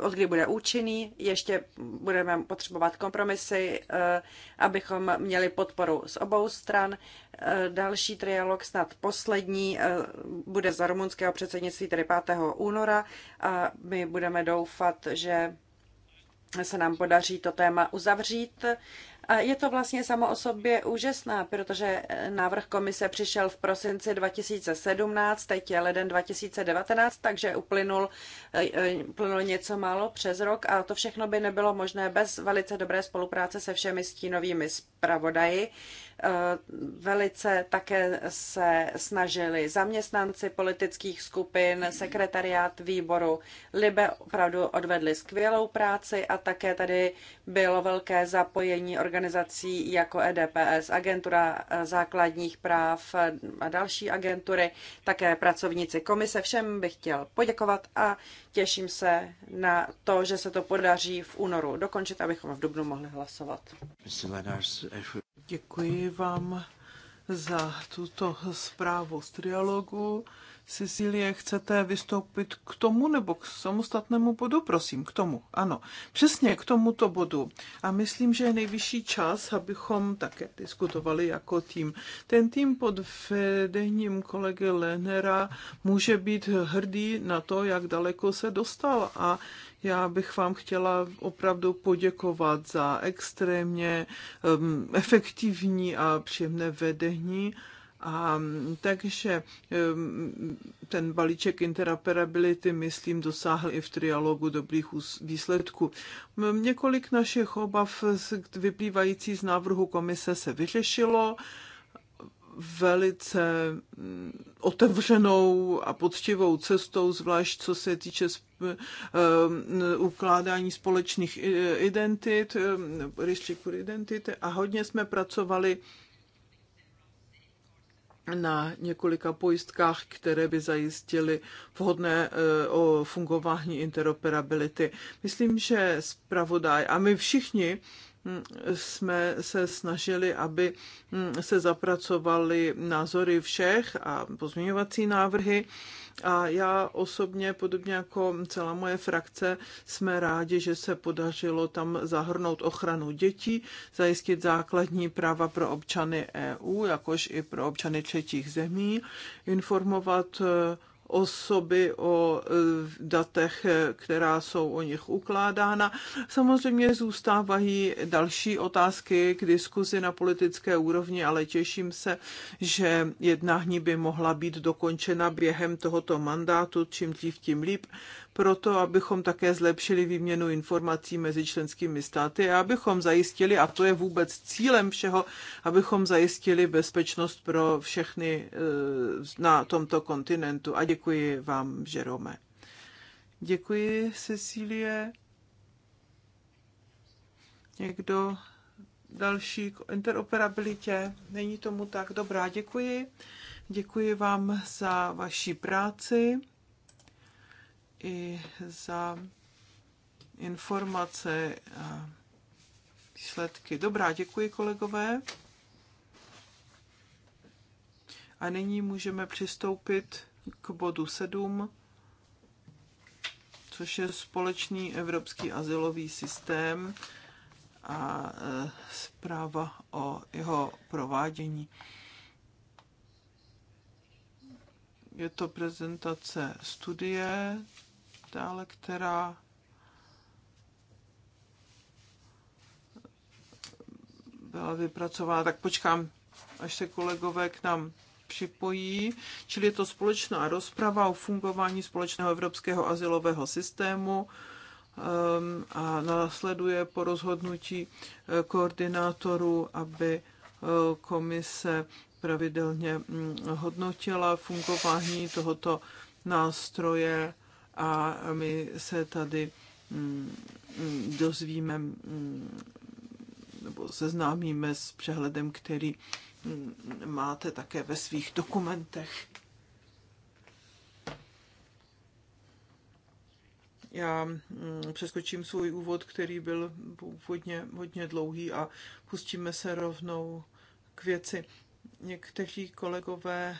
uh, od kdy bude účinný. Ještě budeme potřebovat kompromisy, uh, abychom měli podporu z obou stran. Další trialog, snad poslední, bude za rumunského předsednictví, tedy 5. února. A my budeme doufat, že se nám podaří to téma uzavřít. A je to vlastně samo o sobě úžasná, protože eh, návrh komise přišel v prosinci 2017, teď je leden 2019, takže uplynul, eh, eh, uplynul něco málo přes rok a to všechno by nebylo možné bez velice dobré spolupráce se všemi stínovými zpravodaji. Eh, velice také se snažili zaměstnanci politických skupin, sekretariát výboru. Libe opravdu odvedli skvělou práci a také tady bylo velké zapojení organizací jako EDPS, Agentura eh, základních práv eh, a další agentury, také pracovníci komise. Všem bych chtěl poděkovat a těším se na to, že se to podaří v únoru dokončit, abychom v dubnu mohli hlasovat. Děkuji vám za tuto zprávu z trialogu. Cecilie, chcete vystoupit k tomu nebo k samostatnému bodu? Prosím, k tomu. Ano, přesně k tomuto bodu. A myslím, že je nejvyšší čas, abychom také diskutovali jako tým. Ten tým pod vedením kolegy Lenera může být hrdý na to, jak daleko se dostal a já bych vám chtěla opravdu poděkovat za extrémně um, efektivní a příjemné vedení. A um, takže um, ten balíček interoperability, myslím, dosáhl i v trialogu dobrých výsledků. Několik našich obav vyplývající z návrhu komise se vyřešilo velice mm, otevřenou a poctivou cestou, zvlášť co se týče eh, mm, ukládání společných identit, eh, rejstříku identity a hodně jsme pracovali na několika pojistkách, které by zajistily vhodné eh, o fungování interoperability. Myslím, že zpravodaj a my všichni jsme se snažili, aby mm, se zapracovaly názory všech a pozměňovací návrhy. A já osobně, podobně jako celá moje frakce, jsme rádi, že se podařilo tam zahrnout ochranu dětí, zajistit základní práva pro občany EU, jakož i pro občany třetích zemí, informovat osoby o e, datech, e, která jsou o nich ukládána. Samozřejmě zůstávají další otázky k diskuzi na politické úrovni, ale těším se, že jednání by mohla být dokončena během tohoto mandátu, čím dřív, tím líp, proto abychom také zlepšili výměnu informací mezi členskými státy a abychom zajistili, a to je vůbec cílem všeho, abychom zajistili bezpečnost pro všechny e, na tomto kontinentu. A děkuji Děkuji vám, Žerome. Děkuji, Cecílie. Někdo další k interoperabilitě? Není tomu tak. Dobrá, děkuji. Děkuji vám za vaši práci i za informace a výsledky. Dobrá, děkuji kolegové. A nyní můžeme přistoupit k bodu 7, což je společný evropský asilový systém a e, zpráva o jeho provádění. Je to prezentace studie, dále která e, byla vypracována. Tak počkám, až se kolegové k nám připojí, čili je to společná rozprava o fungování společného evropského asilového systému um, a následuje po rozhodnutí eh, koordinátorů, aby eh, komise pravidelně mm, hodnotila fungování tohoto nástroje a my se tady mm, dozvíme mm, nebo seznámíme s přehledem, který máte také ve svých dokumentech. Já mm, přeskočím svůj úvod, který byl původně hodně dlouhý a pustíme se rovnou k věci. Někteří kolegové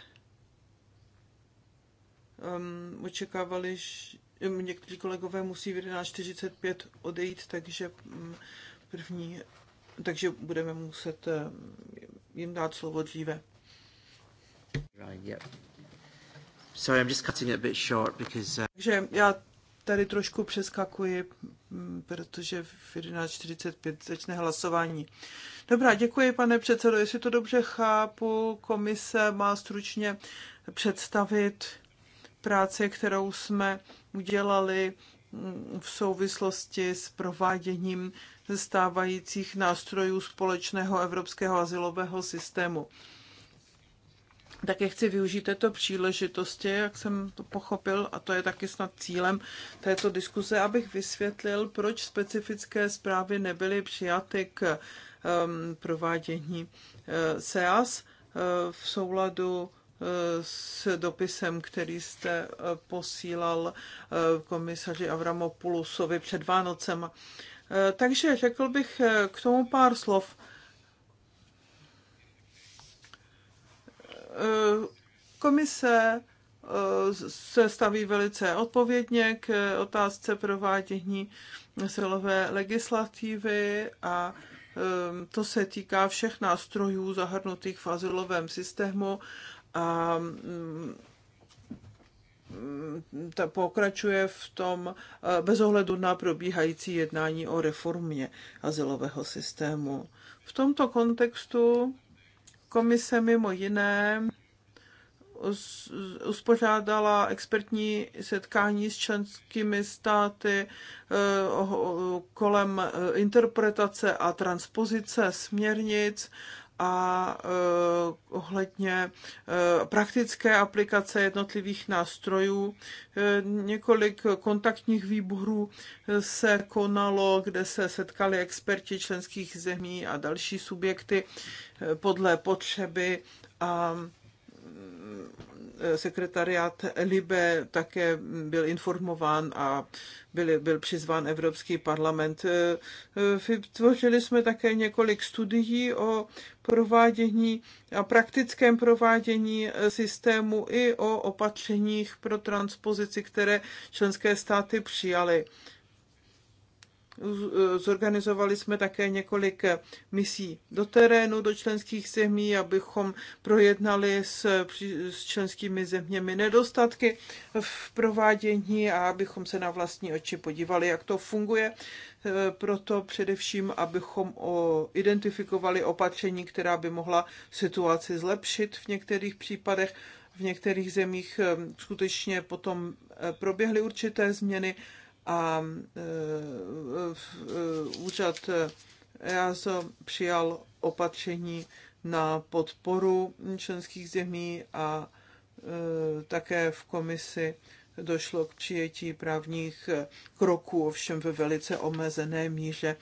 um, očekávali, že mm, někteří kolegové musí v 11.45 odejít, takže um, první takže budeme muset eh, jim dát slovo dříve. Uh, takže já tady trošku přeskakuji, mm, protože v 11.45 začne hlasování. Dobrá, děkuji, pane předsedo. Jestli to dobře chápu, komise má stručně představit práci, kterou jsme udělali mm, v souvislosti s prováděním ze stávajících nástrojů společného evropského asilového systému. Také chci využít této příležitosti, jak jsem to pochopil, a to je taky snad cílem této diskuse, abych vysvětlil, proč specifické zprávy nebyly přijaty k um, provádění uh, SEAS uh, v souladu uh, s dopisem, který jste uh, posílal uh, komisaři Avramopoulosovi před Vánocem. Eh, takže řekl bych eh, k tomu pár slov. Eh, komise se staví velice odpovědně k otázce provádění silové legislativy a to se týká všech nástrojů zahrnutých v azylovém systému a mm, Mm, pokračuje v tom eh, bez ohledu na probíhající jednání o reformě azylového systému. V tomto kontextu komise mimo jiné uspořádala expertní setkání s členskými státy eh, kolem eh, interpretace a transpozice směrnic a eh, ohledně eh, praktické aplikace jednotlivých nástrojů. Eh, několik kontaktních výborů se konalo, kde se setkali experti členských zemí a další subjekty podle potřeby a mm, sekretariát Libe také byl informován a byl, byl přizván Evropský parlament. Eh, vytvořili jsme také několik studií o provádění a praktickém provádění systému i o opatřeních pro transpozici, které členské státy přijaly. Zorganizovali jsme také několik misí do terénu, do členských zemí, abychom projednali s, s členskými zeměmi nedostatky v provádění a abychom se na vlastní oči podívali, jak to funguje. E, proto především, abychom o, identifikovali opatření, která by mohla situaci zlepšit v některých případech. V některých zemích e, skutečně potom e, proběhly určité změny a e, e, úřad EASO přijal opatření na podporu členských zemí a e, také v komisi došlo k přijetí právních kroků, ovšem ve velice omezené míře,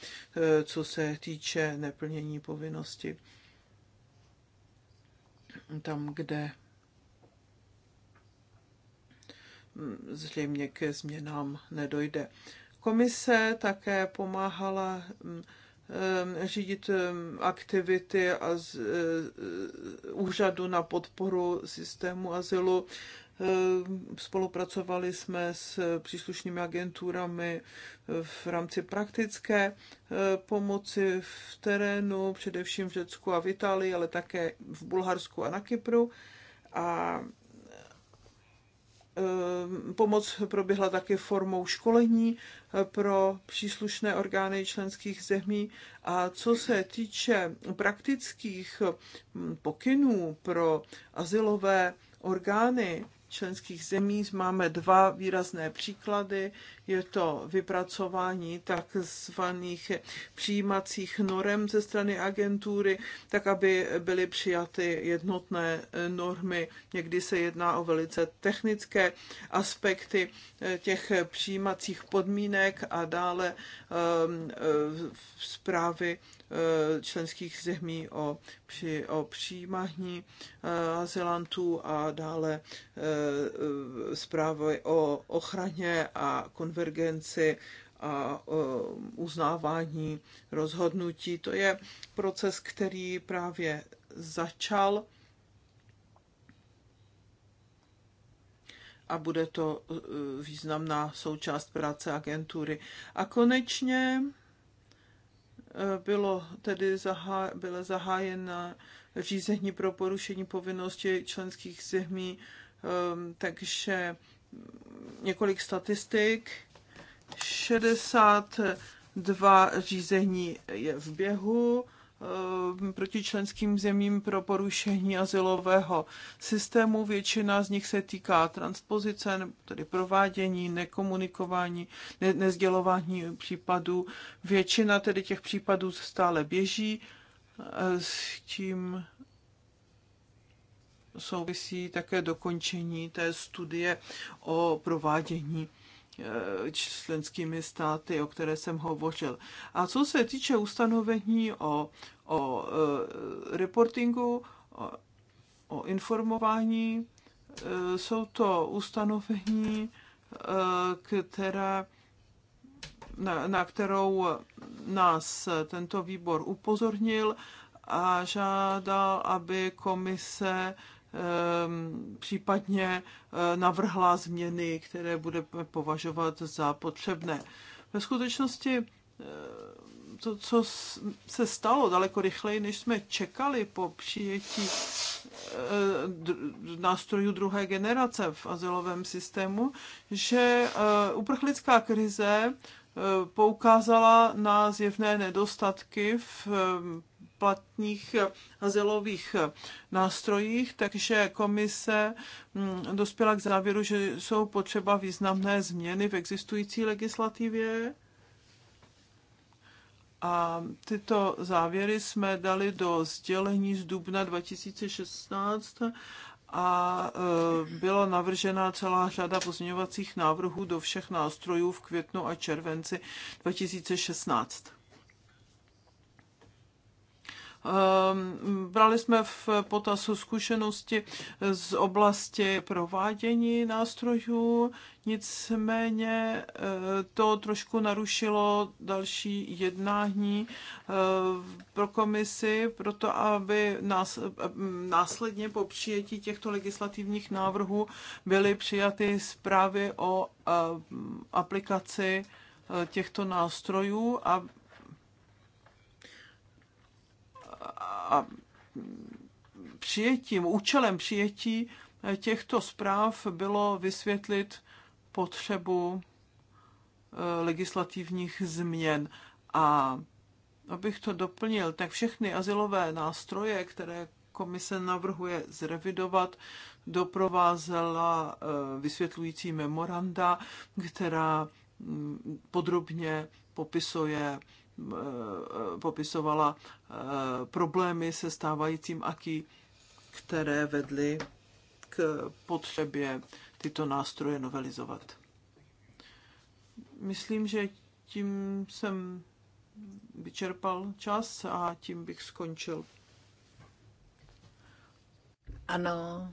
co se týče neplnění povinnosti. Tam, kde zřejmě ke změnám nedojde. Komise také pomáhala mm, mm, řídit mm, aktivity a z, úřadu na podporu systému azylu. Spolupracovali jsme s příslušnými agenturami v rámci praktické pomoci v terénu, především v Řecku a v Itálii, ale také v Bulharsku a na Kypru. A Ehm, pomoc proběhla také formou školení eh, pro příslušné orgány členských zemí. A co se týče praktických hm, pokynů pro asilové orgány, členských zemí máme dva výrazné příklady. Je to vypracování takzvaných přijímacích norem ze strany agentury, tak aby byly přijaty jednotné normy. Někdy se jedná o velice technické aspekty eh, těch přijímacích podmínek a dále ehm, eh, zprávy Eh, členských zemí o, při, o přijímání eh, azylantů a dále eh, zprávy o ochraně a konvergenci a uznávání rozhodnutí. To je proces, který právě začal a bude to významná součást práce agentury. A konečně bylo tedy zahá, byla zahájena řízení pro porušení povinnosti členských zemí, um, takže několik statistik. 62 řízení je v běhu, Eh, proti členským zemím pro porušení asilového systému. Většina z nich se týká transpozice, tedy provádění, nekomunikování, ne, nezdělování případů. Většina tedy těch případů stále běží eh, s tím souvisí také dokončení té studie o provádění Eh, členskými státy, o které jsem hovořil. A co se týče ustanovení o, o eh, reportingu, o, o informování, eh, jsou to ustanovení, která, na, na kterou nás tento výbor upozornil a žádal, aby komise Ehm, případně eh, navrhla změny, které budeme považovat za potřebné. Ve skutečnosti eh, to, co se stalo daleko rychleji, než jsme čekali po přijetí eh, nástrojů druhé generace v azylovém systému, že uprchlická krize poukázala na zjevné nedostatky v platných eh, azylových eh, nástrojích, takže komise mm, dospěla k závěru, že jsou potřeba významné změny v existující legislativě. A tyto závěry jsme dali do sdělení z dubna 2016 a eh, byla navržena celá řada pozměňovacích návrhů do všech nástrojů v květnu a červenci 2016. Ehm, brali jsme v potazu zkušenosti z oblasti provádění nástrojů, nicméně eh, to trošku narušilo další jednání eh, pro komisi, proto aby nás, eh, následně po přijetí těchto legislativních návrhů byly přijaty zprávy o aplikaci těchto nástrojů a a přijetím, účelem přijetí těchto zpráv bylo vysvětlit potřebu eh, legislativních změn. A abych to doplnil, tak všechny asilové nástroje, které komise navrhuje zrevidovat, doprovázela eh, vysvětlující memoranda, která mm, podrobně popisuje Eh, popisovala eh, problémy se stávajícím aký, které vedly k potřebě tyto nástroje novelizovat. Myslím, že tím jsem vyčerpal čas a tím bych skončil. Ano.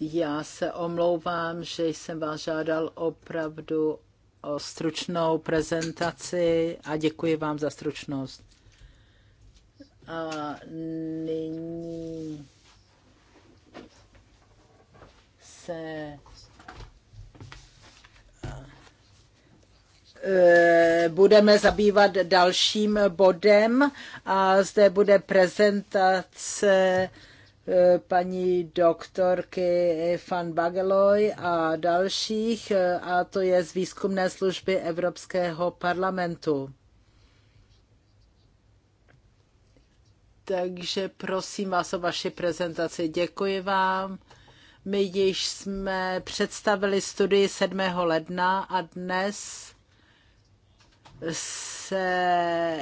Já se omlouvám, že jsem vás žádal opravdu stručnou prezentaci a děkuji vám za stručnost. A nyní se eh, budeme zabývat dalším bodem a zde bude prezentace Eh, paní doktorky Van Bageloy a dalších, eh, a to je z výzkumné služby Evropského parlamentu. Takže prosím vás o vaši prezentaci. Děkuji vám. My již jsme představili studii 7. ledna a dnes se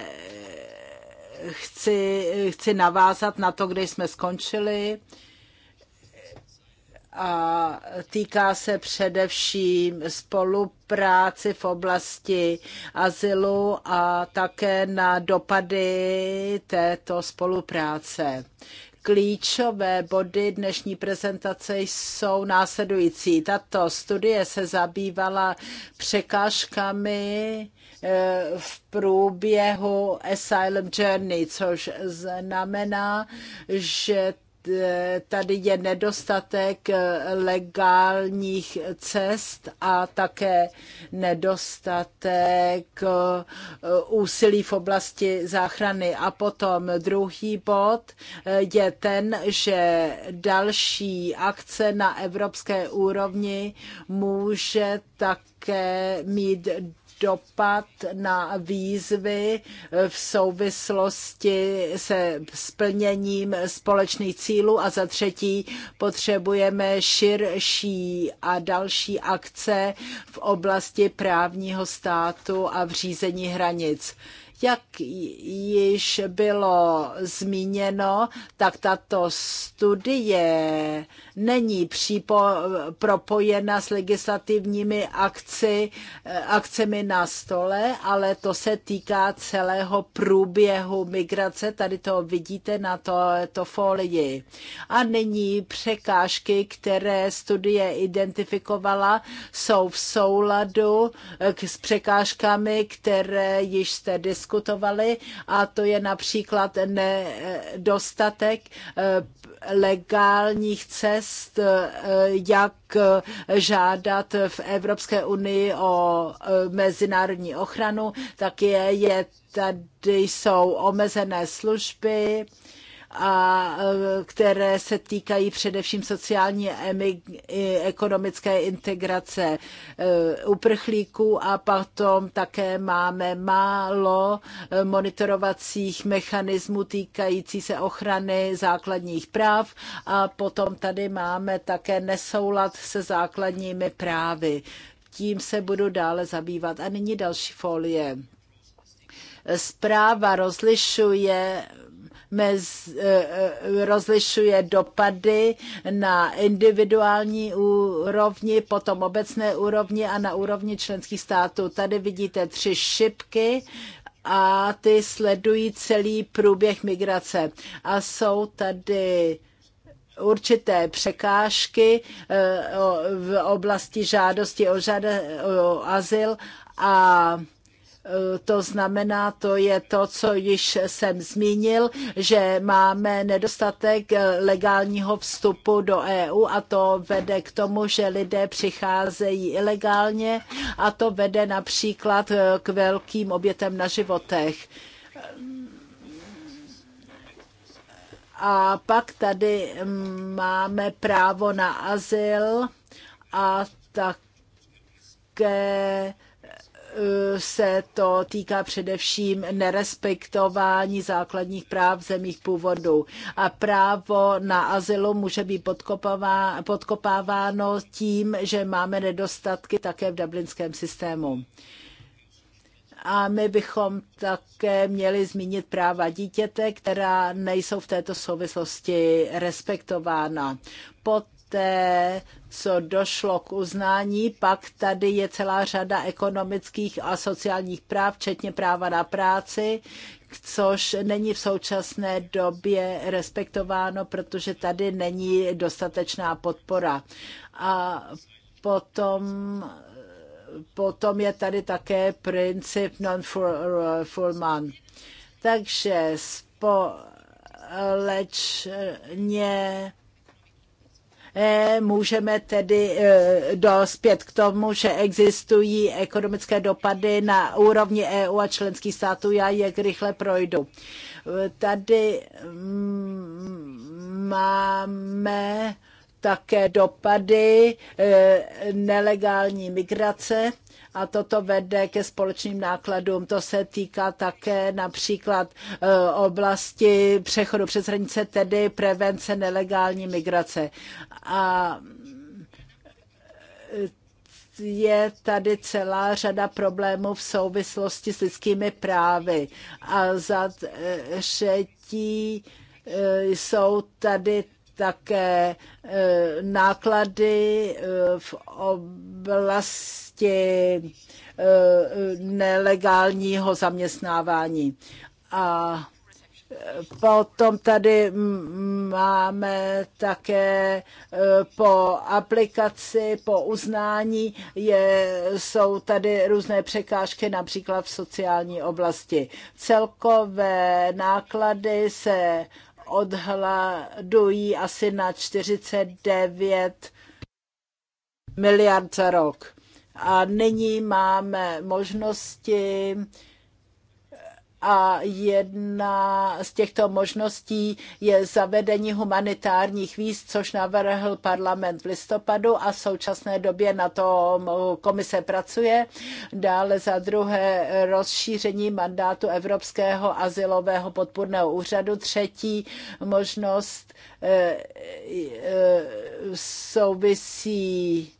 chci, chci navázat na to, kde jsme skončili a týká se především spolupráci v oblasti azylu a také na dopady této spolupráce. Klíčové body dnešní prezentace jsou následující. Tato studie se zabývala překážkami eh, v průběhu Asylum Journey, což znamená, že tady je nedostatek legálních cest a také nedostatek eh, úsilí v oblasti záchrany. A potom druhý bod eh, je ten, že další akce na evropské úrovni může také mít dopad na výzvy v souvislosti se splněním společných cílů a za třetí potřebujeme širší a další akce v oblasti právního státu a v řízení hranic. Jak již bylo zmíněno, tak tato studie není přípo, propojena s legislativními akci, eh, akcemi na stole, ale to se týká celého průběhu migrace. Tady to vidíte na této to folii. A nyní překážky, které studie identifikovala, jsou v souladu eh, s překážkami, které již jste diskutovali diskutovali a to je například nedostatek eh, legálních cest, eh, jak žádat v Evropské unii o eh, mezinárodní ochranu, tak je, je tady jsou omezené služby, a které se týkají především sociální a ekonomické integrace e, uprchlíků a potom také máme málo e, monitorovacích mechanismů týkající se ochrany základních práv a potom tady máme také nesoulad se základními právy. Tím se budu dále zabývat. A nyní další folie. Zpráva rozlišuje mez, eh, eh, rozlišuje dopady na individuální úrovni, potom obecné úrovni a na úrovni členských států. Tady vidíte tři šipky a ty sledují celý průběh migrace. A jsou tady určité překážky eh, v oblasti žádosti o, žada, o azyl a to znamená, to je to, co již jsem zmínil, že máme nedostatek legálního vstupu do EU a to vede k tomu, že lidé přicházejí ilegálně a to vede například k velkým obětem na životech. A pak tady máme právo na azyl a také se to týká především nerespektování základních práv v zemích původu. A právo na azylu může být podkopáváno tím, že máme nedostatky také v dublinském systému. A my bychom také měli zmínit práva dítěte, která nejsou v této souvislosti respektována. Potom poté, co došlo k uznání, pak tady je celá řada ekonomických a sociálních práv, včetně práva na práci, což není v současné době respektováno, protože tady není dostatečná podpora. A potom potom je tady také princip non-fulman. Takže společně E, můžeme tedy e, dospět k tomu, že existují ekonomické dopady na úrovni EU a členských států. Já je rychle projdu. E, tady mm, máme také dopady eh, nelegální migrace a toto vede ke společným nákladům. To se týká také například eh, oblasti přechodu přes hranice, tedy prevence nelegální migrace. A eh, je tady celá řada problémů v souvislosti s lidskými právy. A za třetí jsou tady také e, náklady e, v oblasti e, nelegálního zaměstnávání. A Potom tady máme také po aplikaci, po uznání je, jsou tady různé překážky, například v sociální oblasti. Celkové náklady se odhladují asi na 49 miliard za rok. A nyní máme možnosti a jedna z těchto možností je zavedení humanitárních víz, což navrhl parlament v listopadu a v současné době na tom komise pracuje. Dále za druhé rozšíření mandátu Evropského asilového podpůrného úřadu. Třetí možnost eh, eh, souvisí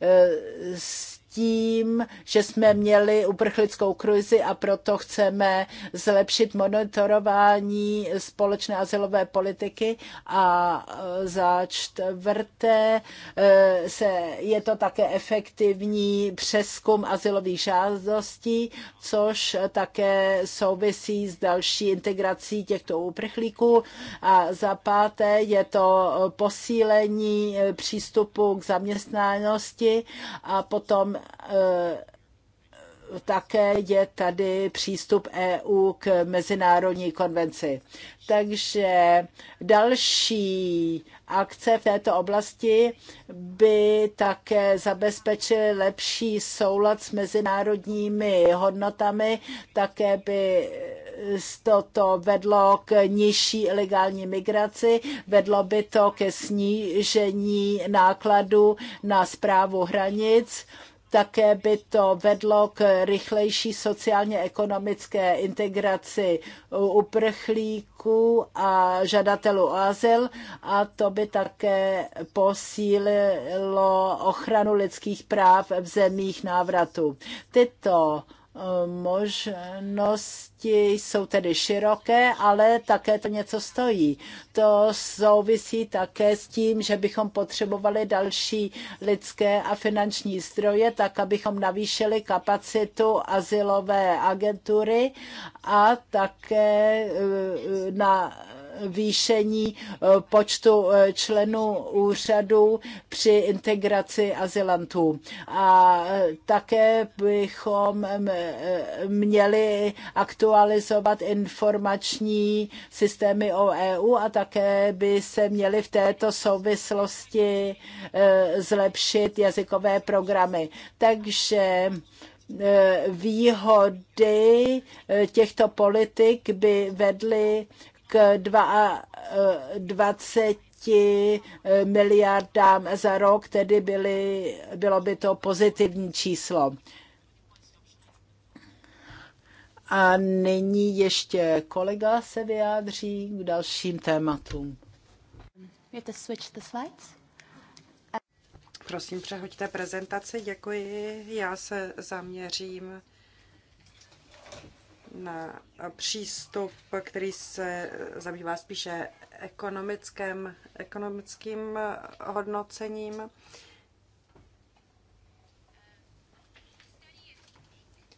eh, s tím, že jsme měli uprchlickou krizi a proto chceme zlepšit monitorování společné asilové politiky a e, za čtvrté e, se, je to také efektivní přeskum asilových žádostí, což také souvisí s další integrací těchto uprchlíků a za páté je to posílení přístupu k zaměstnánosti a potom Eh, také je tady přístup EU k mezinárodní konvenci. Takže další akce v této oblasti by také zabezpečily lepší soulad s mezinárodními hodnotami, také by toto vedlo k nižší ilegální migraci, vedlo by to ke snížení nákladu na zprávu hranic také by to vedlo k rychlejší sociálně-ekonomické integraci uprchlíků a žadatelů o azyl a to by také posílilo ochranu lidských práv v zemích návratu. Tyto možnosti jsou tedy široké, ale také to něco stojí. To souvisí také s tím, že bychom potřebovali další lidské a finanční zdroje, tak abychom navýšili kapacitu asilové agentury a také eh, na zvýšení eh, počtu eh, členů úřadu při integraci azylantů. A eh, také bychom měli aktualizovat informační systémy o EU a také by se měly v této souvislosti zlepšit jazykové programy. Takže výhody těchto politik by vedly k 20 eh, eh, miliardám za rok, tedy byly, bylo by to pozitivní číslo. A nyní ještě kolega se vyjádří k dalším tématům. Prosím, přehoďte prezentaci. Děkuji. Já se zaměřím na přístup, který se zabývá spíše ekonomickým, ekonomickým hodnocením.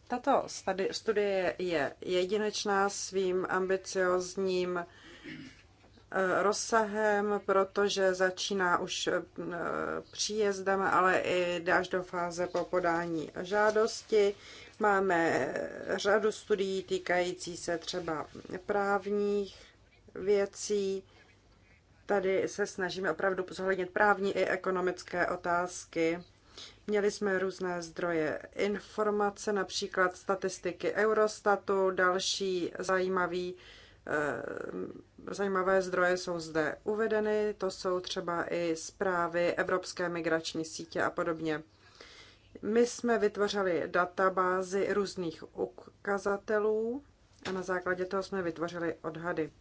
Tato studie je jedinečná svým ambiciozním eh, rozsahem, protože začíná už eh, příjezdem, ale i až do fáze po podání žádosti. Máme řadu studií týkající se třeba právních věcí. Tady se snažíme opravdu zohlednit právní i ekonomické otázky. Měli jsme různé zdroje informace, například statistiky Eurostatu, další zajímavý, eh, zajímavé zdroje jsou zde uvedeny, to jsou třeba i zprávy Evropské migrační sítě a podobně. My jsme vytvořili databázi různých ukazatelů a na základě toho jsme vytvořili odhady.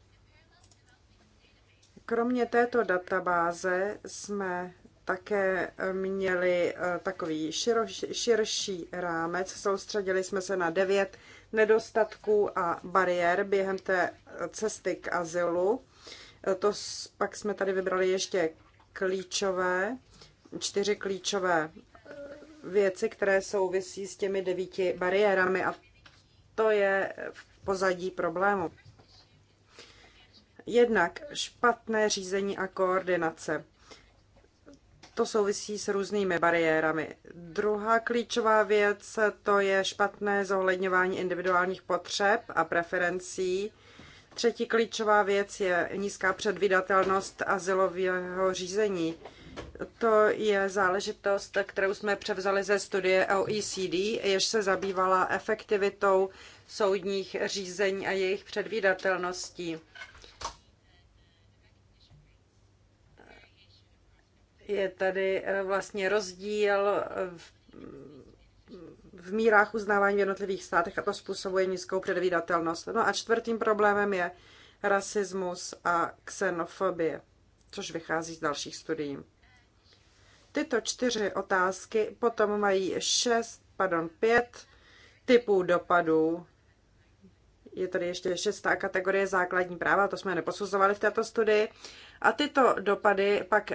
Kromě této databáze jsme také měli eh, takový širo, širší rámec. Soustředili jsme se na devět nedostatků a bariér během té cesty k azylu. Eh, to pak jsme tady vybrali ještě klíčové, čtyři klíčové věci, které souvisí s těmi devíti bariérami a to je v pozadí problému. Jednak špatné řízení a koordinace. To souvisí s různými bariérami. Druhá klíčová věc to je špatné zohledňování individuálních potřeb a preferencí. Třetí klíčová věc je nízká předvídatelnost azylového řízení. To je záležitost, kterou jsme převzali ze studie OECD, jež se zabývala efektivitou soudních řízení a jejich předvídatelností. Je tady eh, vlastně rozdíl v, v mírách uznávání v jednotlivých státech a to způsobuje nízkou předvídatelnost. No a čtvrtým problémem je rasismus a xenofobie, což vychází z dalších studií. Tyto čtyři otázky potom mají šest, pardon, pět typů dopadů. Je tady ještě šestá kategorie základní práva, to jsme neposuzovali v této studii. A tyto dopady pak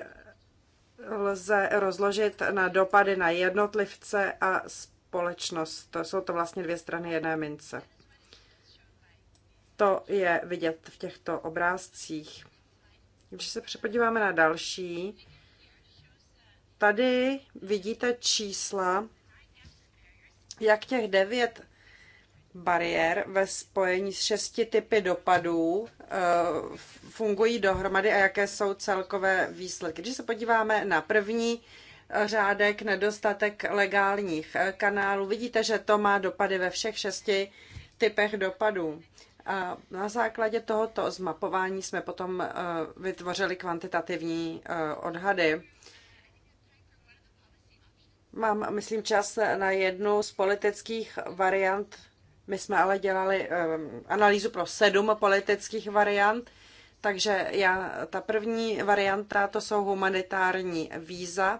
lze rozložit na dopady na jednotlivce a společnost. To jsou to vlastně dvě strany jedné mince. To je vidět v těchto obrázcích. Když se přepodíváme na další, Tady vidíte čísla, jak těch devět bariér ve spojení s šesti typy dopadů eh, fungují dohromady a jaké jsou celkové výsledky. Když se podíváme na první řádek, nedostatek legálních eh, kanálů, vidíte, že to má dopady ve všech šesti typech dopadů. A na základě tohoto zmapování jsme potom eh, vytvořili kvantitativní odhady. Mám, myslím, čas na jednu z politických variant. My jsme ale dělali um, analýzu pro sedm politických variant. Takže já, ta první varianta, to jsou humanitární víza. E,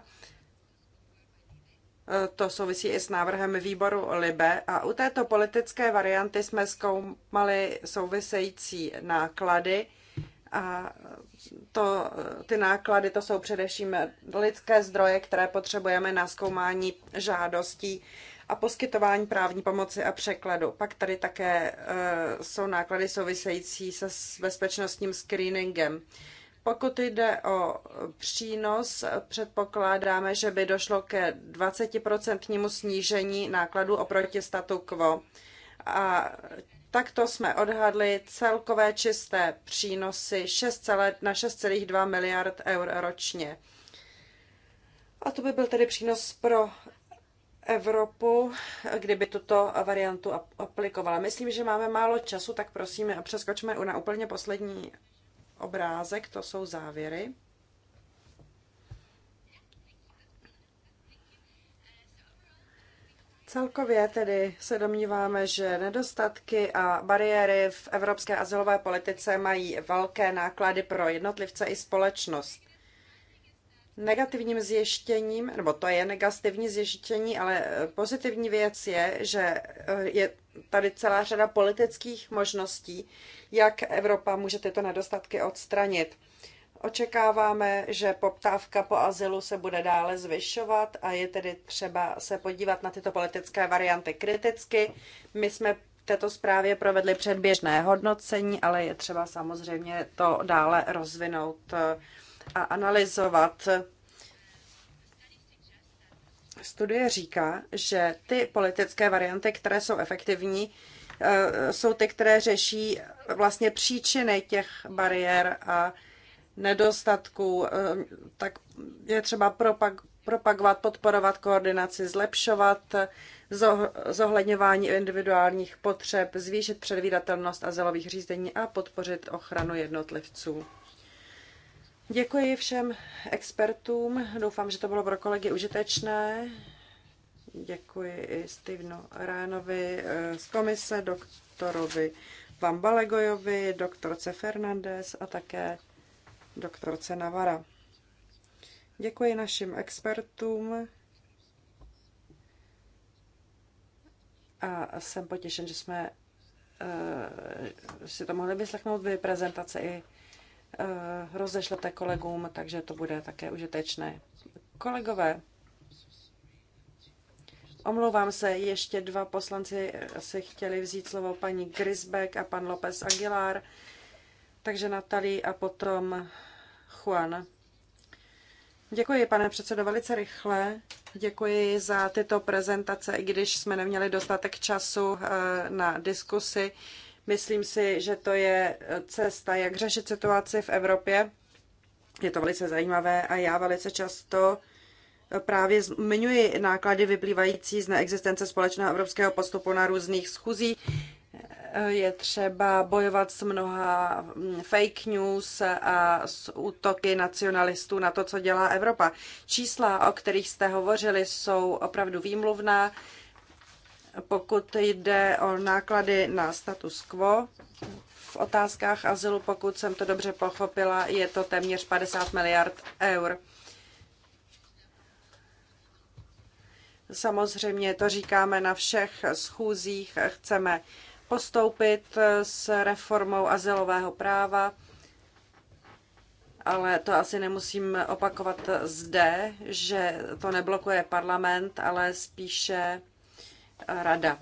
to souvisí i s návrhem výboru Libe. A u této politické varianty jsme zkoumali související náklady a to, ty náklady to jsou především lidské zdroje, které potřebujeme na zkoumání žádostí a poskytování právní pomoci a překladu. Pak tady také e, jsou náklady související se bezpečnostním screeningem. Pokud jde o přínos, předpokládáme, že by došlo ke 20% snížení nákladů oproti statu quo. A Takto jsme odhadli celkové čisté přínosy 6, na 6,2 miliard eur ročně. A to by byl tedy přínos pro Evropu, kdyby tuto variantu aplikovala. Myslím, že máme málo času, tak prosím, přeskočme na úplně poslední obrázek, to jsou závěry. Celkově tedy se domníváme, že nedostatky a bariéry v evropské azylové politice mají velké náklady pro jednotlivce i společnost. Negativním zjištěním, nebo to je negativní zjištění, ale eh, pozitivní věc je, že eh, je tady celá řada politických možností, jak Evropa může tyto nedostatky odstranit. Očekáváme, že poptávka po azylu se bude dále zvyšovat a je tedy třeba se podívat na tyto politické varianty kriticky. My jsme této zprávě provedli předběžné hodnocení, ale je třeba samozřejmě to dále rozvinout eh, a analyzovat. Studie říká, že ty politické varianty, které jsou efektivní, eh, jsou ty, které řeší vlastně příčiny těch bariér a nedostatků, eh, tak je třeba propag- propagovat, podporovat koordinaci, zlepšovat zohledňování individuálních potřeb, zvýšit předvídatelnost azylových řízení a podpořit ochranu jednotlivců. Děkuji všem expertům. Doufám, že to bylo pro kolegy užitečné. Děkuji i Stevenu Ránovi eh, z komise, doktorovi Vambalegojovi, doktorce Fernandez a také doktorce Navara. Děkuji našim expertům a jsem potěšen, že jsme uh, si to mohli vyslechnout. Vy prezentace i uh, rozešlete kolegům, takže to bude také užitečné. Kolegové, Omlouvám se, ještě dva poslanci si chtěli vzít slovo paní Grisbeck a pan López Aguilar. Takže Natalí a potom Juan. Děkuji, pane předsedo, velice rychle. Děkuji za tyto prezentace, i když jsme neměli dostatek času eh, na diskusi. Myslím si, že to je cesta, jak řešit situaci v Evropě. Je to velice zajímavé a já velice často právě zmiňuji náklady vyplývající z neexistence společného evropského postupu na různých schůzích je třeba bojovat s mnoha mm, fake news a s útoky nacionalistů na to, co dělá Evropa. Čísla, o kterých jste hovořili, jsou opravdu výmluvná. Pokud jde o náklady na status quo v otázkách azylu, pokud jsem to dobře pochopila, je to téměř 50 miliard eur. Samozřejmě to říkáme na všech schůzích, chceme postoupit eh, s reformou azylového práva, ale to asi nemusím opakovat zde, že to neblokuje parlament, ale spíše eh, rada.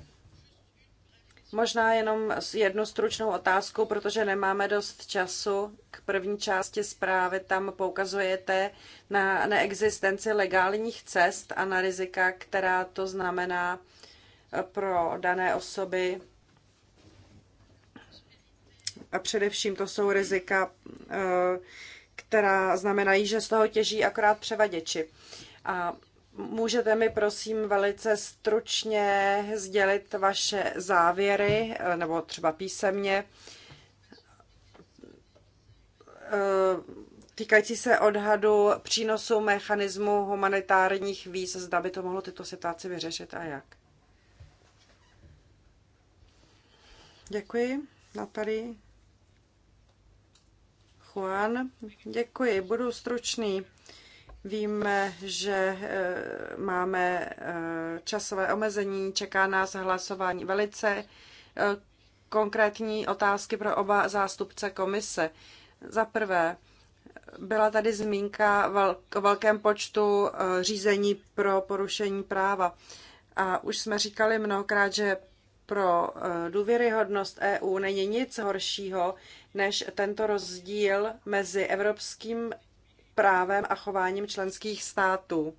Možná jenom jednu stručnou otázku, protože nemáme dost času. K první části zprávy tam poukazujete na neexistenci legálních cest a na rizika, která to znamená eh, pro dané osoby a především to jsou rizika, eh, která znamenají, že z toho těží akorát převaděči. A můžete mi prosím velice stručně sdělit vaše závěry, eh, nebo třeba písemně, eh, týkající se odhadu přínosu mechanismu humanitárních víz, zda by to mohlo tyto situaci vyřešit a jak. Děkuji, Natalie. Juan. Děkuji, budu stručný. Víme, že e, máme e, časové omezení, čeká nás hlasování velice e, konkrétní otázky pro oba zástupce komise. Za prvé, byla tady zmínka o velkém počtu řízení pro porušení práva. A už jsme říkali mnohokrát, že pro eh, důvěryhodnost EU není nic horšího než tento rozdíl mezi evropským právem a chováním členských států,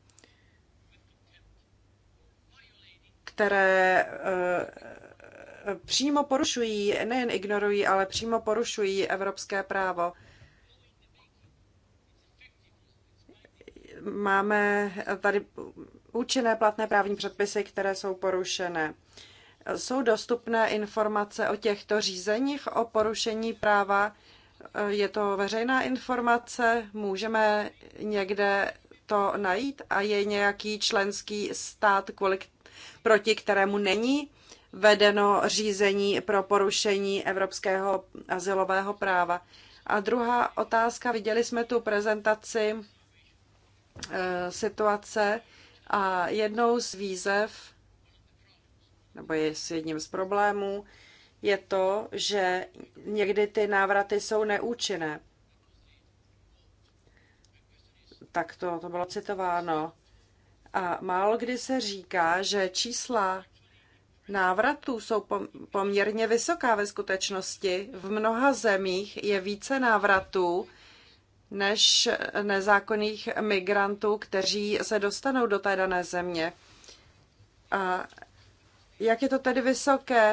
které eh, přímo porušují, nejen ignorují, ale přímo porušují evropské právo. Máme tady účinné platné právní předpisy, které jsou porušené. Jsou dostupné informace o těchto řízeních, o porušení práva? Eh, je to veřejná informace? Můžeme někde to najít? A je nějaký členský stát, kvůli, proti kterému není vedeno řízení pro porušení evropského asilového práva? A druhá otázka, viděli jsme tu prezentaci eh, situace a jednou z výzev nebo je s jedním z problémů, je to, že někdy ty návraty jsou neúčinné. Tak to, to bylo citováno. A málo kdy se říká, že čísla návratů jsou poměrně vysoká ve skutečnosti. V mnoha zemích je více návratů než nezákonných migrantů, kteří se dostanou do té dané země. A jak je to tedy vysoké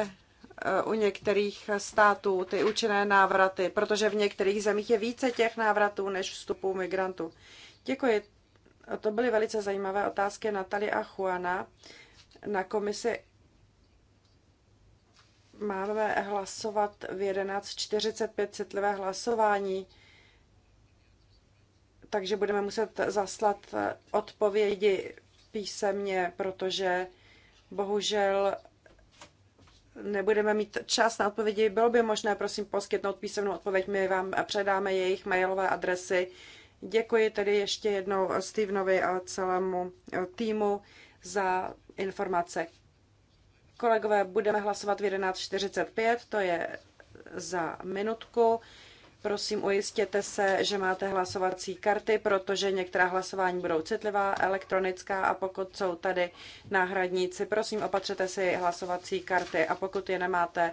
eh, u některých států, ty učené návraty, protože v některých zemích je více těch návratů než vstupů migrantů. Děkuji. To byly velice zajímavé otázky Natalie a Juana. Na komisi máme hlasovat v 11.45 citlivé hlasování, takže budeme muset zaslat odpovědi písemně, protože Bohužel nebudeme mít čas na odpovědi. Bylo by možné, prosím, poskytnout písemnou odpověď. My vám předáme jejich mailové adresy. Děkuji tedy ještě jednou Stevenovi a celému týmu za informace. Kolegové, budeme hlasovat v 11.45, to je za minutku. Prosím, ujistěte se, že máte hlasovací karty, protože některá hlasování budou citlivá, elektronická a pokud jsou tady náhradníci, prosím, opatřete si hlasovací karty a pokud je nemáte,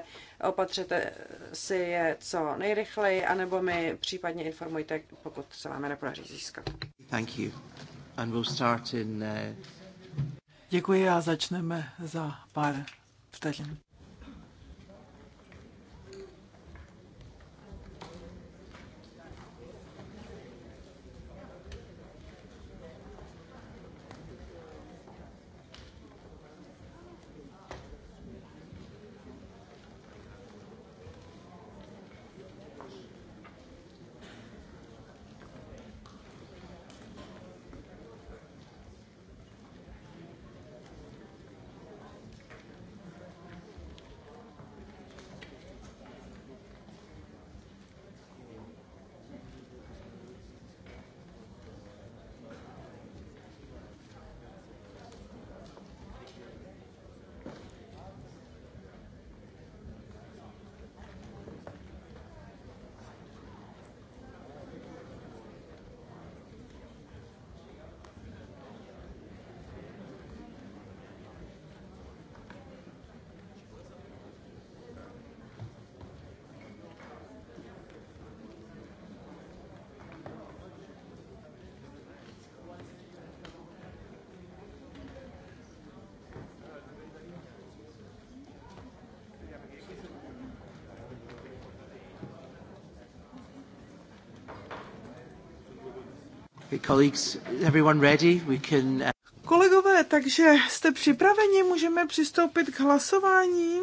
opatřete si je co nejrychleji, anebo mi případně informujte, pokud se vám je nepodaří získat. Thank you. And we'll start in, uh... Děkuji a začneme za pár vteřin. Uh, Kolegové, takže jste připraveni? Můžeme přistoupit k hlasování?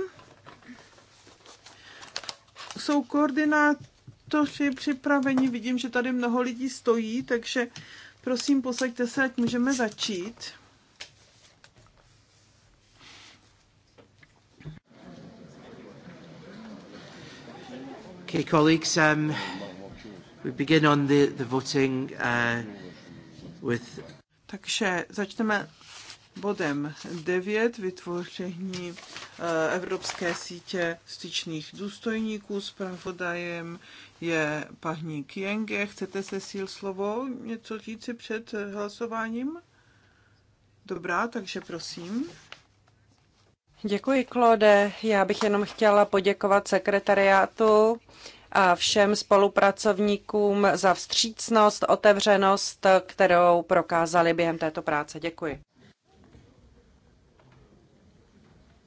Jsou koordinátoři připraveni? Vidím, že tady mnoho lidí stojí, takže prosím, posaďte se, ať můžeme začít. Okay, colleagues, um, we begin on the, the voting. Uh, takže začneme bodem 9 vytvoření eh, Evropské sítě styčných důstojníků. pravodajem je paní Kienge. Chcete se síl slovo něco říci před hlasováním? Dobrá, takže prosím. Děkuji, Klode. Já bych jenom chtěla poděkovat sekretariátu a všem spolupracovníkům za vstřícnost, otevřenost, kterou prokázali během této práce. Děkuji.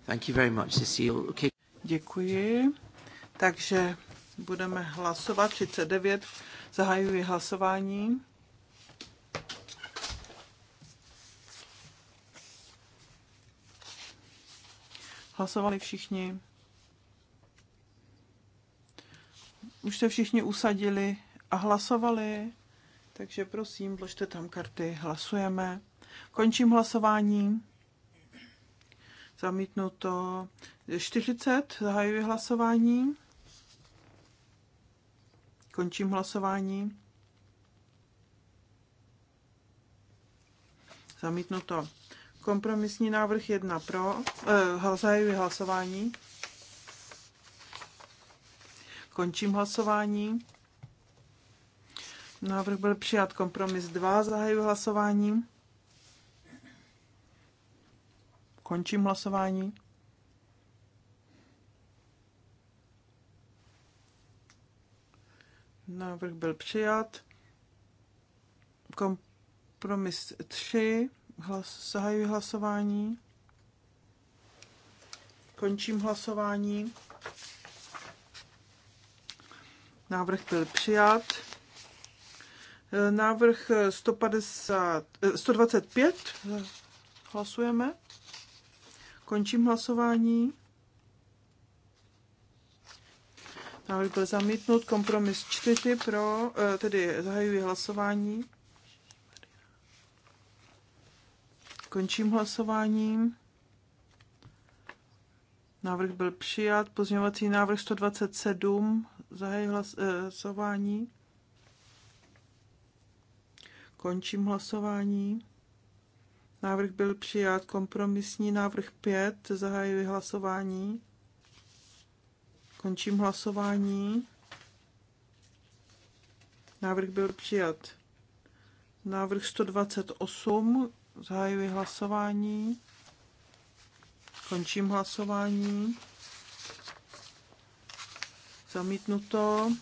Thank you very much, Okay. Děkuji. Takže budeme hlasovat 39. Zahajuji hlasování. Hlasovali všichni. Už se všichni usadili a hlasovali, takže prosím, vložte tam karty, hlasujeme. Končím hlasování. Zamítnuto 40, zahajuji hlasování. Končím hlasování. Zamítnuto. Kompromisní návrh 1 pro. Eh, zahajuji hlasování. Končím hlasování. Návrh byl přijat. Kompromis 2. Zahajuji hlasování. Končím hlasování. Návrh byl přijat. Kompromis 3. Hlas, zahajuji hlasování. Končím hlasování. Návrh byl přijat. E, návrh 150, 125. E, e, hlasujeme. Končím hlasování. Návrh byl zamítnut. Kompromis 4 pro, tedy zahajuji hlasování. Končím hlasováním. Návrh byl přijat. Pozměňovací návrh 127. Zahajuji eh, hlasování. Končím hlasování. Návrh byl přijat. Kompromisní návrh 5. Zahajuji hlasování. Končím hlasování. Návrh byl přijat. Návrh 128. Zahajuji hlasování. Končím hlasování zamítnuto.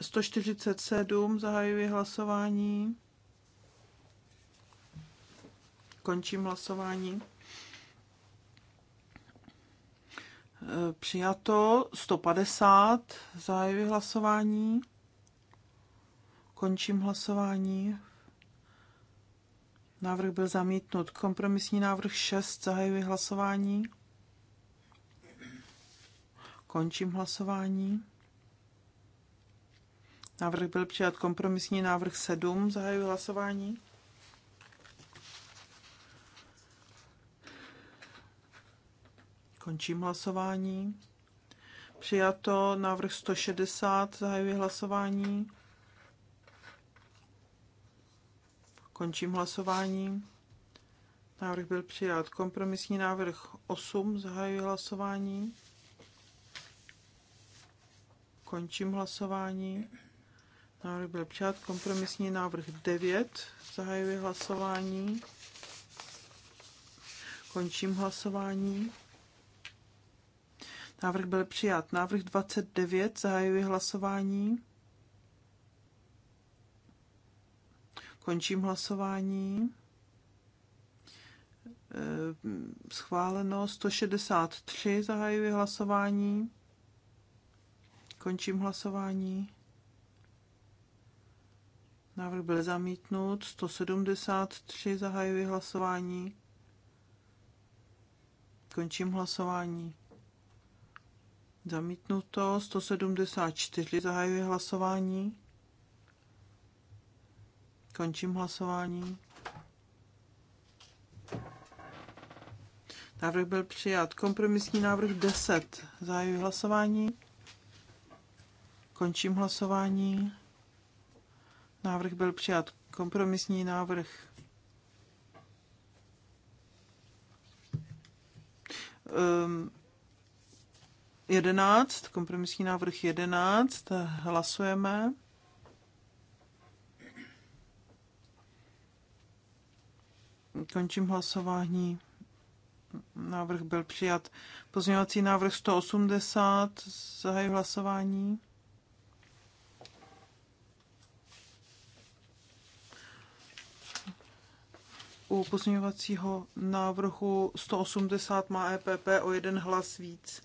147 zahajuji hlasování. Končím hlasování. Eh, přijato 150 zahajuji hlasování. Končím hlasování. Návrh byl zamítnut. Kompromisní návrh 6 zahajuji hlasování. Končím hlasování. Návrh byl přijat kompromisní návrh 7. Zahajuji hlasování. Končím hlasování. Přijato návrh 160. Zahajuji hlasování. Končím hlasování. Návrh byl přijat. Kompromisní návrh 8. Zahajuji hlasování. Končím hlasování. Návrh byl přijat. Kompromisní návrh 9. Zahajuji hlasování. Končím hlasování. Návrh byl přijat. Návrh 29. Zahajuji hlasování. Končím hlasování. Ehm, schváleno 163. Zahajuji hlasování. Končím hlasování. Návrh byl zamítnut. 173 zahajuji hlasování. Končím hlasování. Zamítnuto. 174 zahajuji hlasování. Končím hlasování. Návrh byl přijat. Kompromisní návrh 10. Zahajuji hlasování. Končím hlasování. Návrh byl přijat. Kompromisní návrh. Um, ehm, 11, kompromisní návrh 11, hlasujeme. Končím hlasování. Návrh byl přijat. Pozměňovací návrh 180, zahajuji hlasování. u pozměňovacího návrhu 180 má EPP o jeden hlas víc.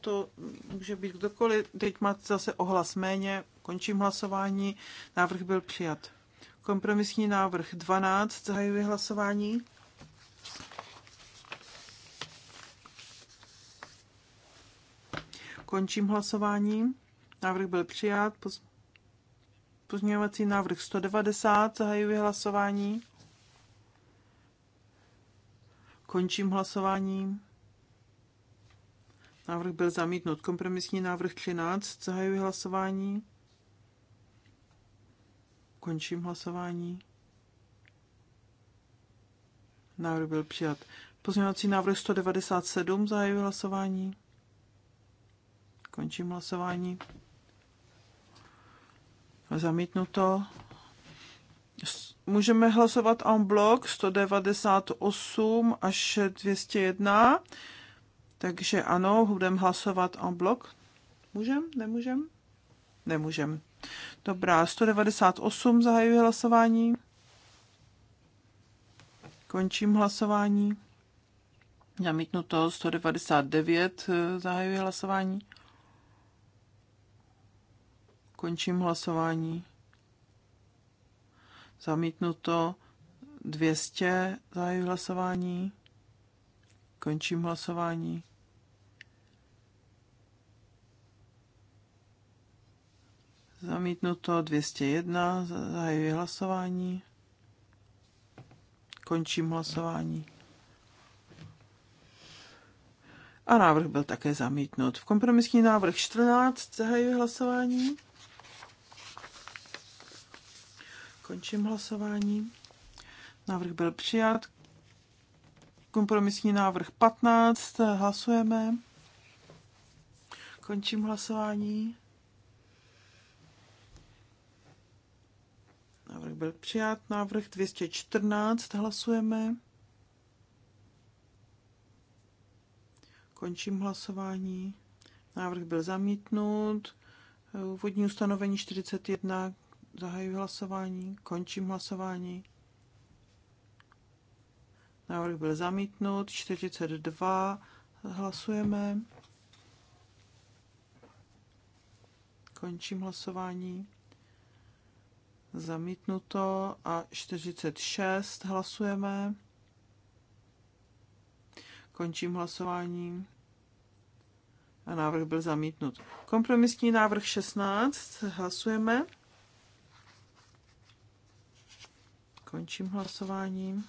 To může být kdokoliv. Teď máte zase ohlas méně. Končím hlasování. Návrh byl přijat. Kompromisní návrh 12. Zahajuji hlasování. Končím hlasování. Návrh byl přijat. Poz... Pozměňovací návrh 190, zahajuji hlasování. Končím hlasování. Návrh byl zamítnut. Kompromisní návrh 13, zahajuji hlasování. Končím hlasování. Návrh byl přijat. Pozměňovací návrh 197, zahajuji hlasování. Končím hlasování. Zamítnuto. Můžeme hlasovat en bloc 198 až 201. Takže ano, budeme hlasovat en bloc. Můžem? Nemůžem? Nemůžem. Dobrá, 198 zahajuji hlasování. Končím hlasování. Zamítnuto 199 eh, zahajuji hlasování. Končím hlasování. Zamítnuto 200. zájí hlasování. Končím hlasování. Zamítnuto 201. Zahajuji hlasování. Končím hlasování. A návrh byl také zamítnut. V kompromisní návrh 14 zahajuji hlasování. Končím hlasování. Návrh byl přijat. Kompromisní návrh 15. Hlasujeme. Končím hlasování. Návrh byl přijat. Návrh 214. Hlasujeme. Končím hlasování. Návrh byl zamítnut. Vodní ustanovení 41. Zahajuji hlasování, končím hlasování. Návrh byl zamítnut, 42. Hlasujeme. Končím hlasování. Zamítnuto a 46. Hlasujeme. Končím hlasování. A návrh byl zamítnut. Kompromisní návrh 16. Hlasujeme. Končím hlasováním.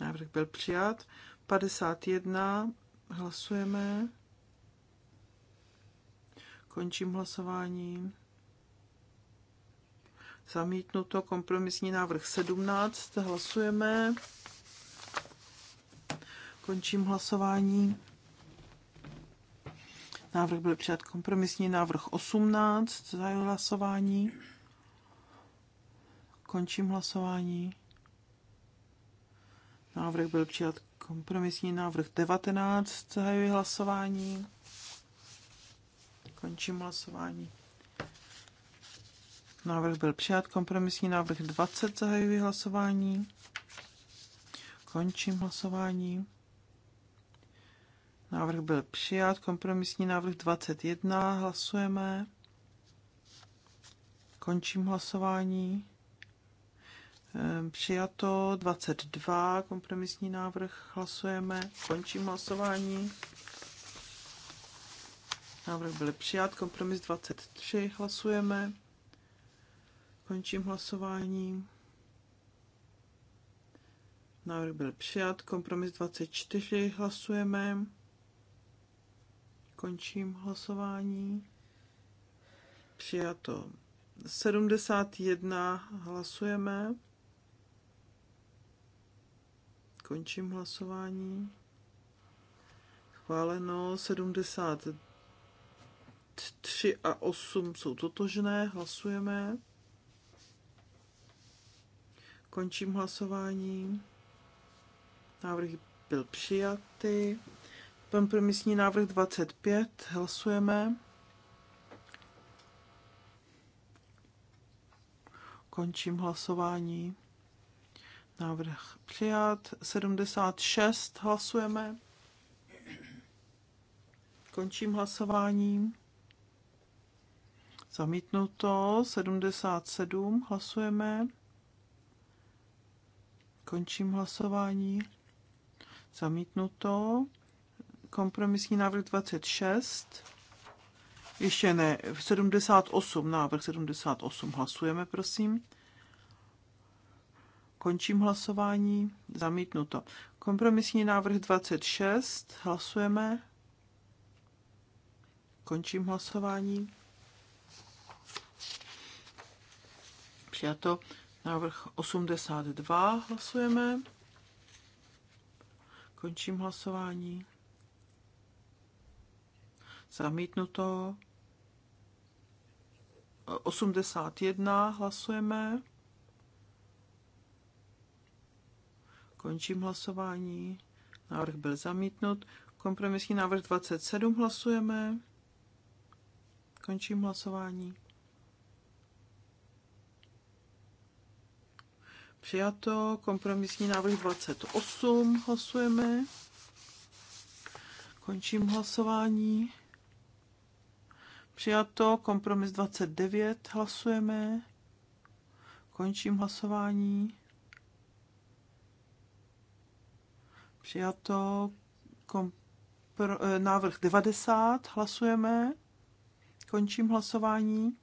Návrh byl přijat. 51. Hlasujeme. Končím hlasování. Zamítnuto kompromisní návrh 17. Hlasujeme. Končím hlasování. Návrh byl přijat kompromisní návrh 18. Zahajuji hlasování. Končím hlasování. Návrh byl přijat kompromisní návrh 19. Zahajuji hlasování. Končím hlasování. Návrh byl přijat. Kompromisní návrh 20. Zahajuji hlasování. Končím hlasování. Návrh byl přijat. Kompromisní návrh 21. Hlasujeme. Končím hlasování. Ehm, přijato 22, kompromisní návrh, hlasujeme, končím hlasování. Návrh byl přijat, kompromis 23, hlasujeme, končím hlasování. Návrh byl přijat, kompromis 24, hlasujeme, končím hlasování. Přijato 71, hlasujeme. Končím hlasování. Schváleno 73 a 8 jsou totožné. Hlasujeme. Končím hlasování. Návrh byl přijatý. Kompromisní návrh 25. Hlasujeme. Končím hlasování. Návrh přijat. 76 hlasujeme. Končím hlasováním. Zamítnuto. 77 hlasujeme. Končím hlasování. Zamítnuto. Kompromisní návrh 26. Ještě ne, 78, návrh 78 hlasujeme, prosím. Končím hlasování. Zamítnuto. Kompromisní návrh 26. Hlasujeme. Končím hlasování. Přijato. Návrh 82. Hlasujeme. Končím hlasování. Zamítnuto. 81. Hlasujeme. Končím hlasování. Návrh byl zamítnut. Kompromisní návrh 27 hlasujeme. Končím hlasování. Přijato. Kompromisní návrh 28 hlasujeme. Končím hlasování. Přijato. Kompromis 29 hlasujeme. Končím hlasování. Přijato. Kompro, eh, návrh 90. Hlasujeme. Končím hlasování.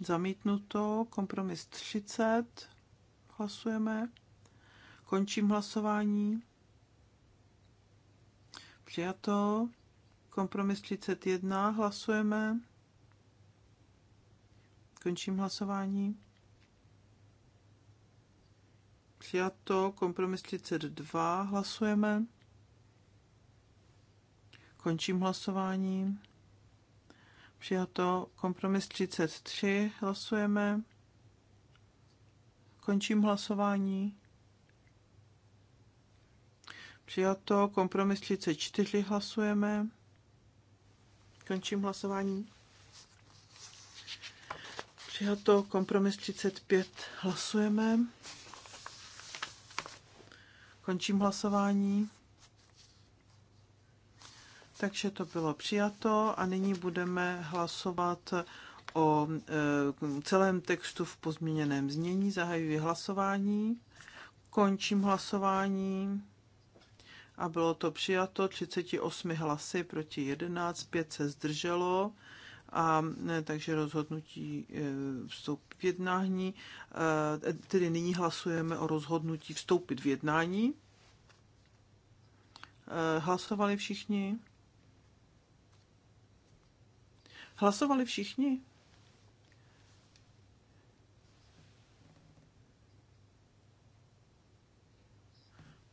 Zamítnuto. Kompromis 30. Hlasujeme. Končím hlasování. Přijato. Kompromis 31. Hlasujeme. Končím hlasování. Přijato. Kompromis 32. Hlasujeme. Končím hlasování. Přijato. Kompromis 33. Hlasujeme. Končím hlasování. Přijato. Kompromis 34. Hlasujeme. Končím hlasování. Přijato kompromis 35. Hlasujeme. Končím hlasování. Takže to bylo přijato a nyní budeme hlasovat o e, celém textu v pozměněném znění. Zahajuji hlasování, končím hlasování a bylo to přijato 38 hlasy proti 11, 5 se zdrželo a takže rozhodnutí e, vstoupit v jednání. E, tedy nyní hlasujeme o rozhodnutí vstoupit v jednání. E, hlasovali všichni? Hlasovali všichni?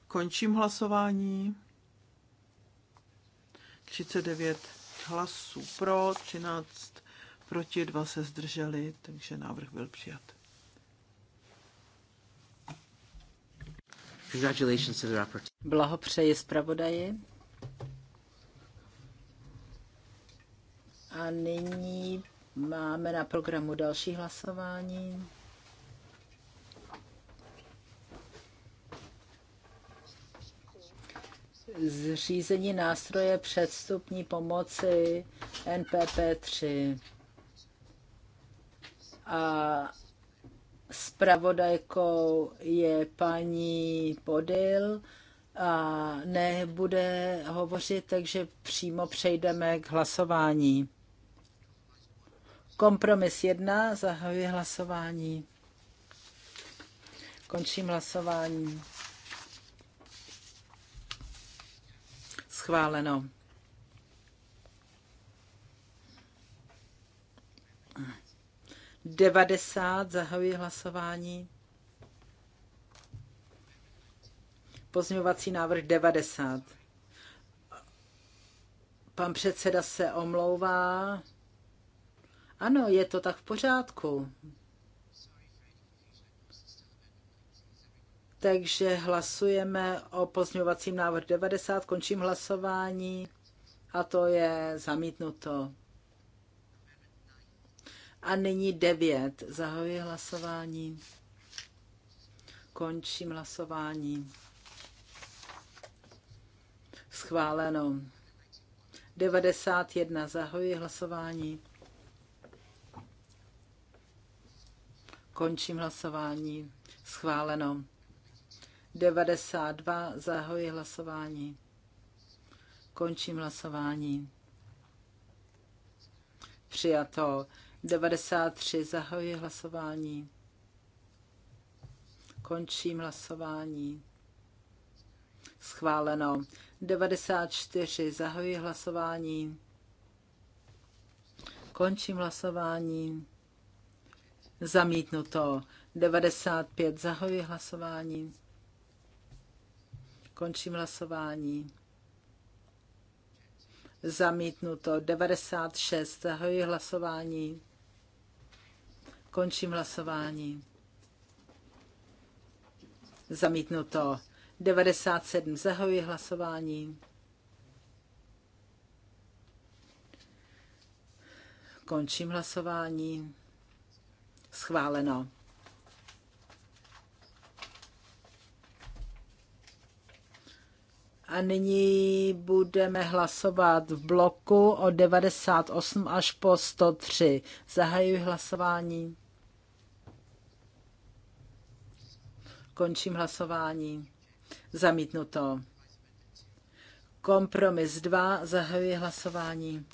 Končím hlasování. 39 hlasů pro, 13 proti, 2 se zdrželi, takže návrh byl přijat. Congratulations to the rapporteur. Blahopřeji zpravodaji. A nyní máme na programu další hlasování. zřízení nástroje předstupní pomoci NPP3. A spravodajkou je paní Podil a nebude hovořit, takže přímo přejdeme k hlasování. Kompromis 1, zahajuje hlasování. Končím hlasování. schváleno. Devadesát, zahajuji hlasování. Pozměňovací návrh 90. Pan předseda se omlouvá. Ano, je to tak v pořádku. Takže hlasujeme o pozměňovacím návrhu 90, končím hlasování a to je zamítnuto. A nyní 9. Zahajuji hlasování. Končím hlasování. Schváleno. 91. Zahajuji hlasování. Končím hlasování. Schváleno. 92. Zahoji hlasování. Končím hlasování. Přijato. 93. Zahoji hlasování. Končím hlasování. Schváleno. 94. Zahoji hlasování. Končím hlasování. Zamítnuto. 95. Zahoji hlasování. Končím hlasování. Zamítnuto 96. Zahajuji hlasování. Končím hlasování. Zamítnuto 97. Zahajuji hlasování. Končím hlasování. Schváleno. A nyní budeme hlasovat v bloku od 98 až po 103. Zahajuji hlasování. Končím hlasování. Zamítnuto. Kompromis 2. Zahajuji hlasování.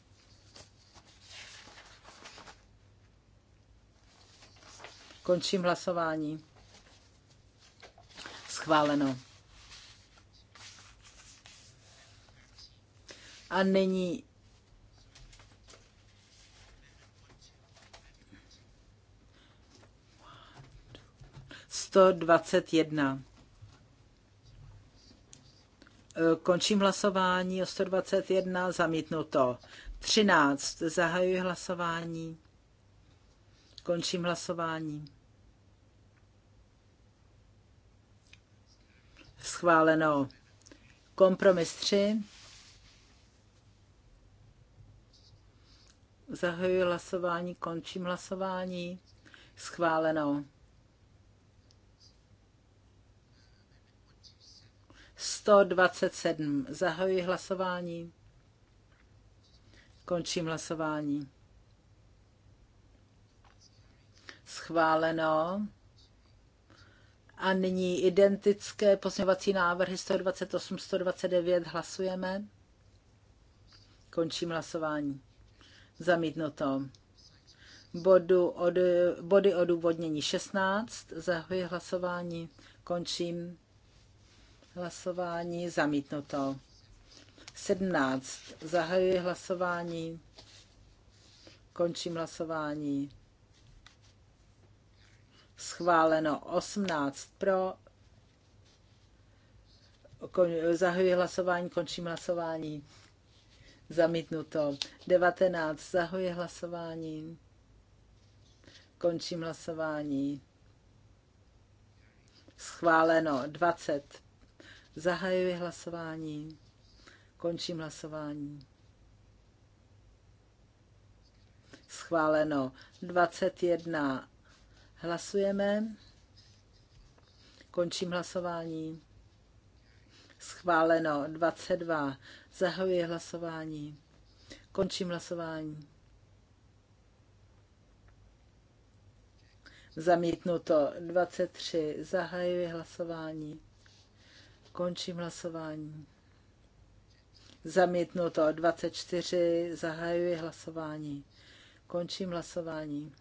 Končím hlasování. Schváleno. A není jedna. Končím hlasování o 121, zamítnuto. 13, zahajuji hlasování. Končím hlasování. Schváleno. Kompromis 3. Zahajuji hlasování, končím hlasování. Schváleno. 127. Zahajuji hlasování. Končím hlasování. Schváleno. A nyní identické pozměňovací návrhy 128, 129. Hlasujeme. Končím hlasování. Zamítnuto. Bodu od, body odůvodnění 16. Zahajuji hlasování. Končím hlasování. Zamítnuto. 17. Zahajuji hlasování. Končím hlasování. Schváleno 18 pro. Zahajuji hlasování, končím hlasování. Zamítnuto. 19. Zahoji hlasování. Končím hlasování. Schváleno. 20. Zahajuji hlasování. Končím hlasování. Schváleno. 21. Hlasujeme. Končím hlasování. Schváleno. 22. Zahajuji hlasování. Končím hlasování. Zamítnuto 23. Zahajuji hlasování. Končím hlasování. Zamítnuto 24. Zahajuji hlasování. Končím hlasování.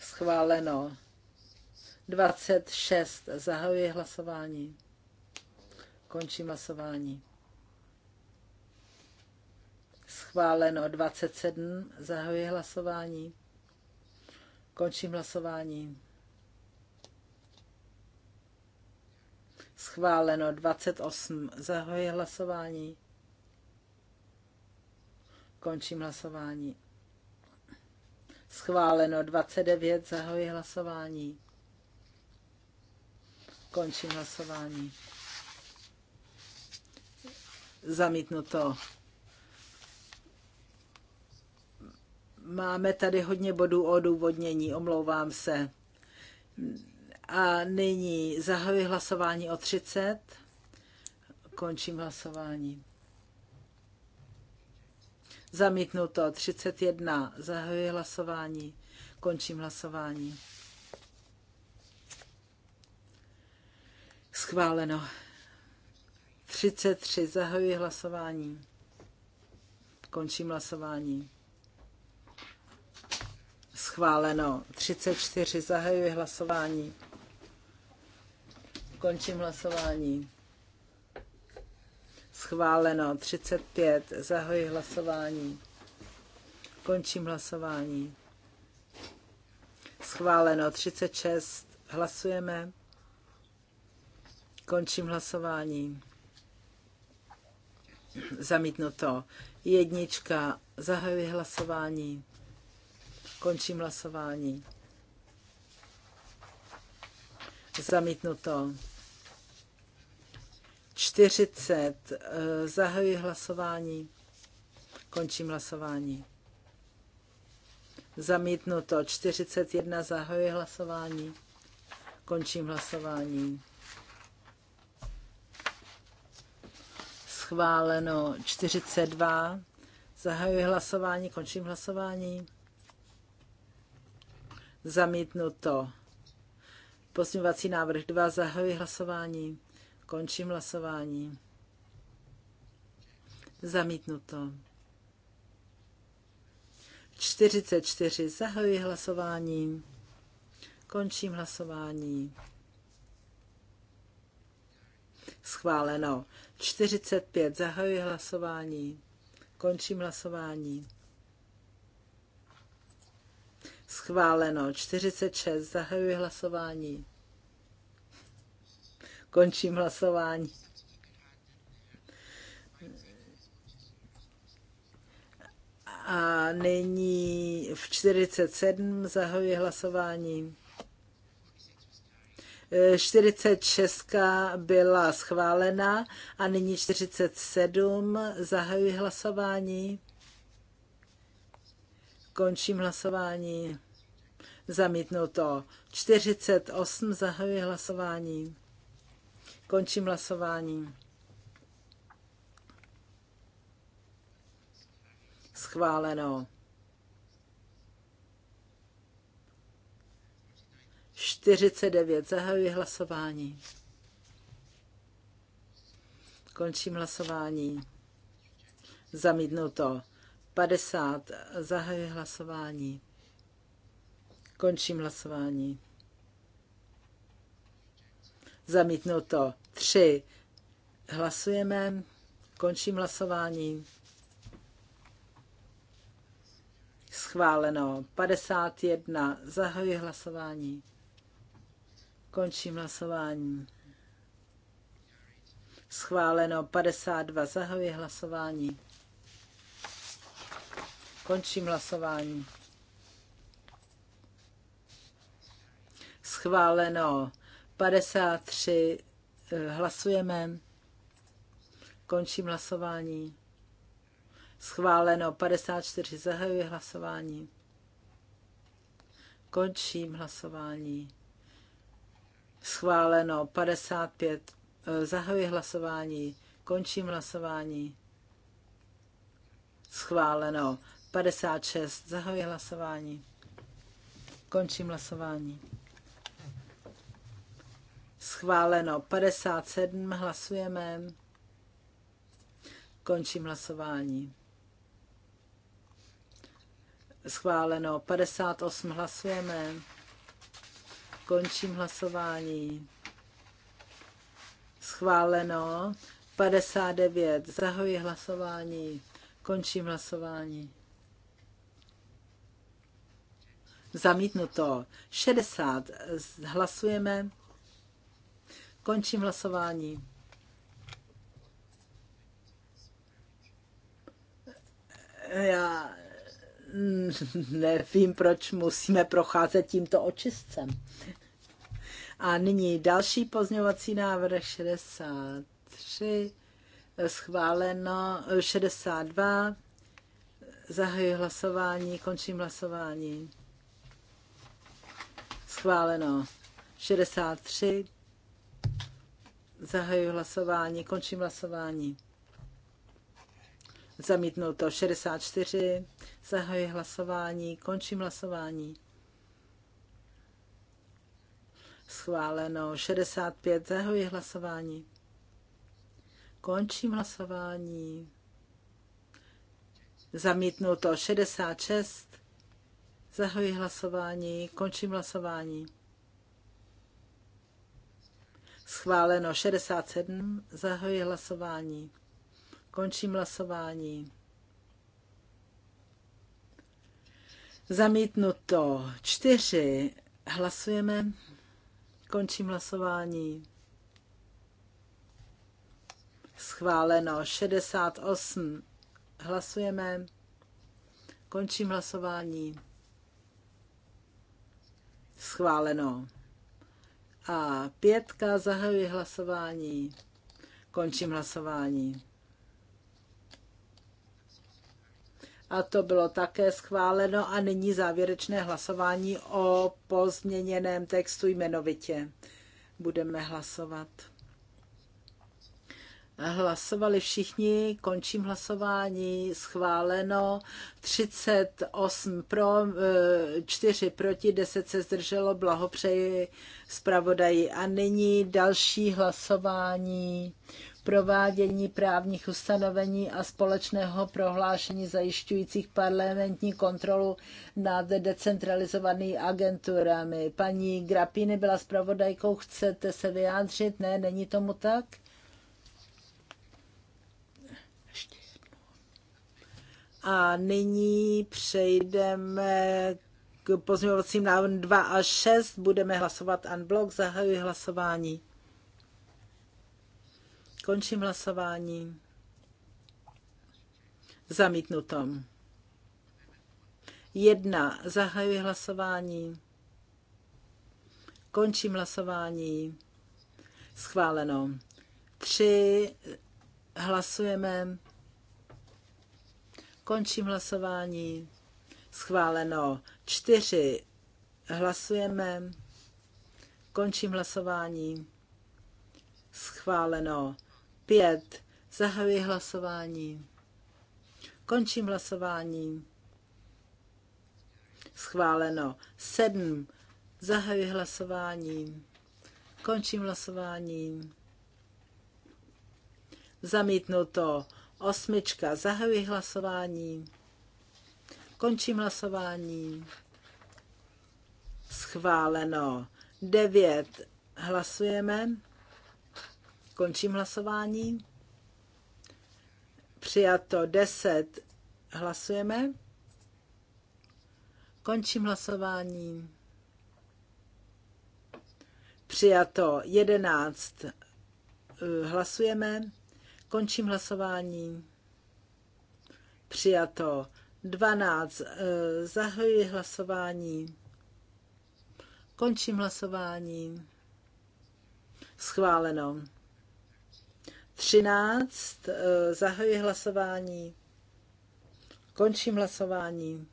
Schváleno 26. Zahajuji hlasování. Končím hlasování. Schváleno 27. Zahajuji hlasování. Končím hlasování. Schváleno 28. Zahajuji hlasování. Končím hlasování. Schváleno 29. Zahajuji hlasování. Končím hlasování zamítnuto. Máme tady hodně bodů o důvodnění, omlouvám se. A nyní zahajuji hlasování o 30. Končím hlasování. Zamítnuto 31. Zahajuji hlasování. Končím hlasování. Schváleno. 33. Zahajuji hlasování. Končím hlasování. Schváleno. 34. Zahajuji hlasování. Končím hlasování. Schváleno. 35. Zahajuji hlasování. Končím hlasování. Schváleno. 36. Hlasujeme. Končím hlasování zamítnuto. Jednička, zahajuji hlasování, končím hlasování. Zamítnuto. 40, zahajuji hlasování, končím hlasování. Zamítnuto. 41, zahajuji hlasování, končím hlasování. schváleno 42. Zahajuji hlasování, končím hlasování. Zamítnuto. Pozměňovací návrh 2. Zahajuji hlasování, končím hlasování. Zamítnuto. 44. Zahajuji hlasování. Končím hlasování. Schváleno. 45. Zahajuji hlasování. Končím hlasování. Schváleno. 46. Zahajuji hlasování. Končím hlasování. A nyní v 47 zahajuji hlasování. 46 byla schválena a nyní 47. Zahajuji hlasování. Končím hlasování. Zamítnuto. 48. Zahajuji hlasování. Končím hlasování. Schváleno. 49. Zahajuji hlasování. Končím hlasování. Zamítnuto. 50. Zahajuji hlasování. Končím hlasování. Zamítnuto. 3. Hlasujeme. Končím hlasování. Schváleno. 51. Zahajuji hlasování. Končím hlasování. Schváleno 52. Zahajuji hlasování. Končím hlasování. Schváleno 53. Eh, hlasujeme. Končím hlasování. Schváleno 54. Zahajuji hlasování. Končím hlasování schváleno 55. Eh, Zahajuji hlasování, končím hlasování. Schváleno 56. Zahajuji hlasování, končím hlasování. Schváleno 57. Hlasujeme. Končím hlasování. Schváleno 58. Hlasujeme. Končím hlasování. Schváleno. 59. Zahoji hlasování. Končím hlasování. Zamítnuto. 60. Hlasujeme. Končím hlasování. Já nevím, proč musíme procházet tímto očistcem. A nyní další pozměňovací návrh 63, eh, schváleno 62, eh, zahajuji hlasování, končím hlasování. Schváleno 63, zahajuji hlasování, končím hlasování. Zamítnuto 64, zahajuji hlasování, končím hlasování. Schváleno 65. Zahajuji hlasování. Končím hlasování. Zamítnuto 66. Zahajuji hlasování. Končím hlasování. Schváleno 67. Zahajuji hlasování. Končím hlasování. Zamítnuto 4. Hlasujeme. Končím hlasování. Schváleno 68. Hlasujeme. Končím hlasování. Schváleno. A pětka zahajuje hlasování. Končím hlasování. a to bylo také schváleno a nyní závěrečné hlasování o pozměněném textu jmenovitě. Budeme hlasovat. Hlasovali všichni, končím hlasování, schváleno 38 pro, 4 proti, 10 se zdrželo, blahopřeji zpravodaji. A nyní další hlasování provádění právních ustanovení a společného prohlášení zajišťujících parlamentní kontrolu nad decentralizovanými agenturami. Paní Grapiny byla zpravodajkou, chcete se vyjádřit? Ne, není tomu tak? A nyní přejdeme k pozměňovacím návrhům 2 a 6. Budeme hlasovat unblock. Zahajuji hlasování. Končím hlasování. Zamítnuto. Jedna. Zahajuji hlasování. Končím hlasování. Schváleno. Tři. Hlasujeme. Končím hlasování. Schváleno. Čtyři. Hlasujeme. Končím hlasování. Schváleno. 5. Zahajuji hlasování. Končím hlasování. Schváleno. 7. Zahajuji hlasování. Končím hlasování. Zamítnuto. Osmička. Zahajuji hlasování. Končím hlasování. Schváleno. 9. Hlasujeme. Končím hlasování. Přijato 10. Hlasujeme. Končím hlasování. Přijato 11. Hlasujeme. Končím hlasování. Přijato 12. Zahajuji hlasování. Končím hlasování. Schváleno. 13. Eh, zahajuji hlasování. Končím hlasování.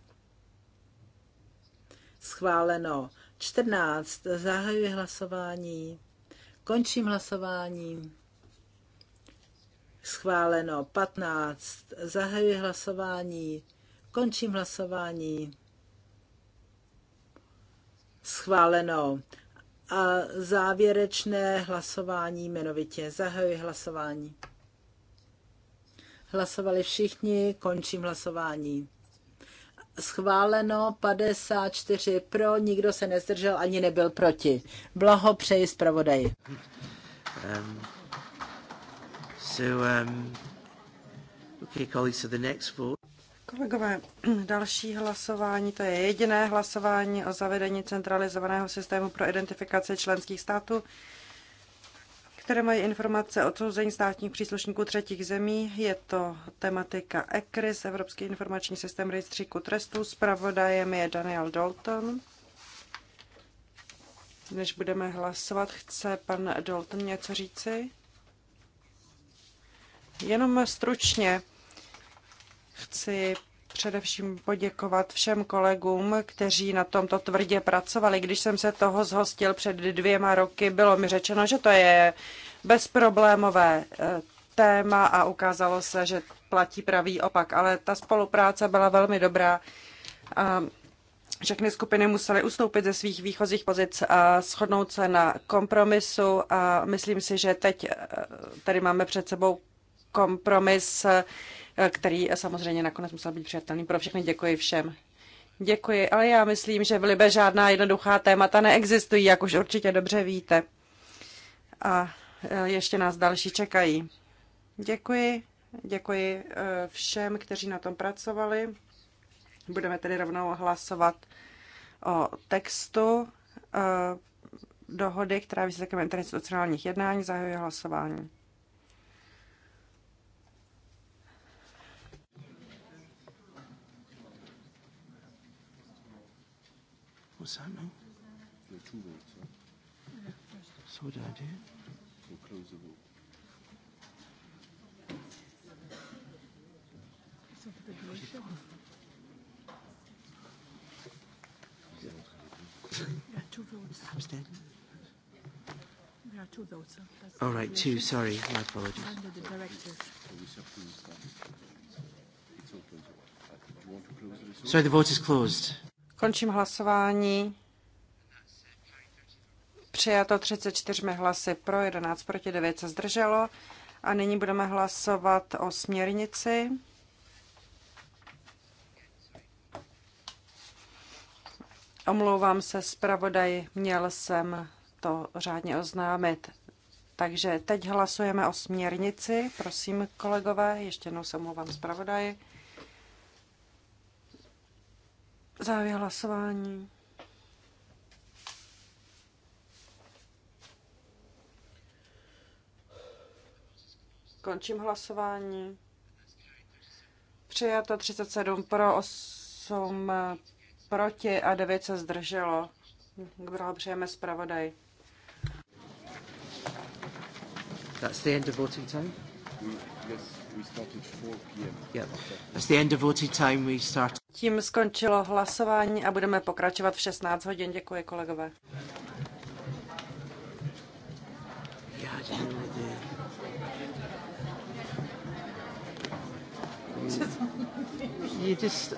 Schváleno. 14. Zahajuji hlasování. Končím hlasování. Schváleno. 15. Zahajuji hlasování. Končím hlasování. Schváleno a závěrečné hlasování jmenovitě. Zahajuji hlasování. Hlasovali všichni, končím hlasování. Schváleno 54 pro, nikdo se nezdržel ani nebyl proti. Blaho přeji zpravodaji. Um, so, um, okay, colleagues, so the next vote. Kolegové, další hlasování, to je jediné hlasování o zavedení centralizovaného systému pro identifikaci členských států, které mají informace o odsouzení státních příslušníků třetích zemí. Je to tematika ECRIS, Evropský informační systém rejstříku trestů. Spravodajem je Daniel Dalton. Než budeme hlasovat, chce pan Dalton něco říci? Jenom stručně. Chci především poděkovat všem kolegům, kteří na tomto tvrdě pracovali. Když jsem se toho zhostil před dvěma roky, bylo mi řečeno, že to je bezproblémové eh, téma a ukázalo se, že platí pravý opak. Ale ta spolupráce byla velmi dobrá. A všechny skupiny musely ustoupit ze svých výchozích pozic a shodnout se na kompromisu a myslím si, že teď eh, tady máme před sebou kompromis, který samozřejmě nakonec musel být přijatelný pro všechny. Děkuji všem. Děkuji, ale já myslím, že v Libe žádná jednoduchá témata neexistují, jak už určitě dobře víte. A e, ještě nás další čekají. Děkuji, děkuji e, všem, kteří na tom pracovali. Budeme tedy rovnou hlasovat o textu e, dohody, která vysvětlí výsledkem interinstitucionálních jednání, zahajuje hlasování. was that now? There two votes, huh? So did I do? We'll close the vote. two votes. Abstain? There are two votes. All right, two, sorry, my apologies. Under the directive. Sorry, the vote is closed. Končím hlasování. Přijato 34 hlasy pro, 11 proti, 9 se zdrželo. A nyní budeme hlasovat o směrnici. Omlouvám se, zpravodaj, měl jsem to řádně oznámit. Takže teď hlasujeme o směrnici. Prosím, kolegové, ještě jednou se omlouvám zpravodaji. Závěr hlasování. Končím hlasování. Přijato 37 pro, 8 proti a 9 se zdrželo. přejeme zpravodaj. That's the end of voting time? Mm, yes. Tím skončilo hlasování a budeme pokračovat v 16 hodin. Děkuji, kolegové. You just...